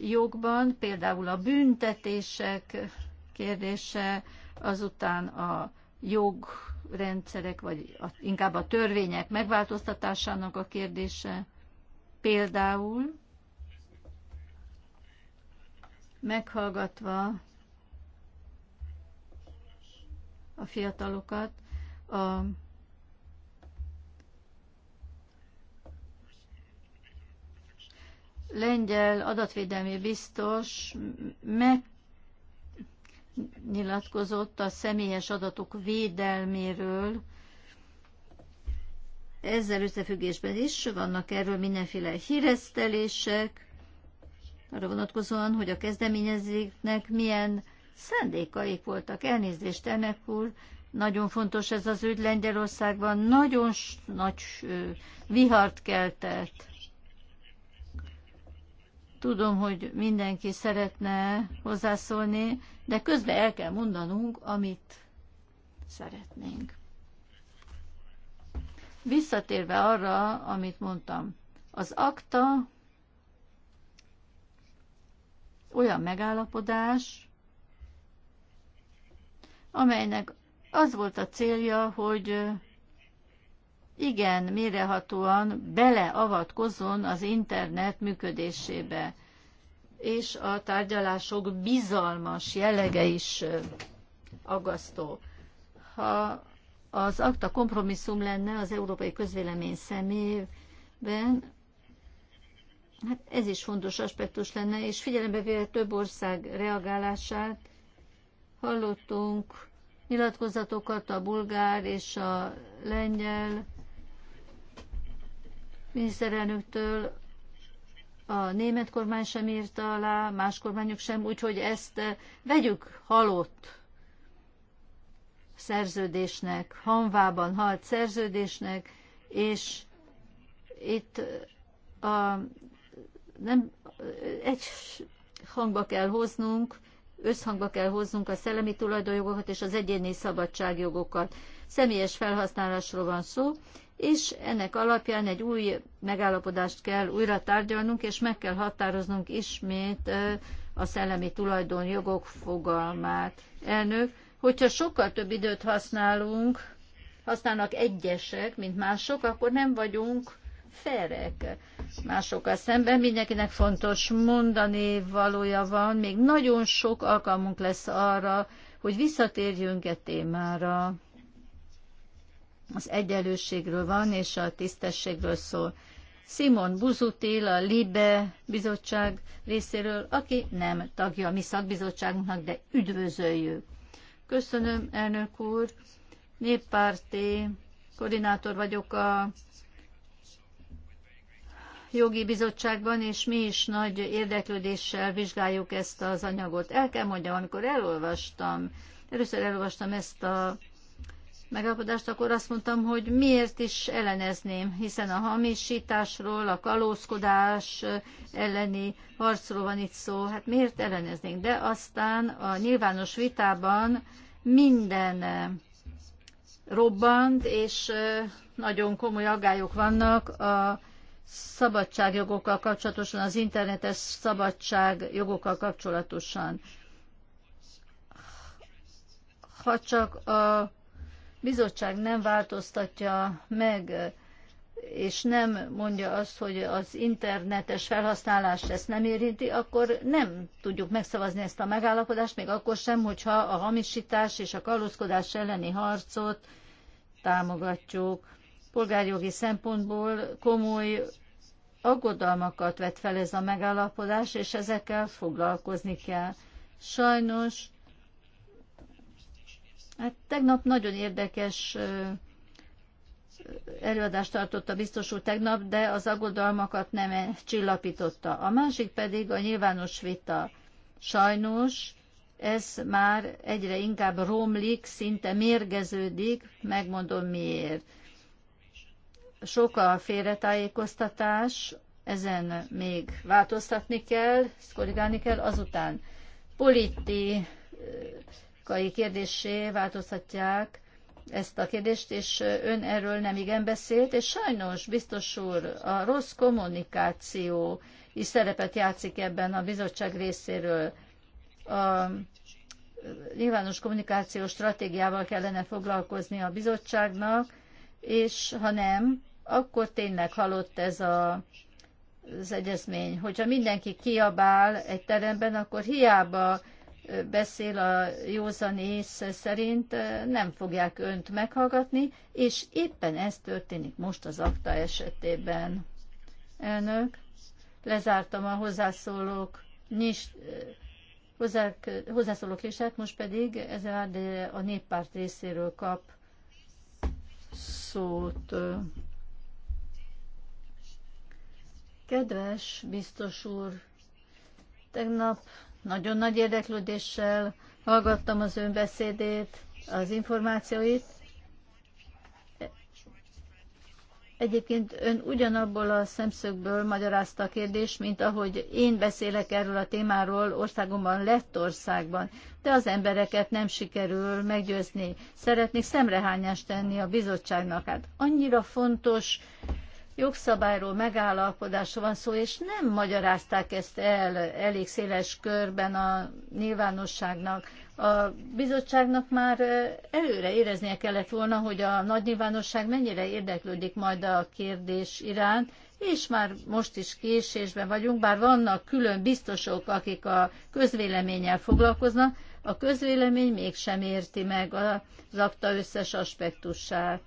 jogban, például a büntetések kérdése, azután a jogrendszerek, vagy inkább a törvények megváltoztatásának a kérdése. Például meghallgatva a fiatalokat a lengyel adatvédelmi biztos megnyilatkozott a személyes adatok védelméről, ezzel összefüggésben is vannak erről mindenféle híresztelések, arra vonatkozóan, hogy a kezdeményezéknek milyen szendékaik voltak. Elnézést, ennek úr, nagyon fontos ez az ügy Lengyelországban, nagyon nagy vihart keltett. Tudom, hogy mindenki szeretne hozzászólni, de közben el kell mondanunk, amit szeretnénk. Visszatérve arra, amit mondtam, az akta olyan megállapodás, amelynek az volt a célja, hogy igen, mérehatóan beleavatkozzon az internet működésébe, és a tárgyalások bizalmas jellege is aggasztó. Ha az akta kompromisszum lenne az európai közvélemény szemében, hát ez is fontos aspektus lenne, és figyelembe véve több ország reagálását hallottunk nyilatkozatokat a bulgár és a lengyel miniszterelnöktől, a német kormány sem írta alá, más kormányok sem, úgyhogy ezt eh, vegyük halott szerződésnek, hanvában halt szerződésnek, és itt eh, a, nem, eh, egy hangba kell hoznunk összhangba kell hoznunk a szellemi tulajdonjogokat és az egyéni szabadságjogokat. Személyes felhasználásról van szó, és ennek alapján egy új megállapodást kell újra tárgyalnunk, és meg kell határoznunk ismét a szellemi tulajdonjogok fogalmát. Elnök, hogyha sokkal több időt használunk, használnak egyesek, mint mások, akkor nem vagyunk ferek másokkal szemben. Mindenkinek fontos mondani valója van, még nagyon sok alkalmunk lesz arra, hogy visszatérjünk e témára. Az egyenlőségről van, és a tisztességről szól. Simon Buzutil, a LIBE bizottság részéről, aki nem tagja a mi szakbizottságunknak, de üdvözöljük. Köszönöm, elnök úr. Néppárti koordinátor vagyok a jogi bizottságban, és mi is nagy érdeklődéssel vizsgáljuk ezt az anyagot. El kell mondjam, amikor elolvastam, először elolvastam ezt a megállapodást, akkor azt mondtam, hogy miért is ellenezném, hiszen a hamisításról, a kalózkodás elleni harcról van itt szó, hát miért elleneznénk? De aztán a nyilvános vitában minden robbant, és nagyon komoly aggályok vannak a szabadságjogokkal kapcsolatosan, az internetes szabadságjogokkal kapcsolatosan. Ha csak a bizottság nem változtatja meg, és nem mondja azt, hogy az internetes felhasználás ezt nem érinti, akkor nem tudjuk megszavazni ezt a megállapodást, még akkor sem, hogyha a hamisítás és a kalózkodás elleni harcot támogatjuk polgárjogi szempontból komoly aggodalmakat vett fel ez a megállapodás, és ezekkel foglalkozni kell. Sajnos, hát tegnap nagyon érdekes előadást tartott a biztos úr tegnap, de az aggodalmakat nem e csillapította. A másik pedig a nyilvános vita. Sajnos ez már egyre inkább romlik, szinte mérgeződik, megmondom miért sok a félretájékoztatás, ezen még változtatni kell, ezt korrigálni kell, azután politikai kérdésé változtatják ezt a kérdést, és ön erről nem igen beszélt, és sajnos, biztos úr, a rossz kommunikáció is szerepet játszik ebben a bizottság részéről. A nyilvános kommunikáció stratégiával kellene foglalkozni a bizottságnak, és ha nem, akkor tényleg halott ez a, az egyezmény. Hogyha mindenki kiabál egy teremben, akkor hiába beszél a józan ész szerint, nem fogják önt meghallgatni, és éppen ez történik most az akta esetében. Elnök, lezártam a hozzászólók nyis, hozzák, hozzászólók listát, most pedig ez a néppárt részéről kap szót. Kedves biztos úr, tegnap nagyon nagy érdeklődéssel hallgattam az ön beszédét, az információit. Egyébként ön ugyanabból a szemszögből magyarázta a kérdést, mint ahogy én beszélek erről a témáról országomban, Lettországban, de az embereket nem sikerül meggyőzni. Szeretnék szemrehányást tenni a bizottságnak. Hát annyira fontos jogszabályról, megállapodásról van szó, és nem magyarázták ezt el elég széles körben a nyilvánosságnak. A bizottságnak már előre éreznie kellett volna, hogy a nagy nyilvánosság mennyire érdeklődik majd a kérdés iránt, és már most is késésben vagyunk, bár vannak külön biztosok, akik a közvéleménnyel foglalkoznak, a közvélemény mégsem érti meg az akta összes aspektusát.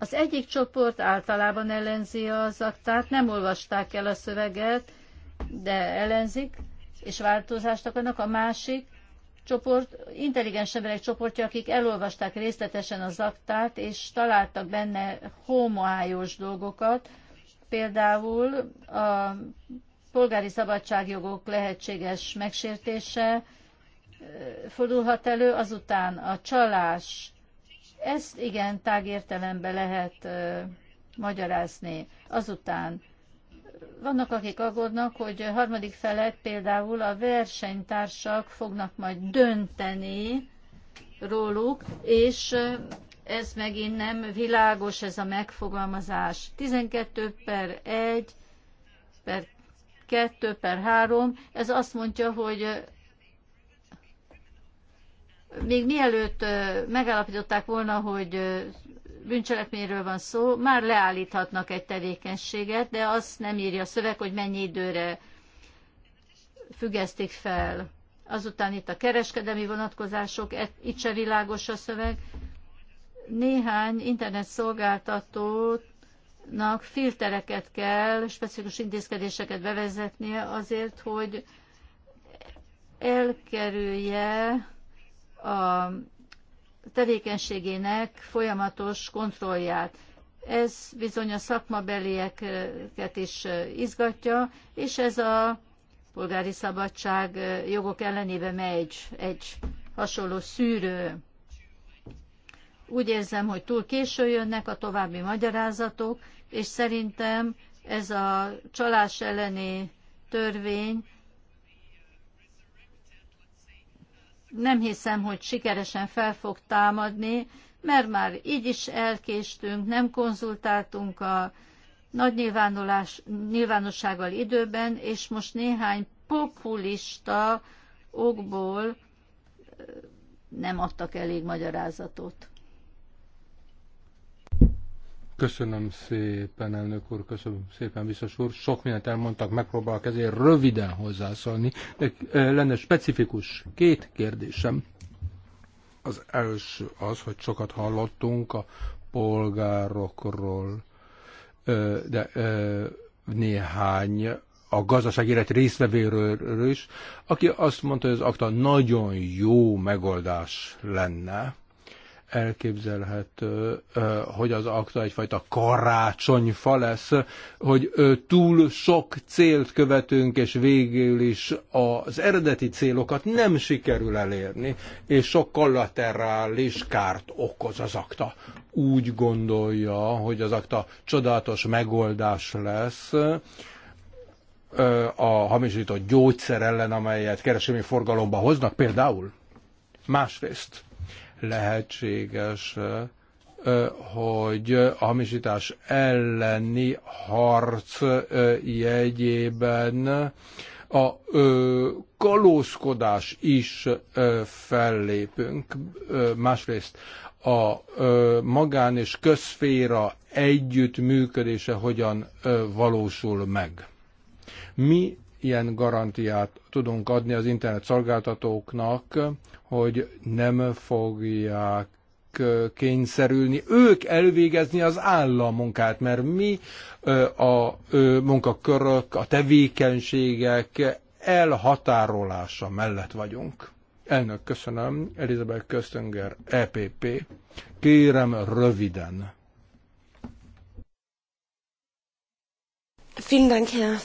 Az egyik csoport általában ellenzi az aktát, nem olvasták el a szöveget, de ellenzik, és változást akarnak. A másik csoport, intelligens emberek csoportja, akik elolvasták részletesen az aktát, és találtak benne homoályos dolgokat, például a polgári szabadságjogok lehetséges megsértése eh, fordulhat elő, azután a csalás, ezt igen, tág értelemben lehet ö, magyarázni. Azután vannak, akik aggódnak, hogy harmadik felett például a versenytársak fognak majd dönteni róluk, és ez megint nem világos ez a megfogalmazás. 12 per 1 per 2 per 3, ez azt mondja, hogy még mielőtt megállapították volna, hogy bűncselekményről van szó, már leállíthatnak egy tevékenységet, de azt nem írja a szöveg, hogy mennyi időre függesztik fel. Azután itt a kereskedelmi vonatkozások, e- itt se világos a szöveg. Néhány internet szolgáltatónak filtereket kell, specifikus intézkedéseket bevezetnie azért, hogy elkerülje a tevékenységének folyamatos kontrollját. Ez bizony a szakmabelieket is izgatja, és ez a polgári szabadság jogok ellenébe megy egy hasonló szűrő. Úgy érzem, hogy túl késő jönnek a további magyarázatok, és szerintem ez a csalás elleni törvény nem hiszem, hogy sikeresen fel fog támadni, mert már így is elkéstünk, nem konzultáltunk a nagy nyilvánulás, nyilvánossággal időben, és most néhány populista okból nem adtak elég magyarázatot. Köszönöm szépen, elnök úr, köszönöm szépen, biztos úr. Sok mindent elmondtak, megpróbálok ezért röviden hozzászólni. De lenne specifikus két kérdésem. Az első az, hogy sokat hallottunk a polgárokról, de néhány a gazdaság élet részlevéről is, aki azt mondta, hogy az akta nagyon jó megoldás lenne, elképzelhető, hogy az akta egyfajta karácsonyfa lesz, hogy túl sok célt követünk, és végül is az eredeti célokat nem sikerül elérni, és sok kollaterális kárt okoz az akta. Úgy gondolja, hogy az akta csodálatos megoldás lesz, a hamisított gyógyszer ellen, amelyet kereskedelmi forgalomba hoznak például. Másrészt lehetséges, hogy a hamisítás elleni harc jegyében a kalózkodás is fellépünk. Másrészt a magán és közféra együttműködése hogyan valósul meg. Mi ilyen garantiát tudunk adni az internet szolgáltatóknak, hogy nem fogják kényszerülni ők elvégezni az állammunkát, mert mi a munkakörök, a tevékenységek elhatárolása mellett vagyunk. Elnök, köszönöm. Elizabeth Köztönger, EPP. Kérem röviden. Äh,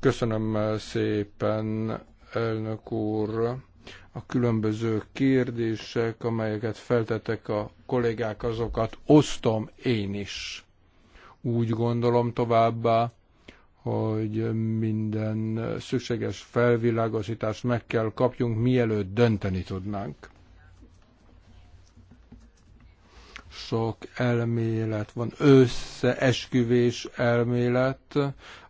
Köszönöm äh, szépen, elnök úr a különböző kérdések, amelyeket feltettek a kollégák, azokat osztom én is. Úgy gondolom továbbá, hogy minden szükséges felvilágosítást meg kell kapjunk, mielőtt dönteni tudnánk. sok elmélet van, összeesküvés elmélet,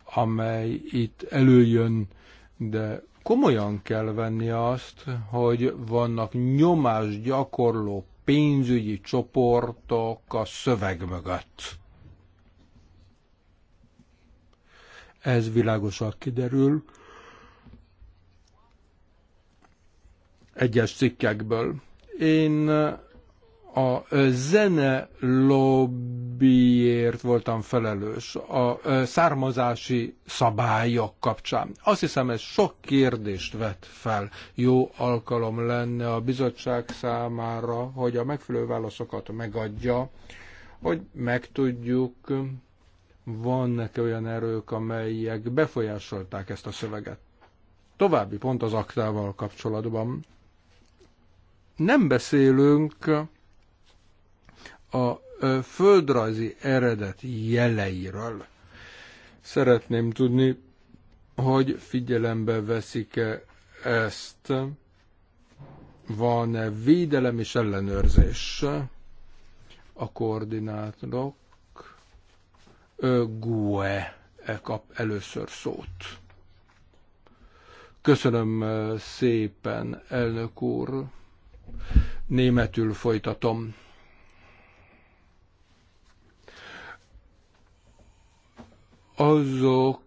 amely itt előjön, de komolyan kell venni azt, hogy vannak nyomás gyakorló pénzügyi csoportok a szöveg mögött. Ez világosan kiderül egyes cikkekből. Én a zene lobbyért voltam felelős a származási szabályok kapcsán. Azt hiszem, ez sok kérdést vet fel. Jó alkalom lenne a bizottság számára, hogy a megfelelő válaszokat megadja, hogy megtudjuk, vannak-e olyan erők, amelyek befolyásolták ezt a szöveget. További pont az aktával kapcsolatban. Nem beszélünk a földrajzi eredet jeleiről. Szeretném tudni, hogy figyelembe veszik-e ezt. Van-e védelem és ellenőrzés? A koordinátorok GUE -e kap először szót. Köszönöm szépen, elnök úr. Németül folytatom azok,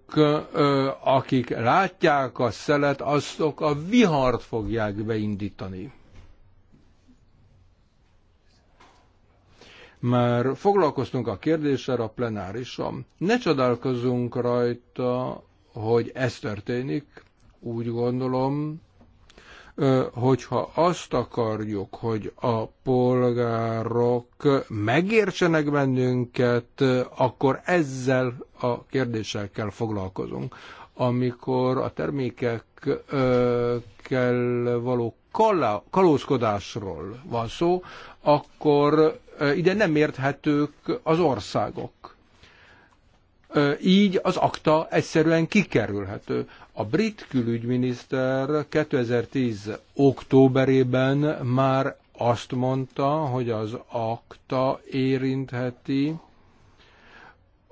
akik látják a szelet, azok a vihart fogják beindítani. Már foglalkoztunk a kérdéssel a plenárison. Ne csodálkozunk rajta, hogy ez történik. Úgy gondolom, hogyha azt akarjuk, hogy a polgárok megértsenek bennünket, akkor ezzel a kérdésekkel foglalkozunk. Amikor a termékekkel való kalózkodásról van szó, akkor ide nem érthetők az országok. Így az akta egyszerűen kikerülhető. A brit külügyminiszter 2010. októberében már azt mondta, hogy az akta érintheti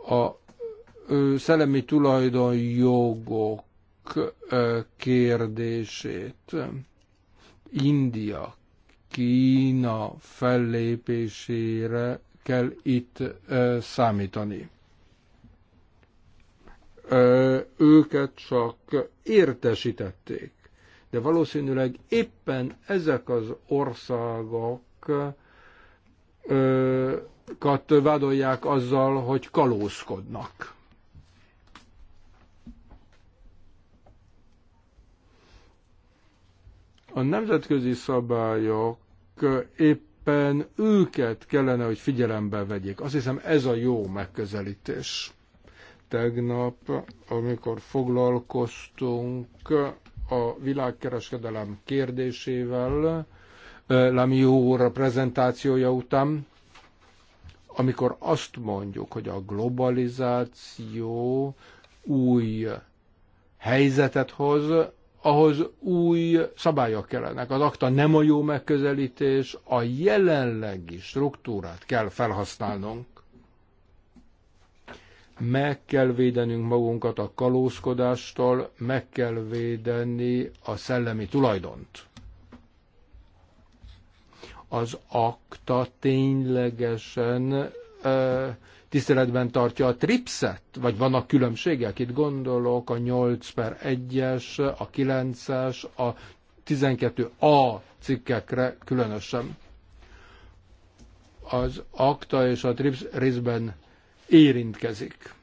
a szellemi tulajdonjogok kérdését. India, Kína fellépésére kell itt számítani őket csak értesítették. De valószínűleg éppen ezek az országok kat vádolják azzal, hogy kalózkodnak. A nemzetközi szabályok éppen őket kellene, hogy figyelembe vegyék. Azt hiszem ez a jó megközelítés tegnap, amikor foglalkoztunk a világkereskedelem kérdésével, Lami úr prezentációja után, amikor azt mondjuk, hogy a globalizáció új helyzetet hoz, ahhoz új szabályok kellenek. Az akta nem a jó megközelítés, a jelenlegi struktúrát kell felhasználnunk meg kell védenünk magunkat a kalózkodástól, meg kell védeni a szellemi tulajdont. Az akta ténylegesen ö, tiszteletben tartja a tripset, vagy vannak különbségek? Itt gondolok a 8 per 1-es, a 9-es, a 12a cikkekre különösen. Az akta és a trips részben érintkezik.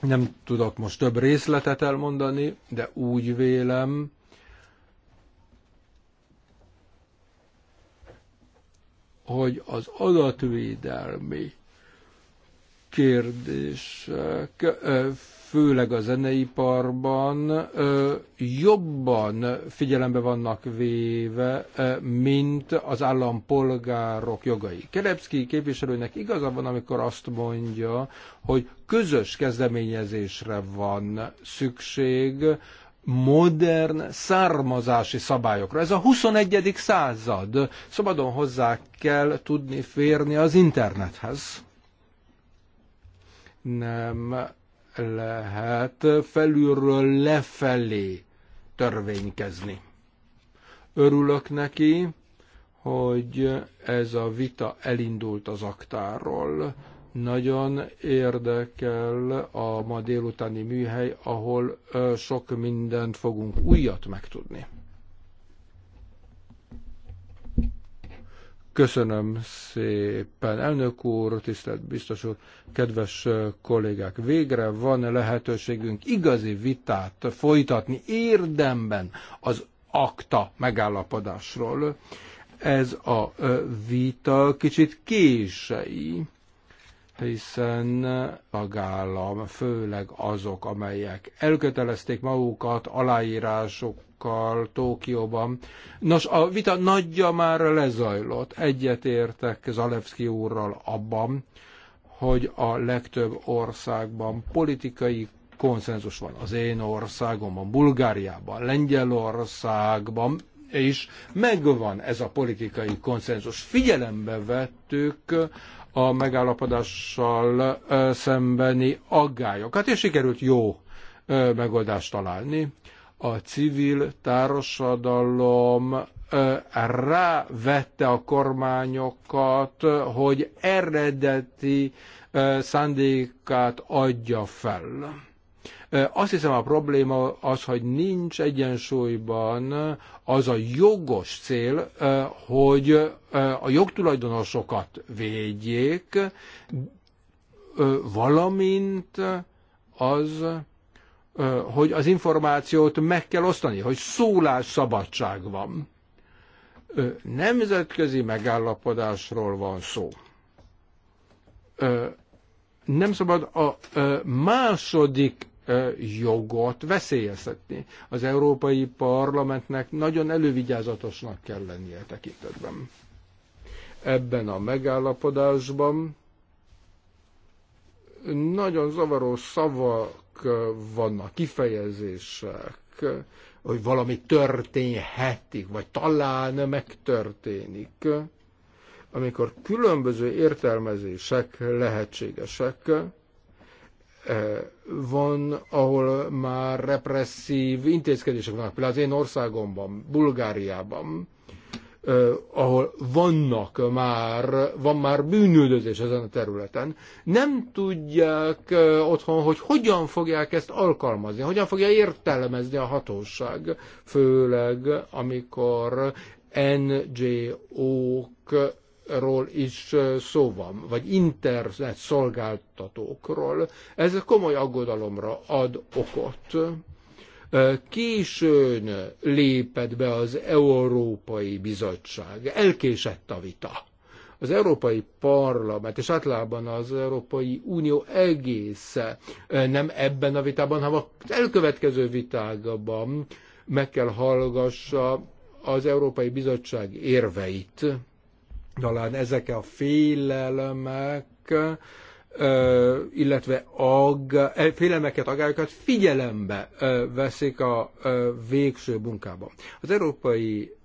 Nem tudok most több részletet elmondani, de úgy vélem, hogy az adatvédelmi kérdések, főleg a zeneiparban jobban figyelembe vannak véve, mint az állampolgárok jogai. Kerepszki képviselőnek igaza van, amikor azt mondja, hogy közös kezdeményezésre van szükség, modern származási szabályokra. Ez a 21. század. Szabadon hozzá kell tudni férni az internethez nem lehet felülről lefelé törvénykezni. Örülök neki, hogy ez a vita elindult az aktáról. Nagyon érdekel a ma délutáni műhely, ahol sok mindent fogunk újat megtudni. Köszönöm szépen, elnök úr, tisztelt biztos úr, kedves kollégák. Végre van lehetőségünk igazi vitát folytatni érdemben az akta megállapodásról. Ez a vita kicsit kései, hiszen tagállam, főleg azok, amelyek elkötelezték magukat aláírások tagokkal Tókióban. Nos, a vita nagyja már lezajlott. Egyetértek Zalewski úrral abban, hogy a legtöbb országban politikai konszenzus van. Az én országomban, Bulgáriában, Lengyelországban, és megvan ez a politikai konszenzus. Figyelembe vettük a megállapodással szembeni aggályokat, és sikerült jó megoldást találni a civil társadalom rávette a kormányokat, hogy eredeti szándékát adja fel. Azt hiszem a probléma az, hogy nincs egyensúlyban az a jogos cél, hogy a jogtulajdonosokat védjék, valamint az, hogy az információt meg kell osztani, hogy szólásszabadság van. Nemzetközi megállapodásról van szó. Nem szabad a második jogot veszélyeztetni. Az Európai Parlamentnek nagyon elővigyázatosnak kell lennie tekintetben. Ebben a megállapodásban nagyon zavaró szavak vannak kifejezések, hogy valami történhetik, vagy talán megtörténik, amikor különböző értelmezések lehetségesek, eh, van, ahol már represszív intézkedések vannak, például az én országomban, Bulgáriában, ahol vannak már, van már bűnüldözés ezen a területen, nem tudják otthon, hogy hogyan fogják ezt alkalmazni, hogyan fogja értelmezni a hatóság, főleg amikor ngo król is szó van, vagy internet szolgáltatókról, ez komoly aggodalomra ad okot Későn lépett be az Európai Bizottság, elkésett a vita. Az Európai Parlament, és általában az Európai Unió egésze nem ebben a vitában, hanem az elkövetkező vitában meg kell hallgassa az Európai Bizottság érveit. Talán ezek a félelemek, illetve ag, e, félelmeket, agályokat figyelembe veszik a végső munkában. Az Európai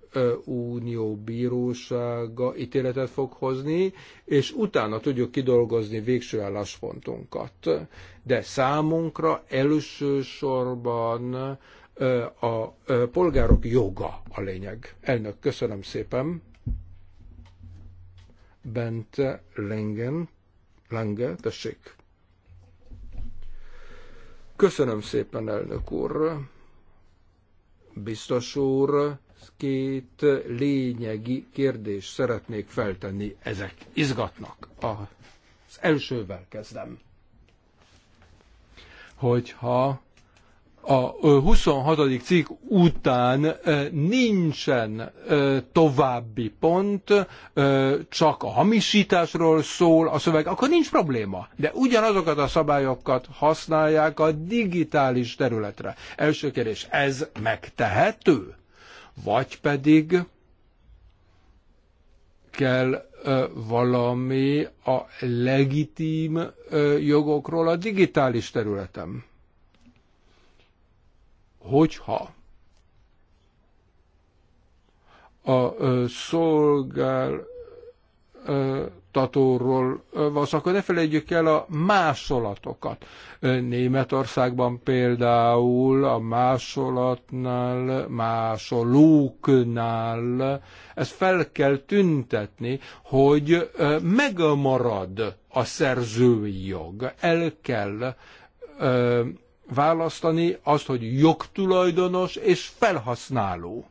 Unió bírósága ítéletet fog hozni, és utána tudjuk kidolgozni végső álláspontunkat. De számunkra elsősorban a polgárok joga a lényeg. Elnök, köszönöm szépen. Bent Lengen Lange, tessék. Köszönöm szépen, elnök úr. Biztos úr, két lényegi kérdést szeretnék feltenni. Ezek izgatnak. Az elsővel kezdem. Hogyha a 26. cikk után nincsen további pont, csak a hamisításról szól a szöveg, akkor nincs probléma. De ugyanazokat a szabályokat használják a digitális területre. Első kérdés, ez megtehető? Vagy pedig kell valami a legitim jogokról a digitális területen? hogyha a szolgáltatóról van szó, akkor ne felejtjük el a másolatokat. Németországban például a másolatnál, másolóknál ezt fel kell tüntetni, hogy megmarad a szerzői jog. El kell választani azt, hogy jogtulajdonos és felhasználó.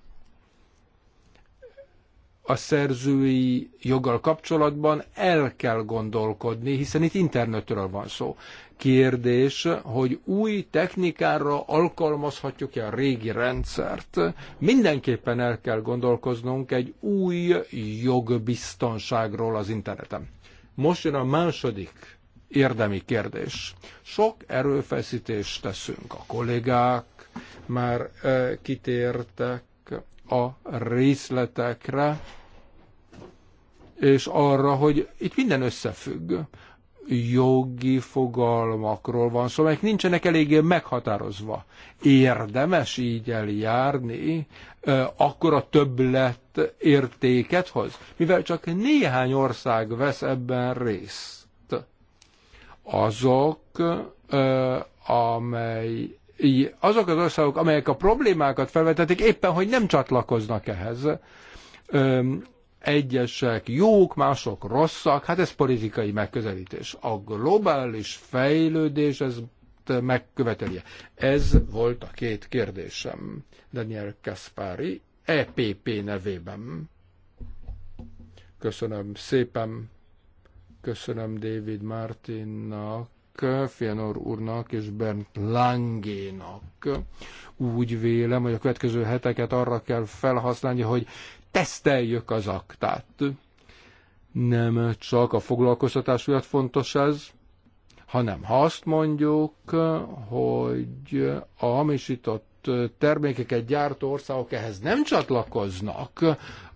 A szerzői joggal kapcsolatban el kell gondolkodni, hiszen itt internetről van szó. Kérdés, hogy új technikára alkalmazhatjuk-e a régi rendszert. Mindenképpen el kell gondolkoznunk egy új jogbiztonságról az interneten. Most jön a második érdemi kérdés. Sok erőfeszítést teszünk a kollégák, már eh, kitértek a részletekre, és arra, hogy itt minden összefügg. Jogi fogalmakról van szó, amelyek nincsenek eléggé meghatározva. Érdemes így eljárni, eh, akkor a többlet értéket hoz, mivel csak néhány ország vesz ebben részt azok, amely, azok az országok, amelyek a problémákat felvetették, éppen hogy nem csatlakoznak ehhez. Egyesek jók, mások rosszak, hát ez politikai megközelítés. A globális fejlődés, ez megköveteli. Ez volt a két kérdésem Daniel Kaspari EPP nevében. Köszönöm szépen. Köszönöm David Martinnak, Fianor úrnak és Bernd Langénak. Úgy vélem, hogy a következő heteket arra kell felhasználni, hogy teszteljük az aktát. Nem csak a foglalkoztatás miatt fontos ez, hanem ha azt mondjuk, hogy a hamisított termékeket gyártó országok ehhez nem csatlakoznak,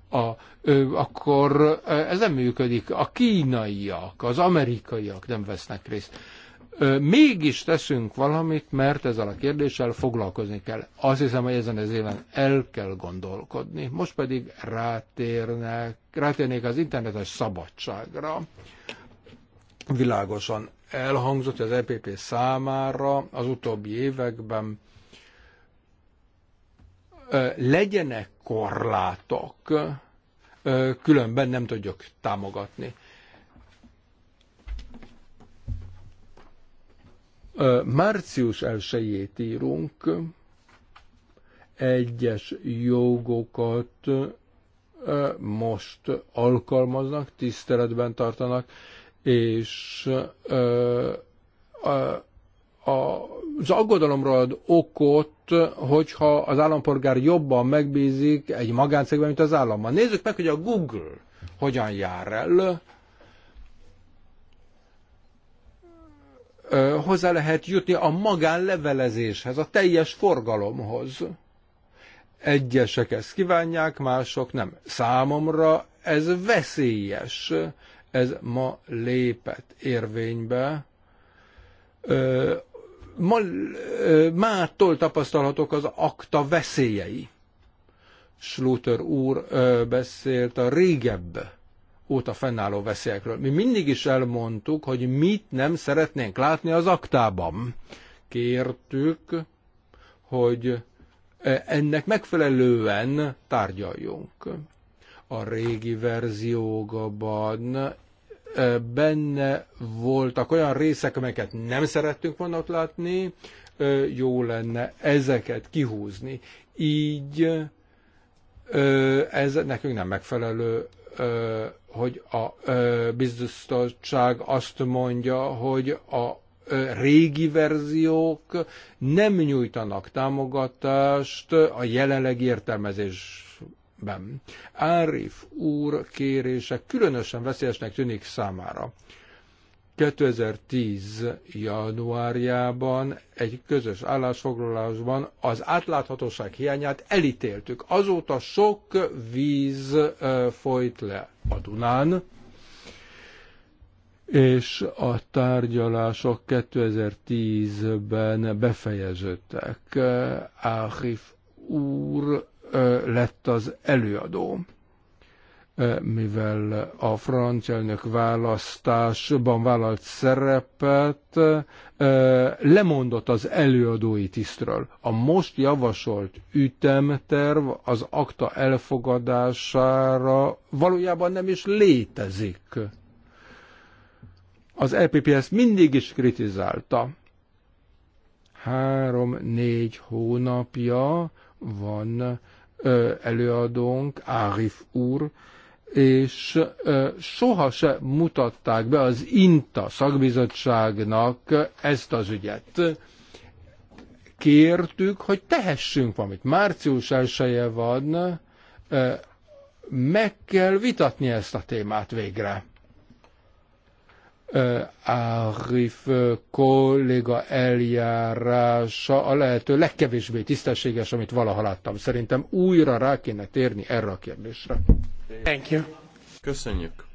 a, ö, akkor ez nem működik. A kínaiak, az amerikaiak nem vesznek részt. Ö, mégis teszünk valamit, mert ezzel a kérdéssel foglalkozni kell. Azt hiszem, hogy ezen az éven el kell gondolkodni. Most pedig rátérnek, rátérnék az internetes szabadságra. Világosan elhangzott, hogy az EPP számára az utóbbi években legyenek korlátok, különben nem tudjuk támogatni. Március 1 írunk, egyes jogokat most alkalmaznak, tiszteletben tartanak, és a, a, a az aggodalomra ad okot, hogyha az állampolgár jobban megbízik egy magáncégben, mint az államban. Nézzük meg, hogy a Google hogyan jár el. Hozzá lehet jutni a magánlevelezéshez, a teljes forgalomhoz. Egyesek ezt kívánják, mások nem. Számomra ez veszélyes. Ez ma lépett érvénybe ma, mától tapasztalhatók az akta veszélyei. Schluter úr beszélt a régebb óta fennálló veszélyekről. Mi mindig is elmondtuk, hogy mit nem szeretnénk látni az aktában. Kértük, hogy ennek megfelelően tárgyaljunk. A régi verzióban benne voltak olyan részek, amelyeket nem szerettünk volna ott látni, jó lenne ezeket kihúzni. Így ez nekünk nem megfelelő, hogy a biztosság azt mondja, hogy a régi verziók nem nyújtanak támogatást a jelenleg értelmezés ben. Árif úr kérése különösen veszélyesnek tűnik számára. 2010. januárjában egy közös állásfoglalásban az átláthatóság hiányát elítéltük. Azóta sok víz folyt le a Dunán, és a tárgyalások 2010-ben befejeződtek. Áhif úr lett az előadó mivel a francia elnök választásban vállalt szerepet, lemondott az előadói tisztről. A most javasolt ütemterv az akta elfogadására valójában nem is létezik. Az LPP e ezt mindig is kritizálta. Három-négy hónapja van előadónk, Árif úr, és soha se mutatták be az INTA szakbizottságnak ezt az ügyet. Kértük, hogy tehessünk valamit. Március 1 van, meg kell vitatni ezt a témát végre. Árif kolléga eljárása a lehető legkevésbé tisztességes, amit valaha láttam. Szerintem újra rá kéne térni erre a kérdésre. Thank you. Köszönjük.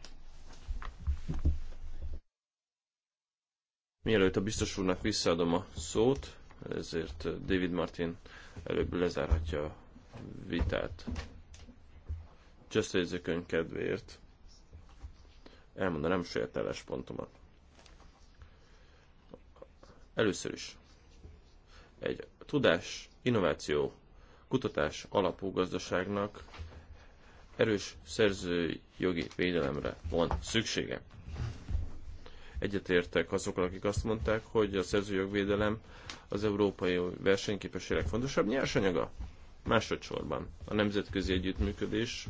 Mielőtt a biztos úrnak visszaadom a szót, ezért David Martin előbb lezárhatja a vitát. Just kedvéért elmondanám saját álláspontomat. Először is egy tudás, innováció, kutatás alapú gazdaságnak erős szerzői jogi védelemre van szüksége. Egyetértek azokkal, akik azt mondták, hogy a szerzőjogvédelem az európai versenyképesség fontosabb nyersanyaga. Másodszorban a nemzetközi együttműködés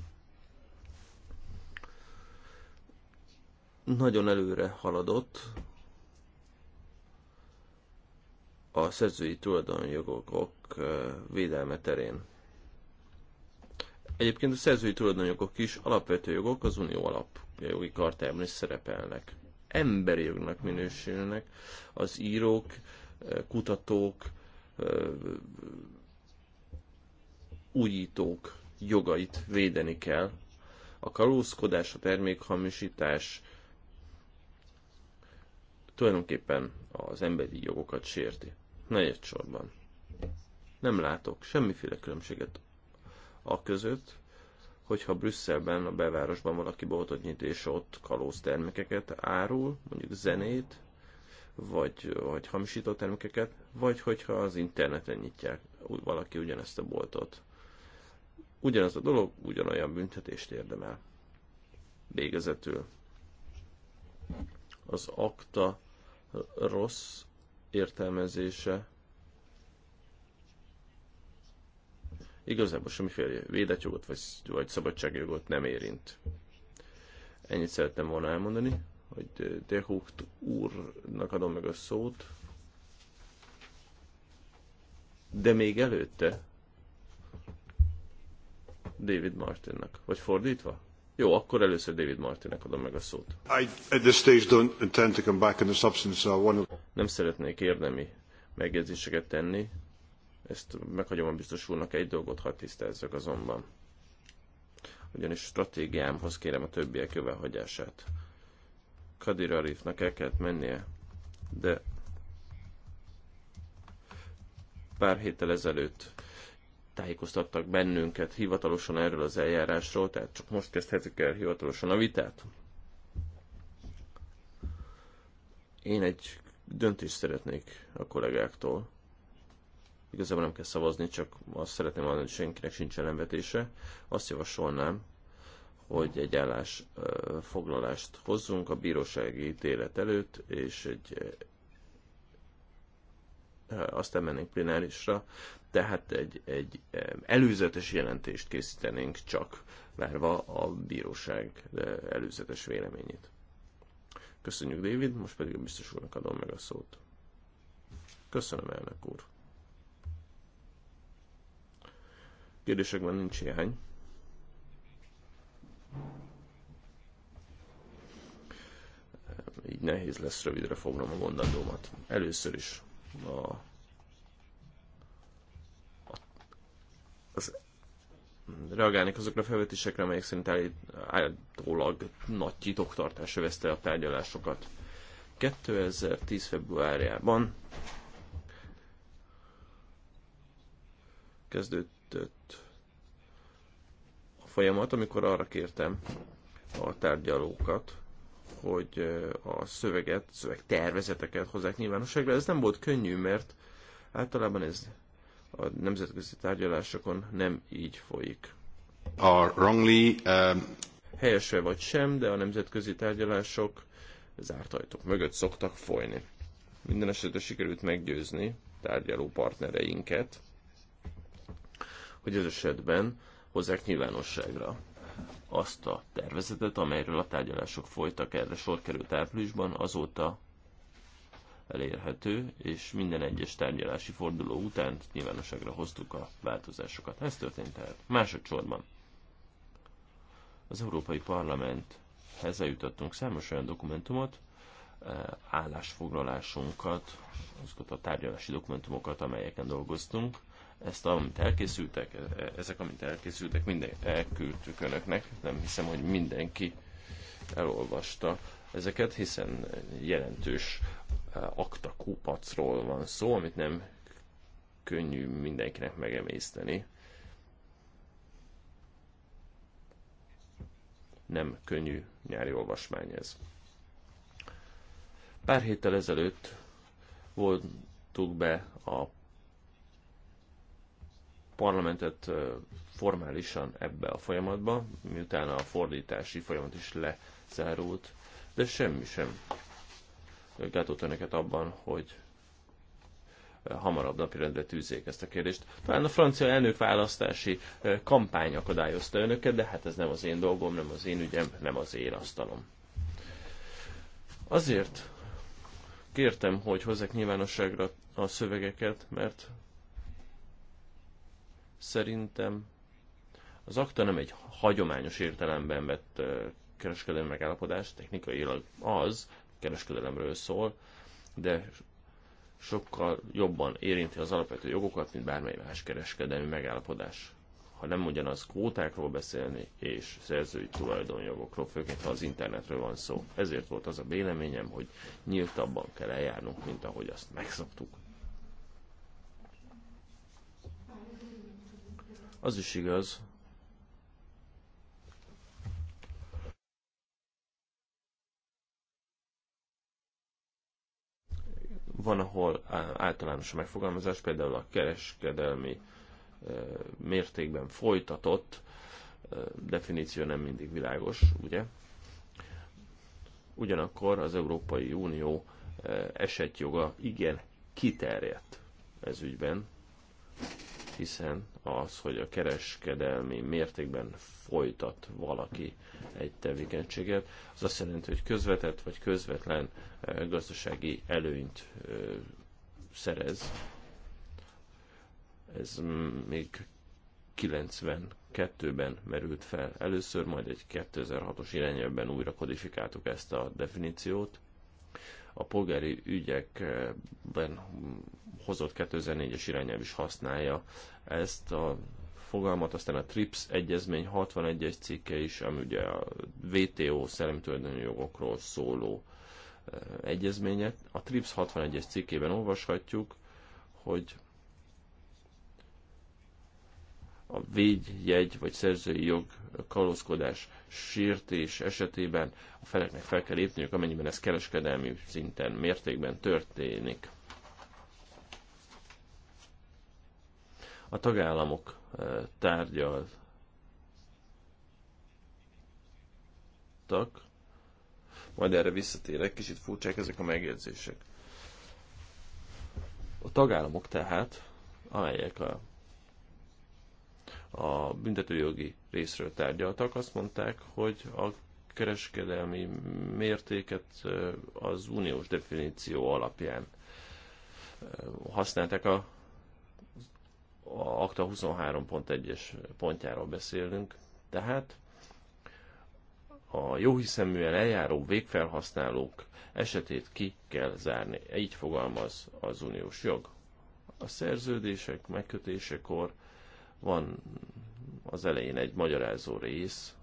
nagyon előre haladott a szerzői tulajdonjogok védelme terén. Egyébként a szerzői tulajdonjogok is alapvető jogok az Unió jogi kartájában is szerepelnek. Emberi jognak minősülnek az írók, kutatók, újítók jogait védeni kell. A kalózkodás, a termékhamisítás, tulajdonképpen az emberi jogokat sérti. egy sorban. Nem látok semmiféle különbséget a között, hogyha Brüsszelben, a belvárosban valaki boltot nyit és ott kalóz termékeket árul, mondjuk zenét, vagy, vagy hamisító termékeket, vagy hogyha az interneten nyitják valaki ugyanezt a boltot. Ugyanaz a dolog ugyanolyan büntetést érdemel. Végezetül az akta rossz értelmezése igazából semmiféle védett jogot vagy, vagy szabadságjogot nem érint. Ennyit szerettem volna elmondani, hogy De Hucht úrnak adom meg a szót. De még előtte David Martinnak, vagy fordítva? Jó, akkor először David Martinnek adom meg a szót. Nem szeretnék érdemi megjegyzéseket tenni. Ezt meghagyom a biztos úrnak egy dolgot, ha tisztázzak azonban. Ugyanis stratégiámhoz kérem a többiek jövelhagyását. Kadir Arifnak el kellett mennie, de pár héttel ezelőtt tájékoztattak bennünket hivatalosan erről az eljárásról, tehát csak most kezdhetjük el hivatalosan a vitát. Én egy döntést szeretnék a kollégáktól. Igazából nem kell szavazni, csak azt szeretném mondani, hogy senkinek sincs ellenvetése. Azt javasolnám, hogy egy állás foglalást hozzunk a bírósági ítélet előtt, és egy azt mennénk plenárisra, tehát egy, egy előzetes jelentést készítenénk csak, várva a bíróság előzetes véleményét. Köszönjük, David, most pedig a biztos úrnak adom meg a szót. Köszönöm, elnök úr. Kérdésekben nincs hiány. Így nehéz lesz rövidre fognom a mondandómat. Először is a reagálnék azokra a felvetésekre, amelyek szerint állítólag nagy titoktartás övezte a tárgyalásokat. 2010. februárjában kezdődött a folyamat, amikor arra kértem a tárgyalókat, hogy a szöveget, szövegtervezeteket hozzák nyilvánosságra. Ez nem volt könnyű, mert általában ez a nemzetközi tárgyalásokon nem így folyik. Are wrongly, um... Helyese vagy sem, de a nemzetközi tárgyalások zárt ajtók mögött szoktak folyni. Minden esetre sikerült meggyőzni tárgyaló partnereinket, hogy ez esetben hozzák nyilvánosságra azt a tervezetet, amelyről a tárgyalások folytak, erre sor került áprilisban, azóta elérhető, és minden egyes tárgyalási forduló után nyilvánosságra hoztuk a változásokat. Ez történt tehát. Másodszorban az Európai Parlamenthez eljutottunk számos olyan dokumentumot, eh, állásfoglalásunkat, azokat a tárgyalási dokumentumokat, amelyeken dolgoztunk, ezt, amit elkészültek, eh, eh, ezek, amit elkészültek, minden elküldtük önöknek. Nem hiszem, hogy mindenki elolvasta ezeket, hiszen jelentős akta kupacról van szó, amit nem könnyű mindenkinek megemészteni. Nem könnyű nyári olvasmány ez. Pár héttel ezelőtt voltuk be a parlamentet formálisan ebbe a folyamatba, miután a fordítási folyamat is lezárult, de semmi sem gátolt önöket abban, hogy eh, hamarabb napirendre tűzzék ezt a kérdést. Talán a francia választási eh, kampány akadályozta önöket, de hát ez nem az én dolgom, nem az én ügyem, nem az én asztalom. Azért kértem, hogy hozzák nyilvánosságra a szövegeket, mert szerintem az akta nem egy hagyományos értelemben vett eh, kereskedelmi megállapodás, technikailag az, kereskedelemről szól, de sokkal jobban érinti az alapvető jogokat, mint bármely más kereskedelmi megállapodás. Ha nem ugyanaz kvótákról beszélni, és szerzői tulajdonjogokról, főként ha az internetről van szó. Ezért volt az a véleményem, hogy nyíltabban kell eljárnunk, mint ahogy azt megszoktuk. Az is igaz, Van, ahol általános a megfogalmazás, például a kereskedelmi mértékben folytatott definíció nem mindig világos, ugye? Ugyanakkor az Európai Unió esetjoga igen kiterjedt ez ügyben, hiszen az, hogy a kereskedelmi mértékben folytat valaki egy tevékenységet, az azt jelenti, hogy közvetett vagy közvetlen eh, gazdasági előnyt eh, szerez. Ez még 92-ben merült fel először, majd egy 2006-os irányelvben újra kodifikáltuk ezt a definíciót a polgári ügyekben hozott 2004-es irányelv is használja ezt a fogalmat, aztán a TRIPS egyezmény 61-es cikke is, ami ugye a WTO szellemi jogokról szóló eh, egyezményet. A TRIPS 61-es cikkében olvashatjuk, hogy a védjegy vagy szerzői jog kalózkodás sértés esetében a feleknek fel kell lépniük, amennyiben ez kereskedelmi szinten, mértékben történik. A tagállamok eh, tárgyaltak, majd erre visszatérek, kicsit furcsák ezek a megjegyzések. A tagállamok tehát, amelyek a a büntetőjogi részről tárgyaltak, azt mondták, hogy a kereskedelmi mértéket eh, az uniós definíció alapján eh, használták a, a Akta 23.1-es pontjáról beszélünk, tehát a jóhiszeműen eljáró végfelhasználók esetét ki kell zárni. Így fogalmaz az uniós jog. A szerződések megkötésekor van az elején egy magyarázó rész,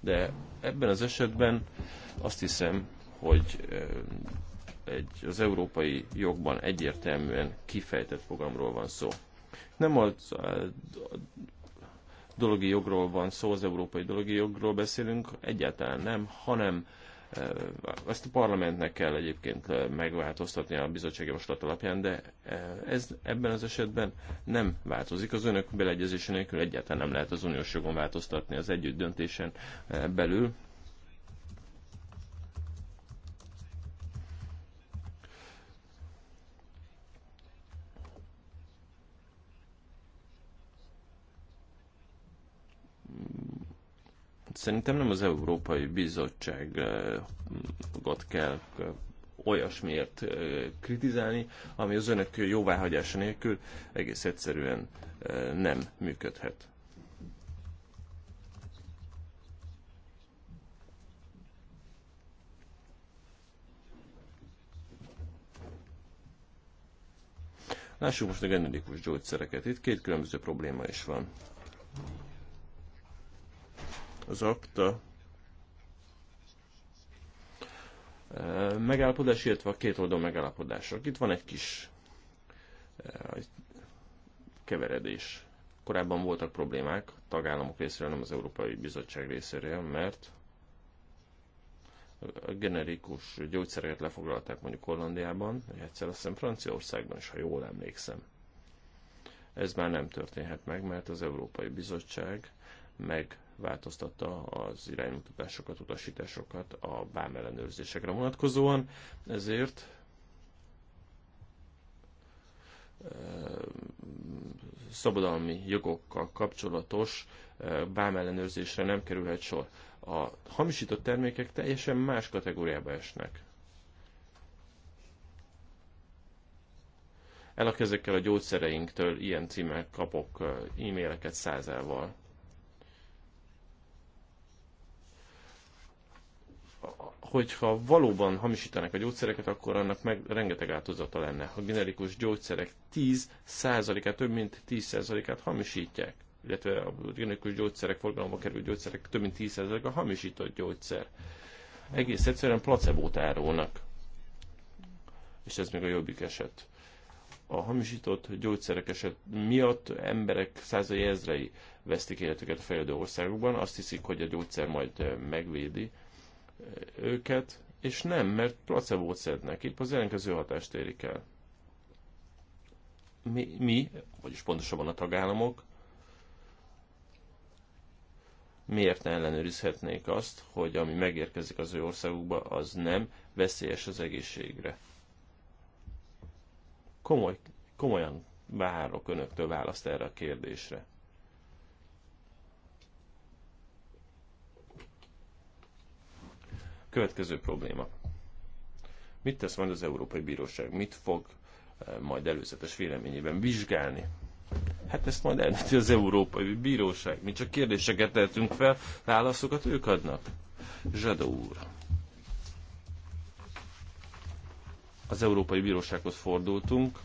de ebben az esetben azt hiszem, hogy egy, az európai jogban egyértelműen kifejtett fogalmról van szó. Nem a, dologi jogról van szó, az európai dologi jogról beszélünk, egyáltalán nem, hanem ezt a parlamentnek kell egyébként megváltoztatni a bizottsági javaslat alapján, de ez ebben az esetben nem változik. Az önök beleegyezése nélkül egyáltalán nem lehet az uniós jogon változtatni az együtt döntésen belül. Szerintem nem az Európai Bizottságot eh, kell eh, olyasmiért eh, kritizálni, ami az önök jóváhagyása nélkül egész egyszerűen nem működhet. Lássuk most a generikus gyógyszereket. Itt két különböző probléma is van az akta e, megállapodás, illetve a két oldal megállapodások. Itt van egy kis e, keveredés. Korábban voltak problémák a tagállamok részéről, nem az Európai Bizottság részéről, mert a generikus gyógyszereket lefoglalták mondjuk Hollandiában, egyszer azt hiszem Franciaországban is, ha jól emlékszem. Ez már nem történhet meg, mert az Európai Bizottság meg változtatta az iránymutatásokat, utasításokat a vámellenőrzésekre vonatkozóan, ezért eh, szabadalmi jogokkal kapcsolatos vámellenőrzésre eh, nem kerülhet sor. A hamisított termékek teljesen más kategóriába esnek. El a ezekkel a gyógyszereinktől ilyen címek kapok eh, e-maileket százával. hogyha valóban hamisítanak a gyógyszereket, akkor annak meg rengeteg áltozata lenne. A generikus gyógyszerek 10%-át, több mint 10%-át hamisítják, illetve a generikus gyógyszerek, forgalomba kerül gyógyszerek több mint 10%-a hamisított gyógyszer. Egész egyszerűen placebót árulnak. És ez még a jobbik eset. A hamisított gyógyszerek eset miatt emberek százai ezrei vesztik életüket a fejlődő országokban, azt hiszik, hogy a gyógyszer majd megvédi, őket, és nem, mert placebót szednek. Itt az ellenkező hatást érik el. Mi, mi, vagyis pontosabban a tagállamok, miért ne ellenőrizhetnék azt, hogy ami megérkezik az ő országukba, az nem veszélyes az egészségre. Komoly, komolyan várok önöktől választ erre a kérdésre. Következő probléma. Mit tesz majd az Európai Bíróság? Mit fog eh, majd előzetes véleményében vizsgálni? Hát ezt majd elnöti az Európai Bíróság. Mi csak kérdéseket tehetünk fel, válaszokat ők adnak. Zsadó úr. Az Európai Bírósághoz fordultunk.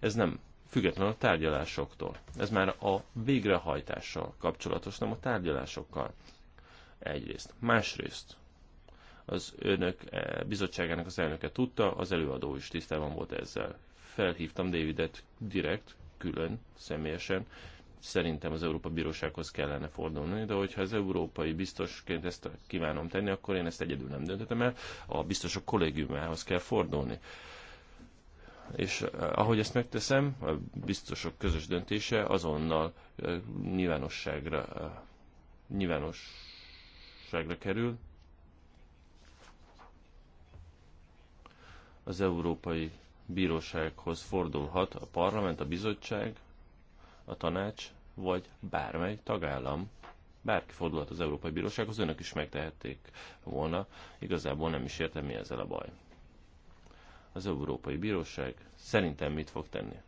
Ez nem független a tárgyalásoktól. Ez már a végrehajtással kapcsolatos, nem a tárgyalásokkal. Egyrészt. Másrészt az önök eh, bizottságának az elnöke tudta, az előadó is tisztában volt ezzel. Felhívtam Davidet direkt, külön, személyesen, szerintem az Európa Bírósághoz kellene fordulni, de hogyha az európai biztosként ezt kívánom tenni, akkor én ezt egyedül nem döntetem el, a biztosok kollégiumához kell fordulni. És eh, ahogy ezt megteszem, a biztosok közös döntése azonnal eh, nyilvánosságra, nyilvánosságra kerül, az Európai Bírósághoz fordulhat a parlament, a bizottság, a tanács, vagy bármely tagállam, bárki fordulhat az Európai Bírósághoz, önök is megtehették volna. Igazából nem is értem, mi ezzel a baj. Az Európai Bíróság szerintem mit fog tenni?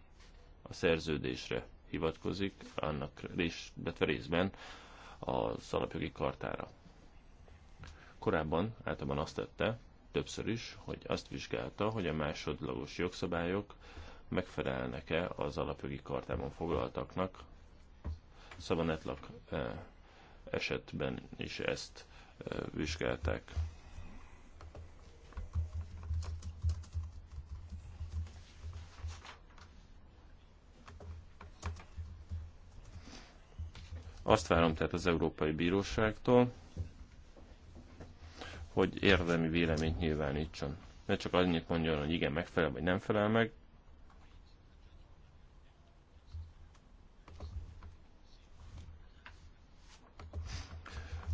A szerződésre hivatkozik, annak rész, részben a alapjogi kartára. Korábban általában azt tette, többször is, hogy azt vizsgálta, hogy a másodlagos jogszabályok megfelelnek-e az alapjogi kartában foglaltaknak. Szabanetlak eh, esetben is ezt eh, vizsgálták. Azt várom tehát az Európai Bíróságtól, hogy érdemi véleményt nyilvánítson. Ne csak annyit mondjon, hogy igen, megfelel, vagy nem felel meg.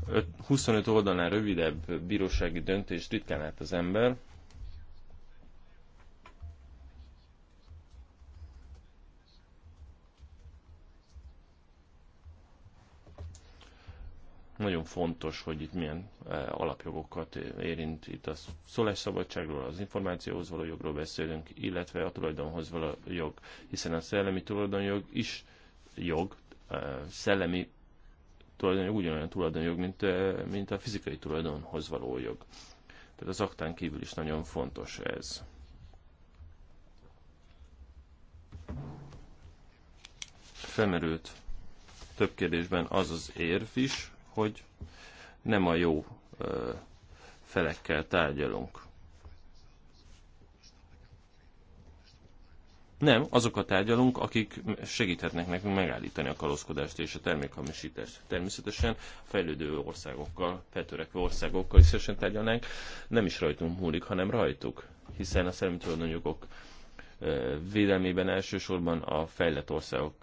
Öt, 25 oldalán rövidebb bírósági döntést ritkán lát az ember, fontos, hogy itt milyen e, alapjogokat érint. Itt a szólásszabadságról, az információhoz való jogról beszélünk, illetve a tulajdonhoz való jog, hiszen a szellemi tulajdonjog is jog, e, szellemi tulajdonjog ugyanolyan tulajdonjog, mint, e, mint a fizikai tulajdonhoz való jog. Tehát az aktán kívül is nagyon fontos ez. Felmerült több kérdésben az az érv is, hogy nem a jó felekkel tárgyalunk. Nem, azokat tárgyalunk, akik segíthetnek nekünk megállítani a kalózkodást és a termékhamisítást. Természetesen a fejlődő országokkal, feltörekvő országokkal is szívesen tárgyalnánk, nem is rajtunk múlik, hanem rajtuk, hiszen a szerintem jogok védelmében elsősorban a fejlett országok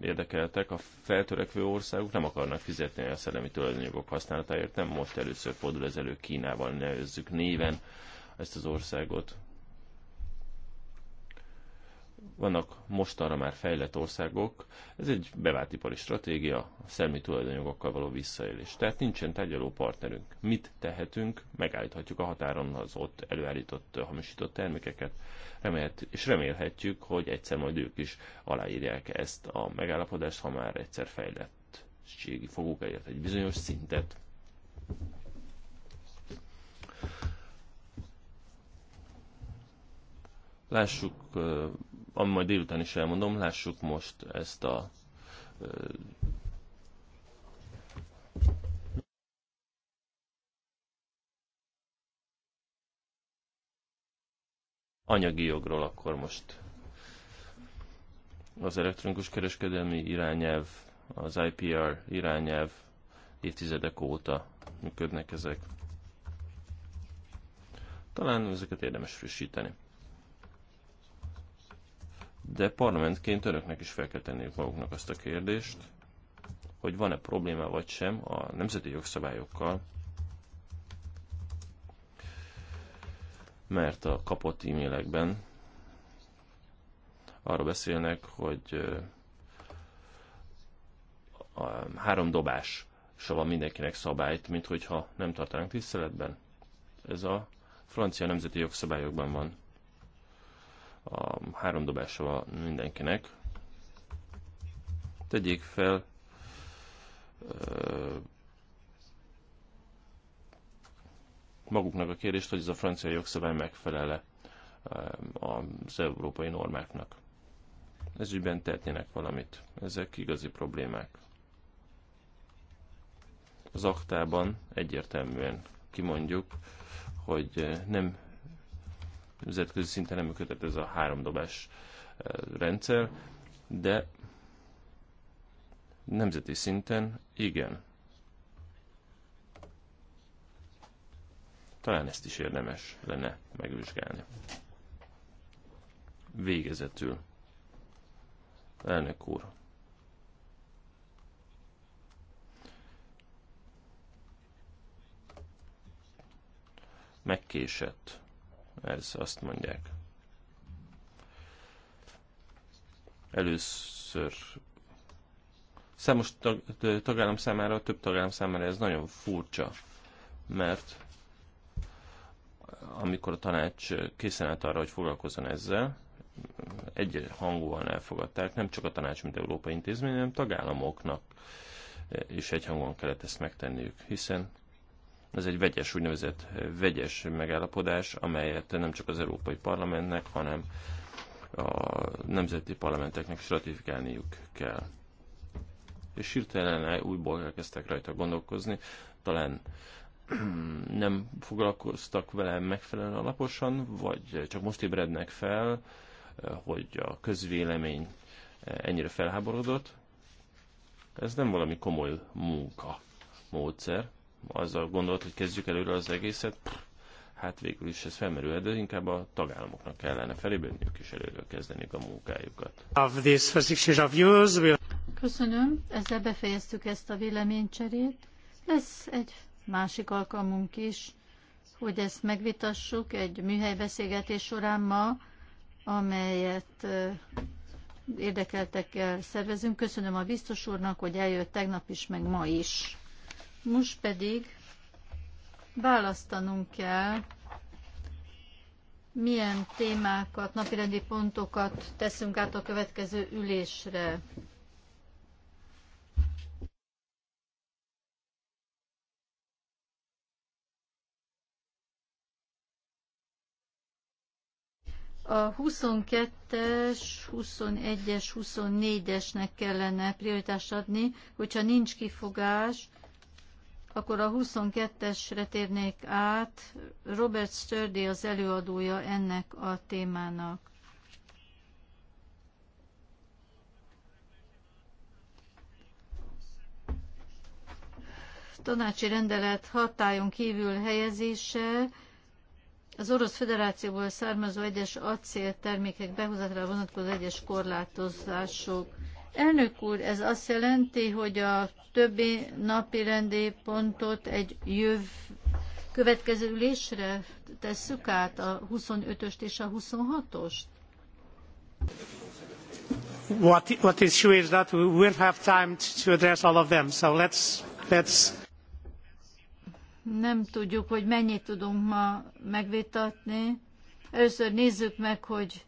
érdekeltek. A feltörekvő országok nem akarnak fizetni a szellemi tulajdonjogok használatáért, nem most először fordul ez elő Kínával, nevezzük néven ezt az országot vannak mostanra már fejlett országok, ez egy bevált ipari stratégia, a szellemi tulajdonjogokkal való visszaélés. Tehát nincsen tárgyaló partnerünk. Mit tehetünk? Megállíthatjuk a határon az ott előállított, hamisított termékeket, Remélhet, és remélhetjük, hogy egyszer majd ők is aláírják ezt a megállapodást, ha már egyszer fejlettségi foguk elért egy bizonyos szintet. Lássuk ami majd délután is elmondom, lássuk most ezt a anyagi jogról akkor most az elektronikus kereskedelmi irányelv, az IPR irányelv évtizedek óta működnek ezek. Talán ezeket érdemes frissíteni de parlamentként önöknek is fel kell tenniük maguknak azt a kérdést, hogy van-e probléma vagy sem a nemzeti jogszabályokkal, mert a kapott e-mailekben arról beszélnek, hogy a három dobás van mindenkinek szabályt, mint hogyha nem tartanánk tiszteletben. Ez a francia nemzeti jogszabályokban van a három dobása van mindenkinek. Tegyék fel maguknak a kérdést, hogy ez a francia jogszabály megfelele az európai normáknak. Ez ügyben tehetnének valamit. Ezek igazi problémák. Az aktában egyértelműen kimondjuk, hogy nem nemzetközi szinten nem működhet ez a háromdobás eh, rendszer, de nemzeti szinten igen. Talán ezt is érdemes lenne megvizsgálni. Végezetül. Elnök úr. Megkésett ez, azt mondják. Először számos tag, tagállam számára, több tagállam számára ez nagyon furcsa, mert amikor a tanács készen állt arra, hogy foglalkozzon ezzel, egy hangúan elfogadták, nem csak a tanács, mint Európai Intézmény, hanem tagállamoknak is egyhangon kellett ezt megtenniük, hiszen ez egy vegyes, úgynevezett vegyes megállapodás, amelyet nem csak az Európai Parlamentnek, hanem a nemzeti parlamenteknek is ratifikálniuk kell. És hirtelen újból elkezdtek rajta gondolkozni, talán nem foglalkoztak vele megfelelően alaposan, vagy csak most ébrednek fel, hogy a közvélemény ennyire felháborodott. Ez nem valami komoly munka módszer azzal gondolt, hogy kezdjük előre az egészet, hát végül is ez felmerül, de inkább a tagállamoknak kellene felébredniük és előre kezdenék a munkájukat. Köszönöm, ezzel befejeztük ezt a véleménycserét. Lesz egy másik alkalmunk is, hogy ezt megvitassuk egy műhelybeszélgetés során ma, amelyet érdekeltekkel szervezünk. Köszönöm a biztos úrnak, hogy eljött tegnap is, meg ma is. Most pedig választanunk kell, milyen témákat, napirendi pontokat teszünk át a következő ülésre. A 22-es, 21-es, 24-esnek kellene prioritást adni, hogyha nincs kifogás, akkor a 22-esre térnék át. Robert Sturdy az előadója ennek a témának. Tanácsi rendelet hatályon kívül helyezése az Orosz Föderációból származó egyes acéltermékek behozatára vonatkozó egyes korlátozások. Elnök úr, ez azt jelenti, hogy a többi napi rendi pontot egy jöv következő ülésre tesszük át a 25-öst és a 26-ost? What, what is sure is that we will have time to address all of them, so let's, let's... Nem tudjuk, hogy mennyit tudunk ma megvitatni. Először nézzük meg, hogy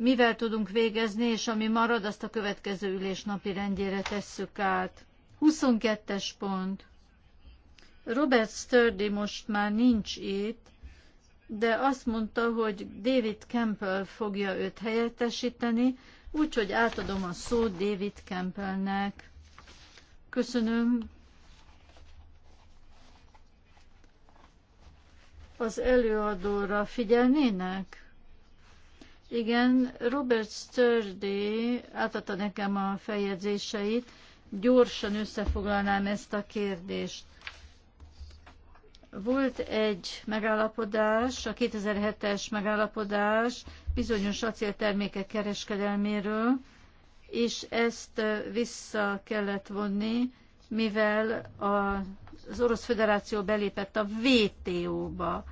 mivel tudunk végezni, és ami marad, azt a következő ülés napi rendjére tesszük át. 22-es pont. Robert Sturdy most már nincs itt, de azt mondta, hogy David Campbell fogja őt helyettesíteni, úgyhogy átadom a szót David Campbellnek. Köszönöm. Az előadóra figyelnének? Igen, Robert Sturdy átadta nekem a feljegyzéseit. Gyorsan összefoglalnám ezt a kérdést. Volt egy megállapodás, a 2007-es megállapodás bizonyos acéltermékek kereskedelméről, és ezt vissza kellett vonni, mivel az Orosz Föderáció belépett a WTO-ba.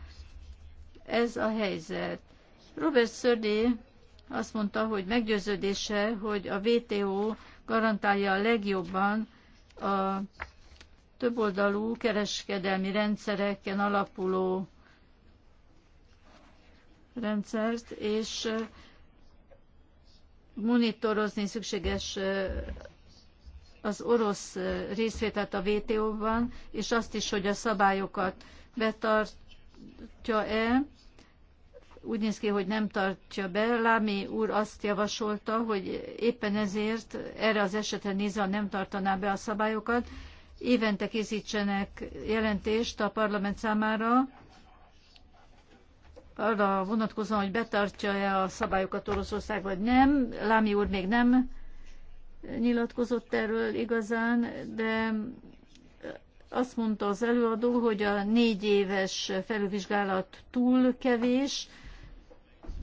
Ez a helyzet Robert Szördé azt mondta, hogy meggyőződése, hogy a WTO garantálja a legjobban a többoldalú kereskedelmi rendszereken alapuló rendszert, és monitorozni szükséges az orosz részvételt a WTO-ban, és azt is, hogy a szabályokat betartja-e, úgy néz ki, hogy nem tartja be. Lámi úr azt javasolta, hogy éppen ezért erre az esetre nézve nem tartaná be a szabályokat, évente készítsenek jelentést a parlament számára, arra vonatkozóan, hogy betartja-e a szabályokat Oroszország vagy nem. Lámi úr még nem nyilatkozott erről igazán, de azt mondta az előadó, hogy a négy éves felülvizsgálat túl kevés,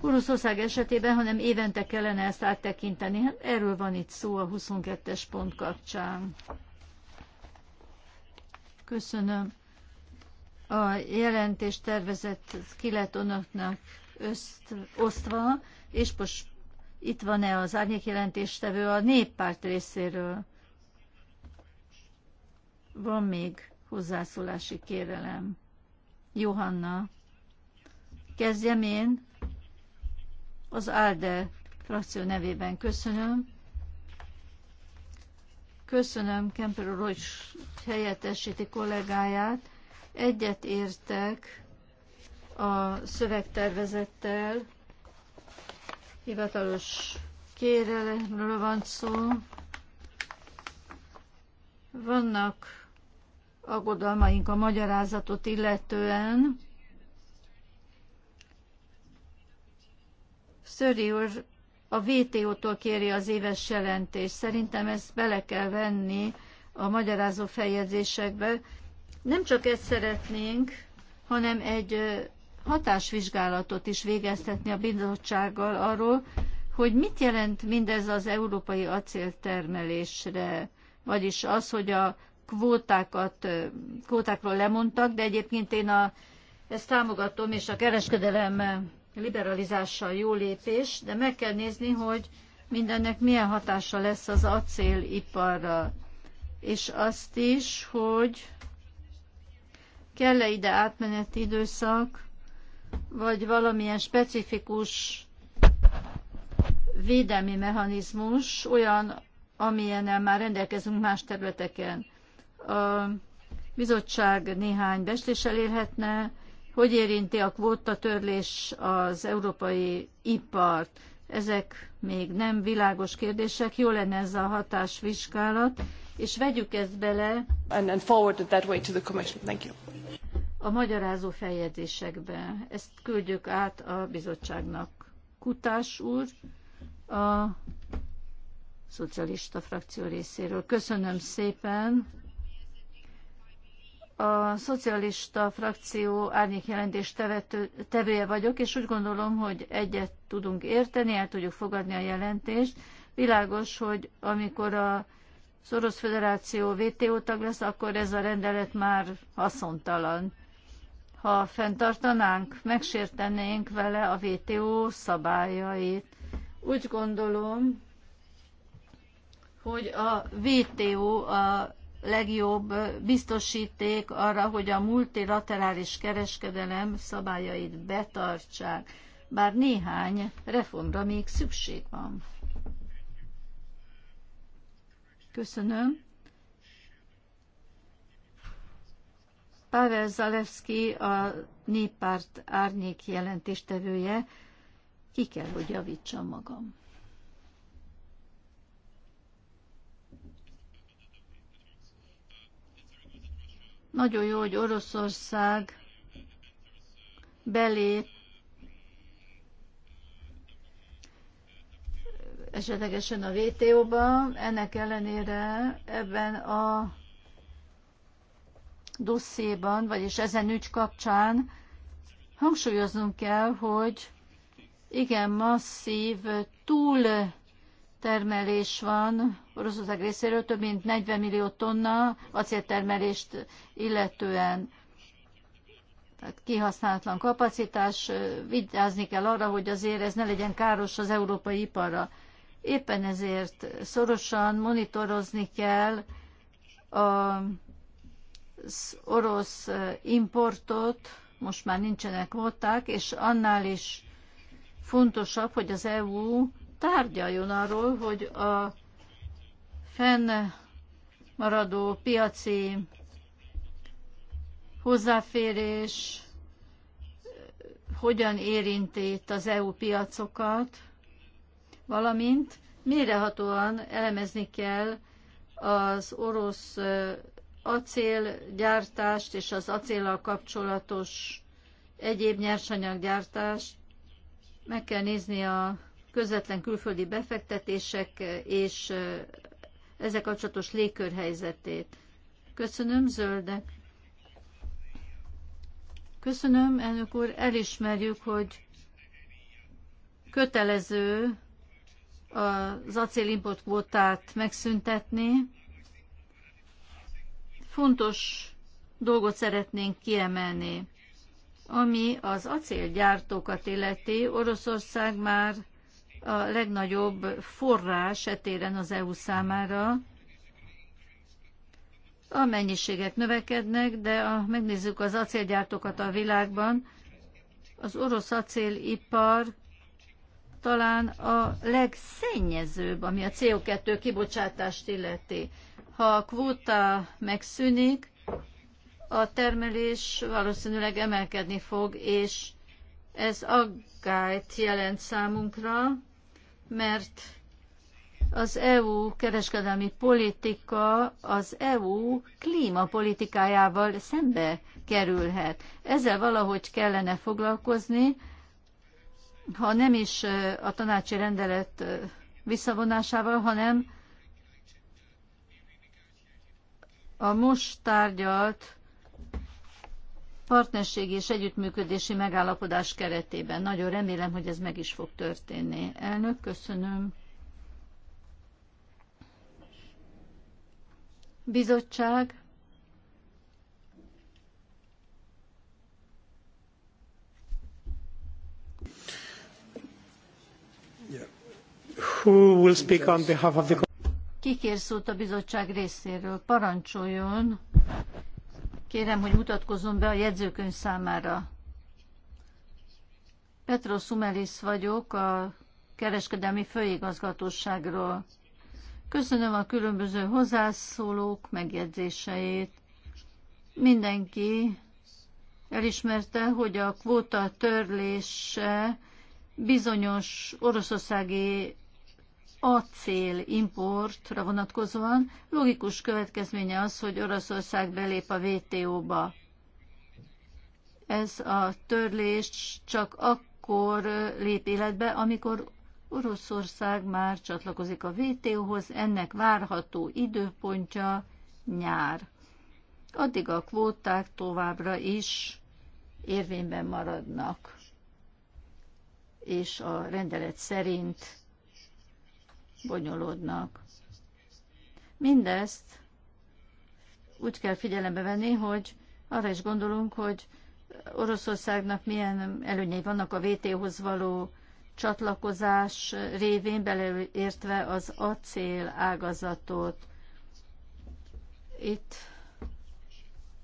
Oroszország esetében, hanem évente kellene ezt áttekinteni. Hát erről van itt szó a 22-es pont kapcsán. Köszönöm. A jelentés tervezett ki lett önöknek öszt, osztva, és most itt van-e az árnyékjelentéstevő a néppárt részéről? Van még hozzászólási kérelem. Johanna. Kezdjem én. Az ALDE frakció nevében köszönöm. Köszönöm Kemper Rocs helyettesíti kollégáját. Egyet értek a szövegtervezettel. Hivatalos kérelemről van szó. Vannak aggodalmaink a magyarázatot illetően, Szöri úr a VTO-tól kéri az éves jelentést. Szerintem ezt bele kell venni a magyarázó feljegyzésekbe. Nem csak ezt szeretnénk, hanem egy hatásvizsgálatot is végeztetni a bizottsággal arról, hogy mit jelent mindez az európai acéltermelésre, vagyis az, hogy a kvótákat, kvótákról lemondtak, de egyébként én a, ezt támogatom, és a kereskedelem liberalizással jó lépés, de meg kell nézni, hogy mindennek milyen hatása lesz az acéliparra, és azt is, hogy kell-e ide átmeneti időszak, vagy valamilyen specifikus védelmi mechanizmus, olyan, amilyennel már rendelkezünk más területeken. A bizottság néhány beszéssel élhetne, hogy érinti a kvótatörlés az európai ipart. Ezek még nem világos kérdések, jó lenne ez a hatásvizsgálat, és vegyük ezt bele and, and forward that way to the commission. Thank you. a magyarázó feljegyzésekbe. Ezt küldjük át a bizottságnak. Kutás úr, a szocialista frakció részéről. Köszönöm szépen a szocialista frakció árnyék jelentés tevője vagyok, és úgy gondolom, hogy egyet tudunk érteni, el tudjuk fogadni a jelentést. Világos, hogy amikor a Szoros Föderáció WTO tag lesz, akkor ez a rendelet már haszontalan. Ha fenntartanánk, megsértenénk vele a WTO szabályait. Úgy gondolom, hogy a WTO a legjobb biztosíték arra, hogy a multilaterális kereskedelem szabályait betartsák, bár néhány reformra még szükség van. Köszönöm. Pavel Zalewski, a néppárt árnyék jelentéstevője, ki kell, hogy javítsam magam. Nagyon jó, hogy Oroszország belép esetlegesen a WTO-ba, ennek ellenére ebben a dosszéban, vagyis ezen ügy kapcsán hangsúlyoznunk kell, hogy igen masszív, túl termelés van Oroszország részéről, több mint 40 millió tonna acéltermelést illetően. Tehát kihasználatlan kapacitás, vigyázni kell arra, hogy azért ez ne legyen káros az európai iparra. Éppen ezért szorosan monitorozni kell az orosz importot, most már nincsenek voták, és annál is fontosabb, hogy az EU tárgyaljon arról, hogy a maradó piaci hozzáférés hogyan érinti az EU piacokat, valamint mérehatóan elemezni kell az orosz acélgyártást és az acéllal kapcsolatos egyéb nyersanyaggyártást. Meg kell nézni a közvetlen külföldi befektetések és ezek kapcsolatos légkörhelyzetét. Köszönöm, zöldek. Köszönöm, elnök úr, elismerjük, hogy kötelező az acélimport kvótát megszüntetni. Fontos dolgot szeretnénk kiemelni. Ami az acélgyártókat illeti, Oroszország már a legnagyobb forrás etéren az EU számára. A mennyiségek növekednek, de ha megnézzük az acélgyártókat a világban. Az orosz acélipar talán a legszennyezőbb, ami a CO2 kibocsátást illeti. Ha a kvóta megszűnik, a termelés valószínűleg emelkedni fog, és ez aggályt jelent számunkra, mert az EU kereskedelmi politika az EU klímapolitikájával szembe kerülhet. Ezzel valahogy kellene foglalkozni, ha nem is a tanácsi rendelet visszavonásával, hanem a most tárgyalt partnerségi és együttműködési megállapodás keretében. Nagyon remélem, hogy ez meg is fog történni. Elnök, köszönöm. Bizottság. Who Ki kér szót a bizottság részéről? Parancsoljon. Kérem, hogy mutatkozzon be a jegyzőkönyv számára. Petro Sumelis vagyok a kereskedelmi főigazgatóságról. Köszönöm a különböző hozzászólók megjegyzéseit. Mindenki elismerte, hogy a kvóta törlése bizonyos oroszországi acél importra vonatkozóan logikus következménye az, hogy Oroszország belép a WTO-ba. Ez a törlés csak akkor lép életbe, amikor Oroszország már csatlakozik a WTO-hoz, ennek várható időpontja nyár. Addig a kvóták továbbra is érvényben maradnak, és a rendelet szerint bonyolódnak. Mindezt úgy kell figyelembe venni, hogy arra is gondolunk, hogy Oroszországnak milyen előnyei vannak a VT-hoz való csatlakozás révén, beleértve az acél ágazatot. Itt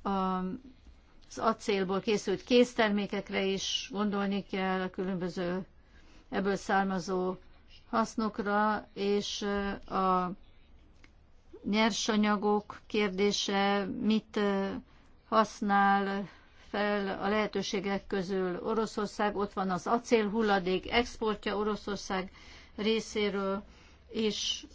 az acélból készült késztermékekre is gondolni kell, a különböző ebből származó hasznokra, és a nyersanyagok kérdése, mit használ fel a lehetőségek közül Oroszország, ott van az acélhulladék exportja Oroszország részéről, és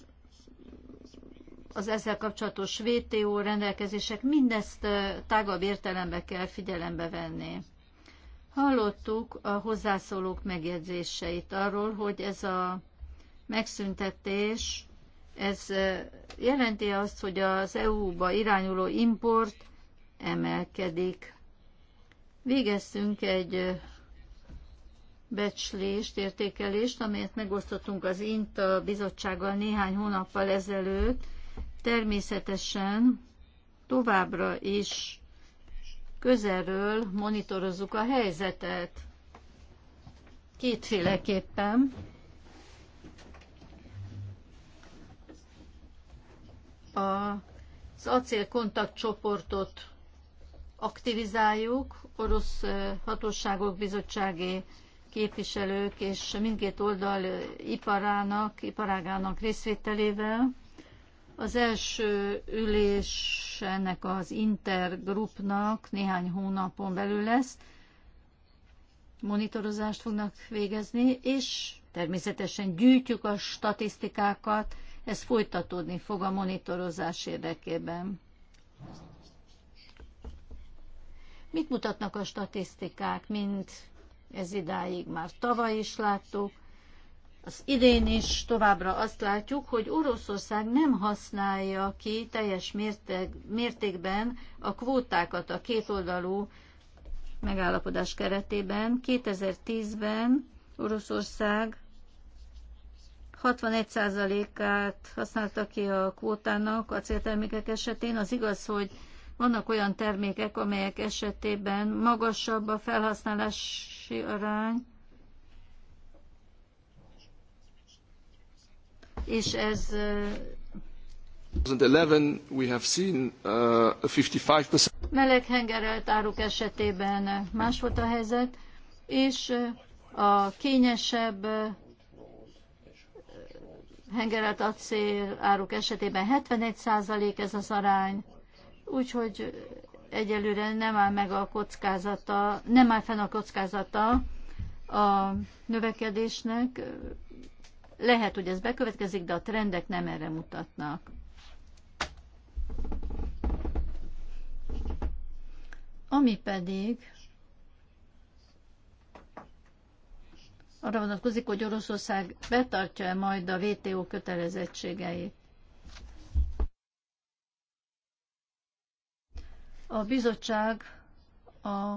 az ezzel kapcsolatos VTO rendelkezések, mindezt tágabb értelembe kell figyelembe venni. Hallottuk a hozzászólók megjegyzéseit arról, hogy ez a megszüntetés, ez jelenti azt, hogy az EU-ba irányuló import emelkedik. Végeztünk egy becslést, értékelést, amelyet megosztottunk az INTA bizottsággal néhány hónappal ezelőtt. Természetesen továbbra is közelről monitorozzuk a helyzetet. Kétféleképpen az acélkontaktcsoportot aktivizáljuk, orosz hatóságok, bizottsági képviselők és mindkét oldal iparának, iparágának részvételével. Az első ülés ennek az intergrupnak néhány hónapon belül lesz. Monitorozást fognak végezni, és természetesen gyűjtjük a statisztikákat, ez folytatódni fog a monitorozás érdekében. Mit mutatnak a statisztikák, mint ez idáig már tavaly is láttuk, az idén is továbbra azt látjuk, hogy Oroszország nem használja ki teljes mérték, mértékben a kvótákat a kétoldalú megállapodás keretében. 2010-ben Oroszország 61%-át használta ki a kvótának acéltermékek esetén. Az igaz, hogy vannak olyan termékek, amelyek esetében magasabb a felhasználási arány, és ez 2011 we have seen uh, 55%. Meleghengerelt áruk esetében más volt a helyzet, és a kényesebb hengerelt acél áruk esetében 71% ez az arány, úgyhogy egyelőre nem áll meg a kockázata, nem áll fenn a kockázata a növekedésnek. Lehet, hogy ez bekövetkezik, de a trendek nem erre mutatnak. Ami pedig arra vonatkozik, hogy Oroszország betartja-e majd a WTO kötelezettségeit. A bizottság a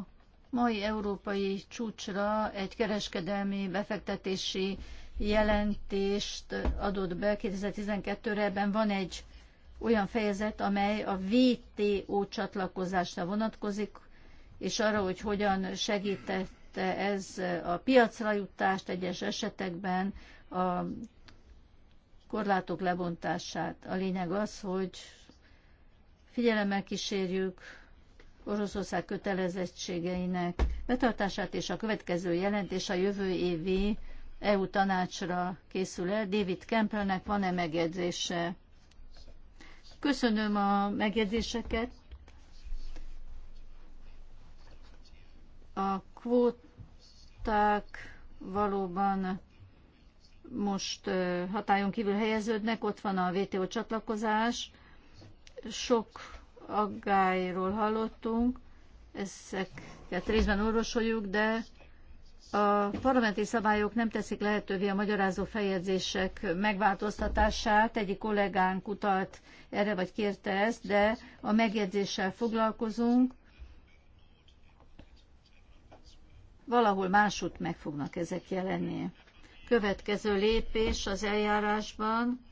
mai európai csúcsra egy kereskedelmi befektetési jelentést adott be 2012-re. Ebben van egy olyan fejezet, amely a VTO csatlakozásra vonatkozik, és arra, hogy hogyan segített ez a piacra jutást egyes esetekben, a korlátok lebontását. A lényeg az, hogy figyelemmel kísérjük Oroszország kötelezettségeinek betartását, és a következő jelentés a jövő évi EU tanácsra készül el. David Kempelnek van-e megjegyzése? Köszönöm a megjegyzéseket. A kvót kvóták valóban most hatályon kívül helyeződnek, ott van a WTO csatlakozás, sok aggályról hallottunk, ezeket részben orvosoljuk, de a parlamenti szabályok nem teszik lehetővé a magyarázó feljegyzések megváltoztatását. Egyik kollégánk utalt erre, vagy kérte ezt, de a megjegyzéssel foglalkozunk, valahol másút meg fognak ezek jelenni. Következő lépés az eljárásban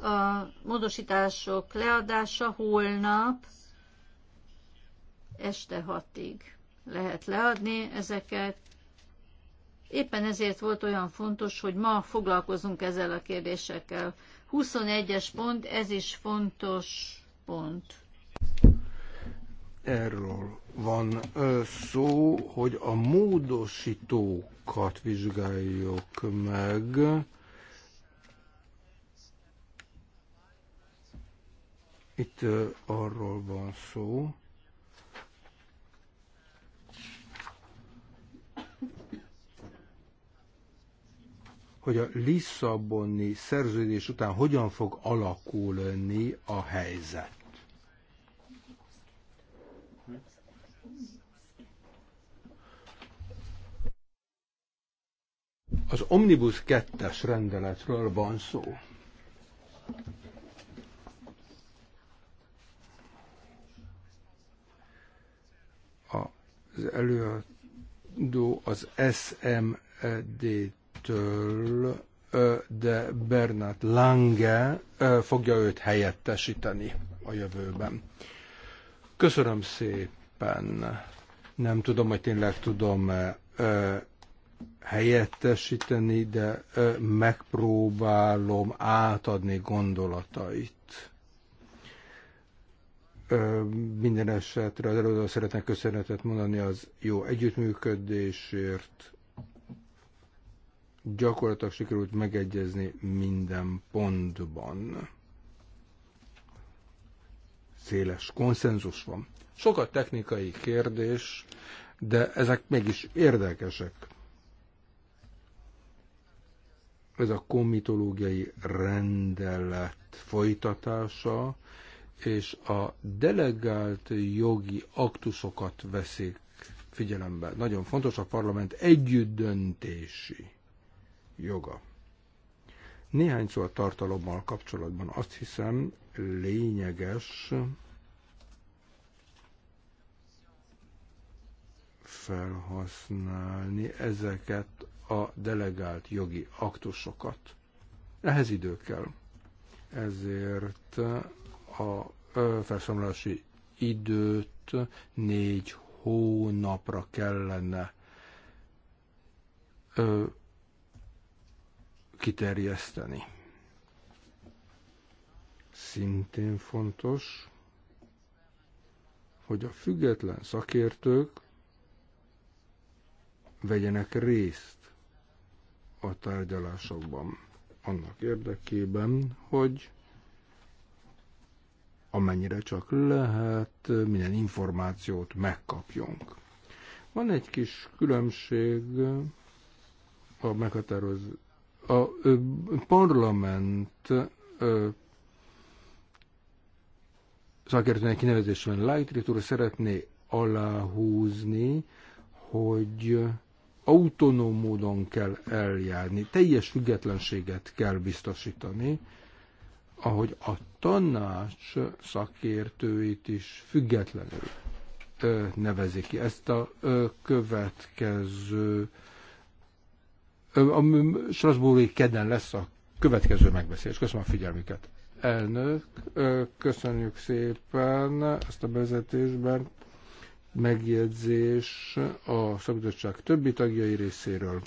a módosítások leadása holnap este hatig. lehet leadni ezeket. Éppen ezért volt olyan fontos, hogy ma foglalkozunk ezzel a kérdésekkel. 21-es pont, ez is fontos pont erről van szó, hogy a módosítókat vizsgáljuk meg. Itt arról van szó, hogy a Lisszaboni szerződés után hogyan fog alakulni a helyzet. Az Omnibus 2-es rendeletről van szó. Az előadó az SMD-től, de Bernát Lange fogja őt helyettesíteni a jövőben. Köszönöm szépen. Nem tudom, hogy tényleg tudom helyettesíteni, de megpróbálom átadni gondolatait. Minden esetre az előadó szeretnék köszönetet mondani az jó együttműködésért. Gyakorlatilag sikerült megegyezni minden pontban. Széles konszenzus van. Sokat technikai kérdés, de ezek mégis érdekesek ez a komitológiai rendelet folytatása, és a delegált jogi aktusokat veszik figyelembe. Nagyon fontos a parlament együttdöntési joga. Néhány szó a tartalommal kapcsolatban. Azt hiszem lényeges felhasználni ezeket a delegált jogi aktusokat. Ehhez idő kell. Ezért a felszámolási időt négy hónapra kellene ö, kiterjeszteni. Szintén fontos, hogy a független szakértők vegyenek részt a tárgyalásokban annak érdekében, hogy amennyire csak lehet, minden információt megkapjunk. Van egy kis különbség a meghatároz... A parlament szakértőnek kinevezésben Light szeretné aláhúzni, hogy autonóm módon kell eljárni, teljes függetlenséget kell biztosítani, ahogy a tanács szakértőit is függetlenül ö, nevezik ki. Ezt a ö, következő a Strasbourg kedden lesz a következő megbeszélés. Köszönöm a figyelmüket. Elnök, köszönjük szépen ezt a vezetésben megjegyzés a szabadság többi tagjai részéről,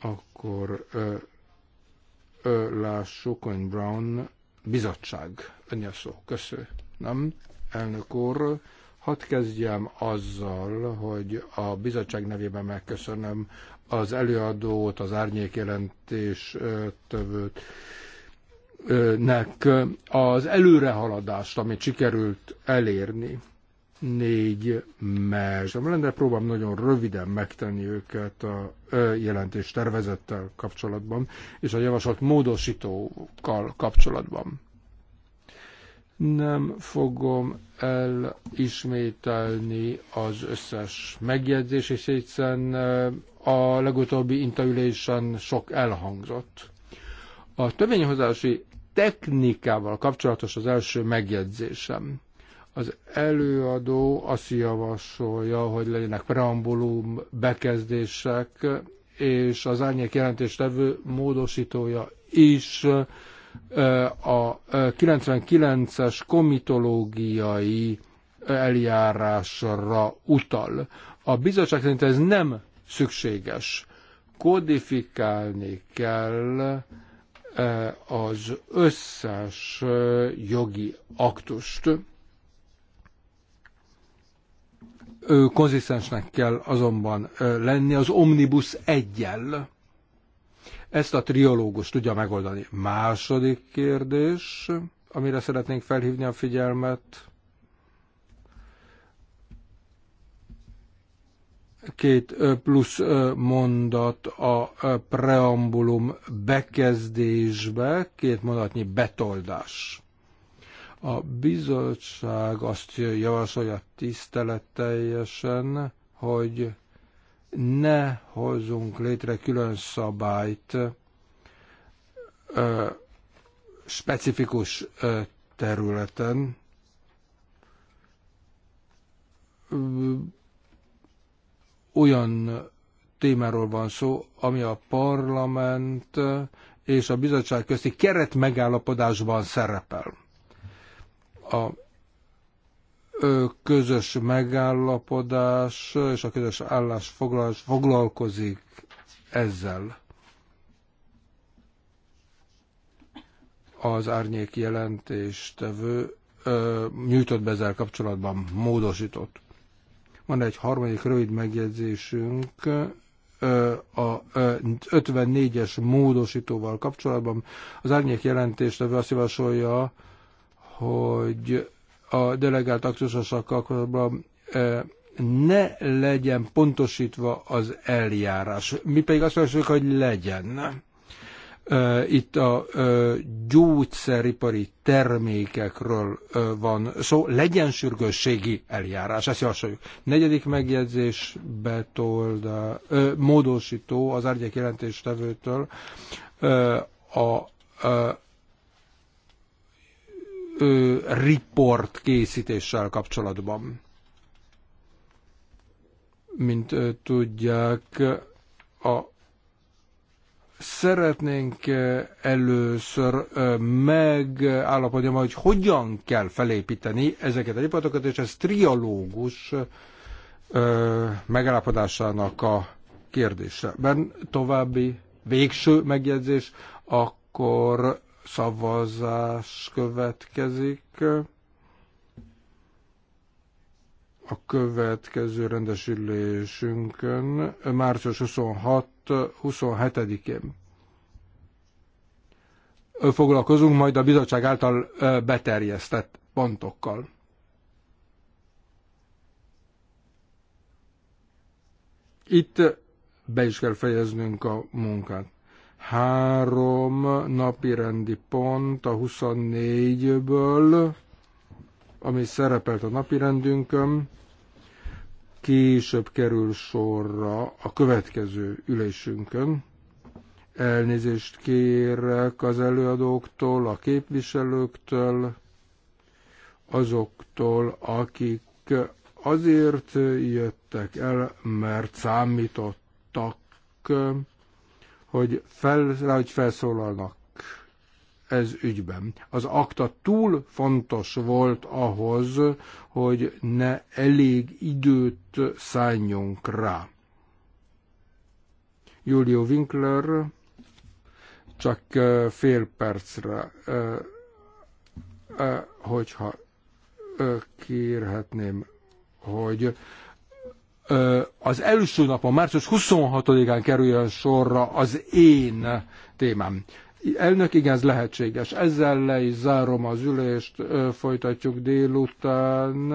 akkor ö, ö, lássuk, hogy Brown bizottság, annyi a szó, köszönöm, elnök úr, hadd kezdjem azzal, hogy a bizottság nevében megköszönöm az előadót, az árnyék jelentés tövőt, nek az előrehaladást, amit sikerült elérni négy mezem lenne, próbálom nagyon röviden megtenni őket a jelentés tervezettel kapcsolatban, és a javasolt módosítókkal kapcsolatban. Nem fogom elismételni az összes megjegyzés, és hiszen a legutóbbi intaülésen sok elhangzott. A törvényhozási technikával kapcsolatos az első megjegyzésem az előadó azt javasolja, hogy legyenek preambulum bekezdések, és az árnyék jelentéstevő módosítója is a 99-es komitológiai eljárásra utal. A bizottság szerint ez nem szükséges. Kodifikálni kell az összes jogi aktust. konzisztensnek kell azonban lenni az Omnibus egyel. Ezt a triológus tudja megoldani. Második kérdés, amire szeretnénk felhívni a figyelmet. Két plusz mondat a preambulum bekezdésbe, két mondatnyi betoldás a bizottság azt javasolja tiszteletteljesen, hogy ne hozzunk létre külön szabályt ö, specifikus ö, területen. olyan témáról van szó, ami a parlament és a bizottság közti keretmegállapodásban szerepel. A közös megállapodás és a közös állásfoglalás foglalkozik ezzel. Az árnyék jelentéstevő ö, nyújtott be ezzel kapcsolatban, módosított. Van egy harmadik rövid megjegyzésünk ö, a 54-es módosítóval kapcsolatban. Az árnyék jelentéstevő azt javasolja, hogy a delegált aktusosakkal kapcsolatban e, ne legyen pontosítva az eljárás. Mi pedig azt mondjuk, hogy legyen. E, itt a e, gyógyszeripari termékekről van szó, legyen sürgősségi eljárás, ezt javasoljuk. Negyedik megjegyzés, a módosító az árgyek jelentéstevőtől a ö, report készítéssel kapcsolatban. Mint ö, tudják, a szeretnénk először megállapodni, hogy hogyan kell felépíteni ezeket a riportokat, és ez trialógus megállapodásának a kérdése. Ben további végső megjegyzés, akkor szavazás következik. A következő rendesülésünkön március 26-27-én foglalkozunk majd a bizottság által beterjesztett pontokkal. Itt be is kell fejeznünk a munkát három napi rendi pont a 24-ből, ami szerepelt a napi rendünkön, később kerül sorra a következő ülésünkön. Elnézést kérek az előadóktól, a képviselőktől, azoktól, akik azért jöttek el, mert számítottak hogy, fel, rá, hogy felszólalnak ez ügyben. Az akta túl fontos volt ahhoz, hogy ne elég időt szálljunk rá. Julio Winkler csak fél percre, hogyha kérhetném, hogy az első napon, március 26-án kerüljön sorra az én témám. Elnök, igen, ez lehetséges. Ezzel le is zárom az ülést, folytatjuk délután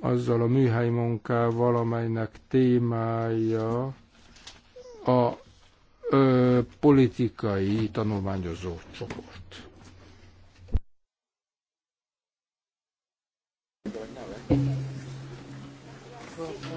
azzal a műhely munkával, amelynek témája a ö, politikai tanulmányozó csoport. Thank you.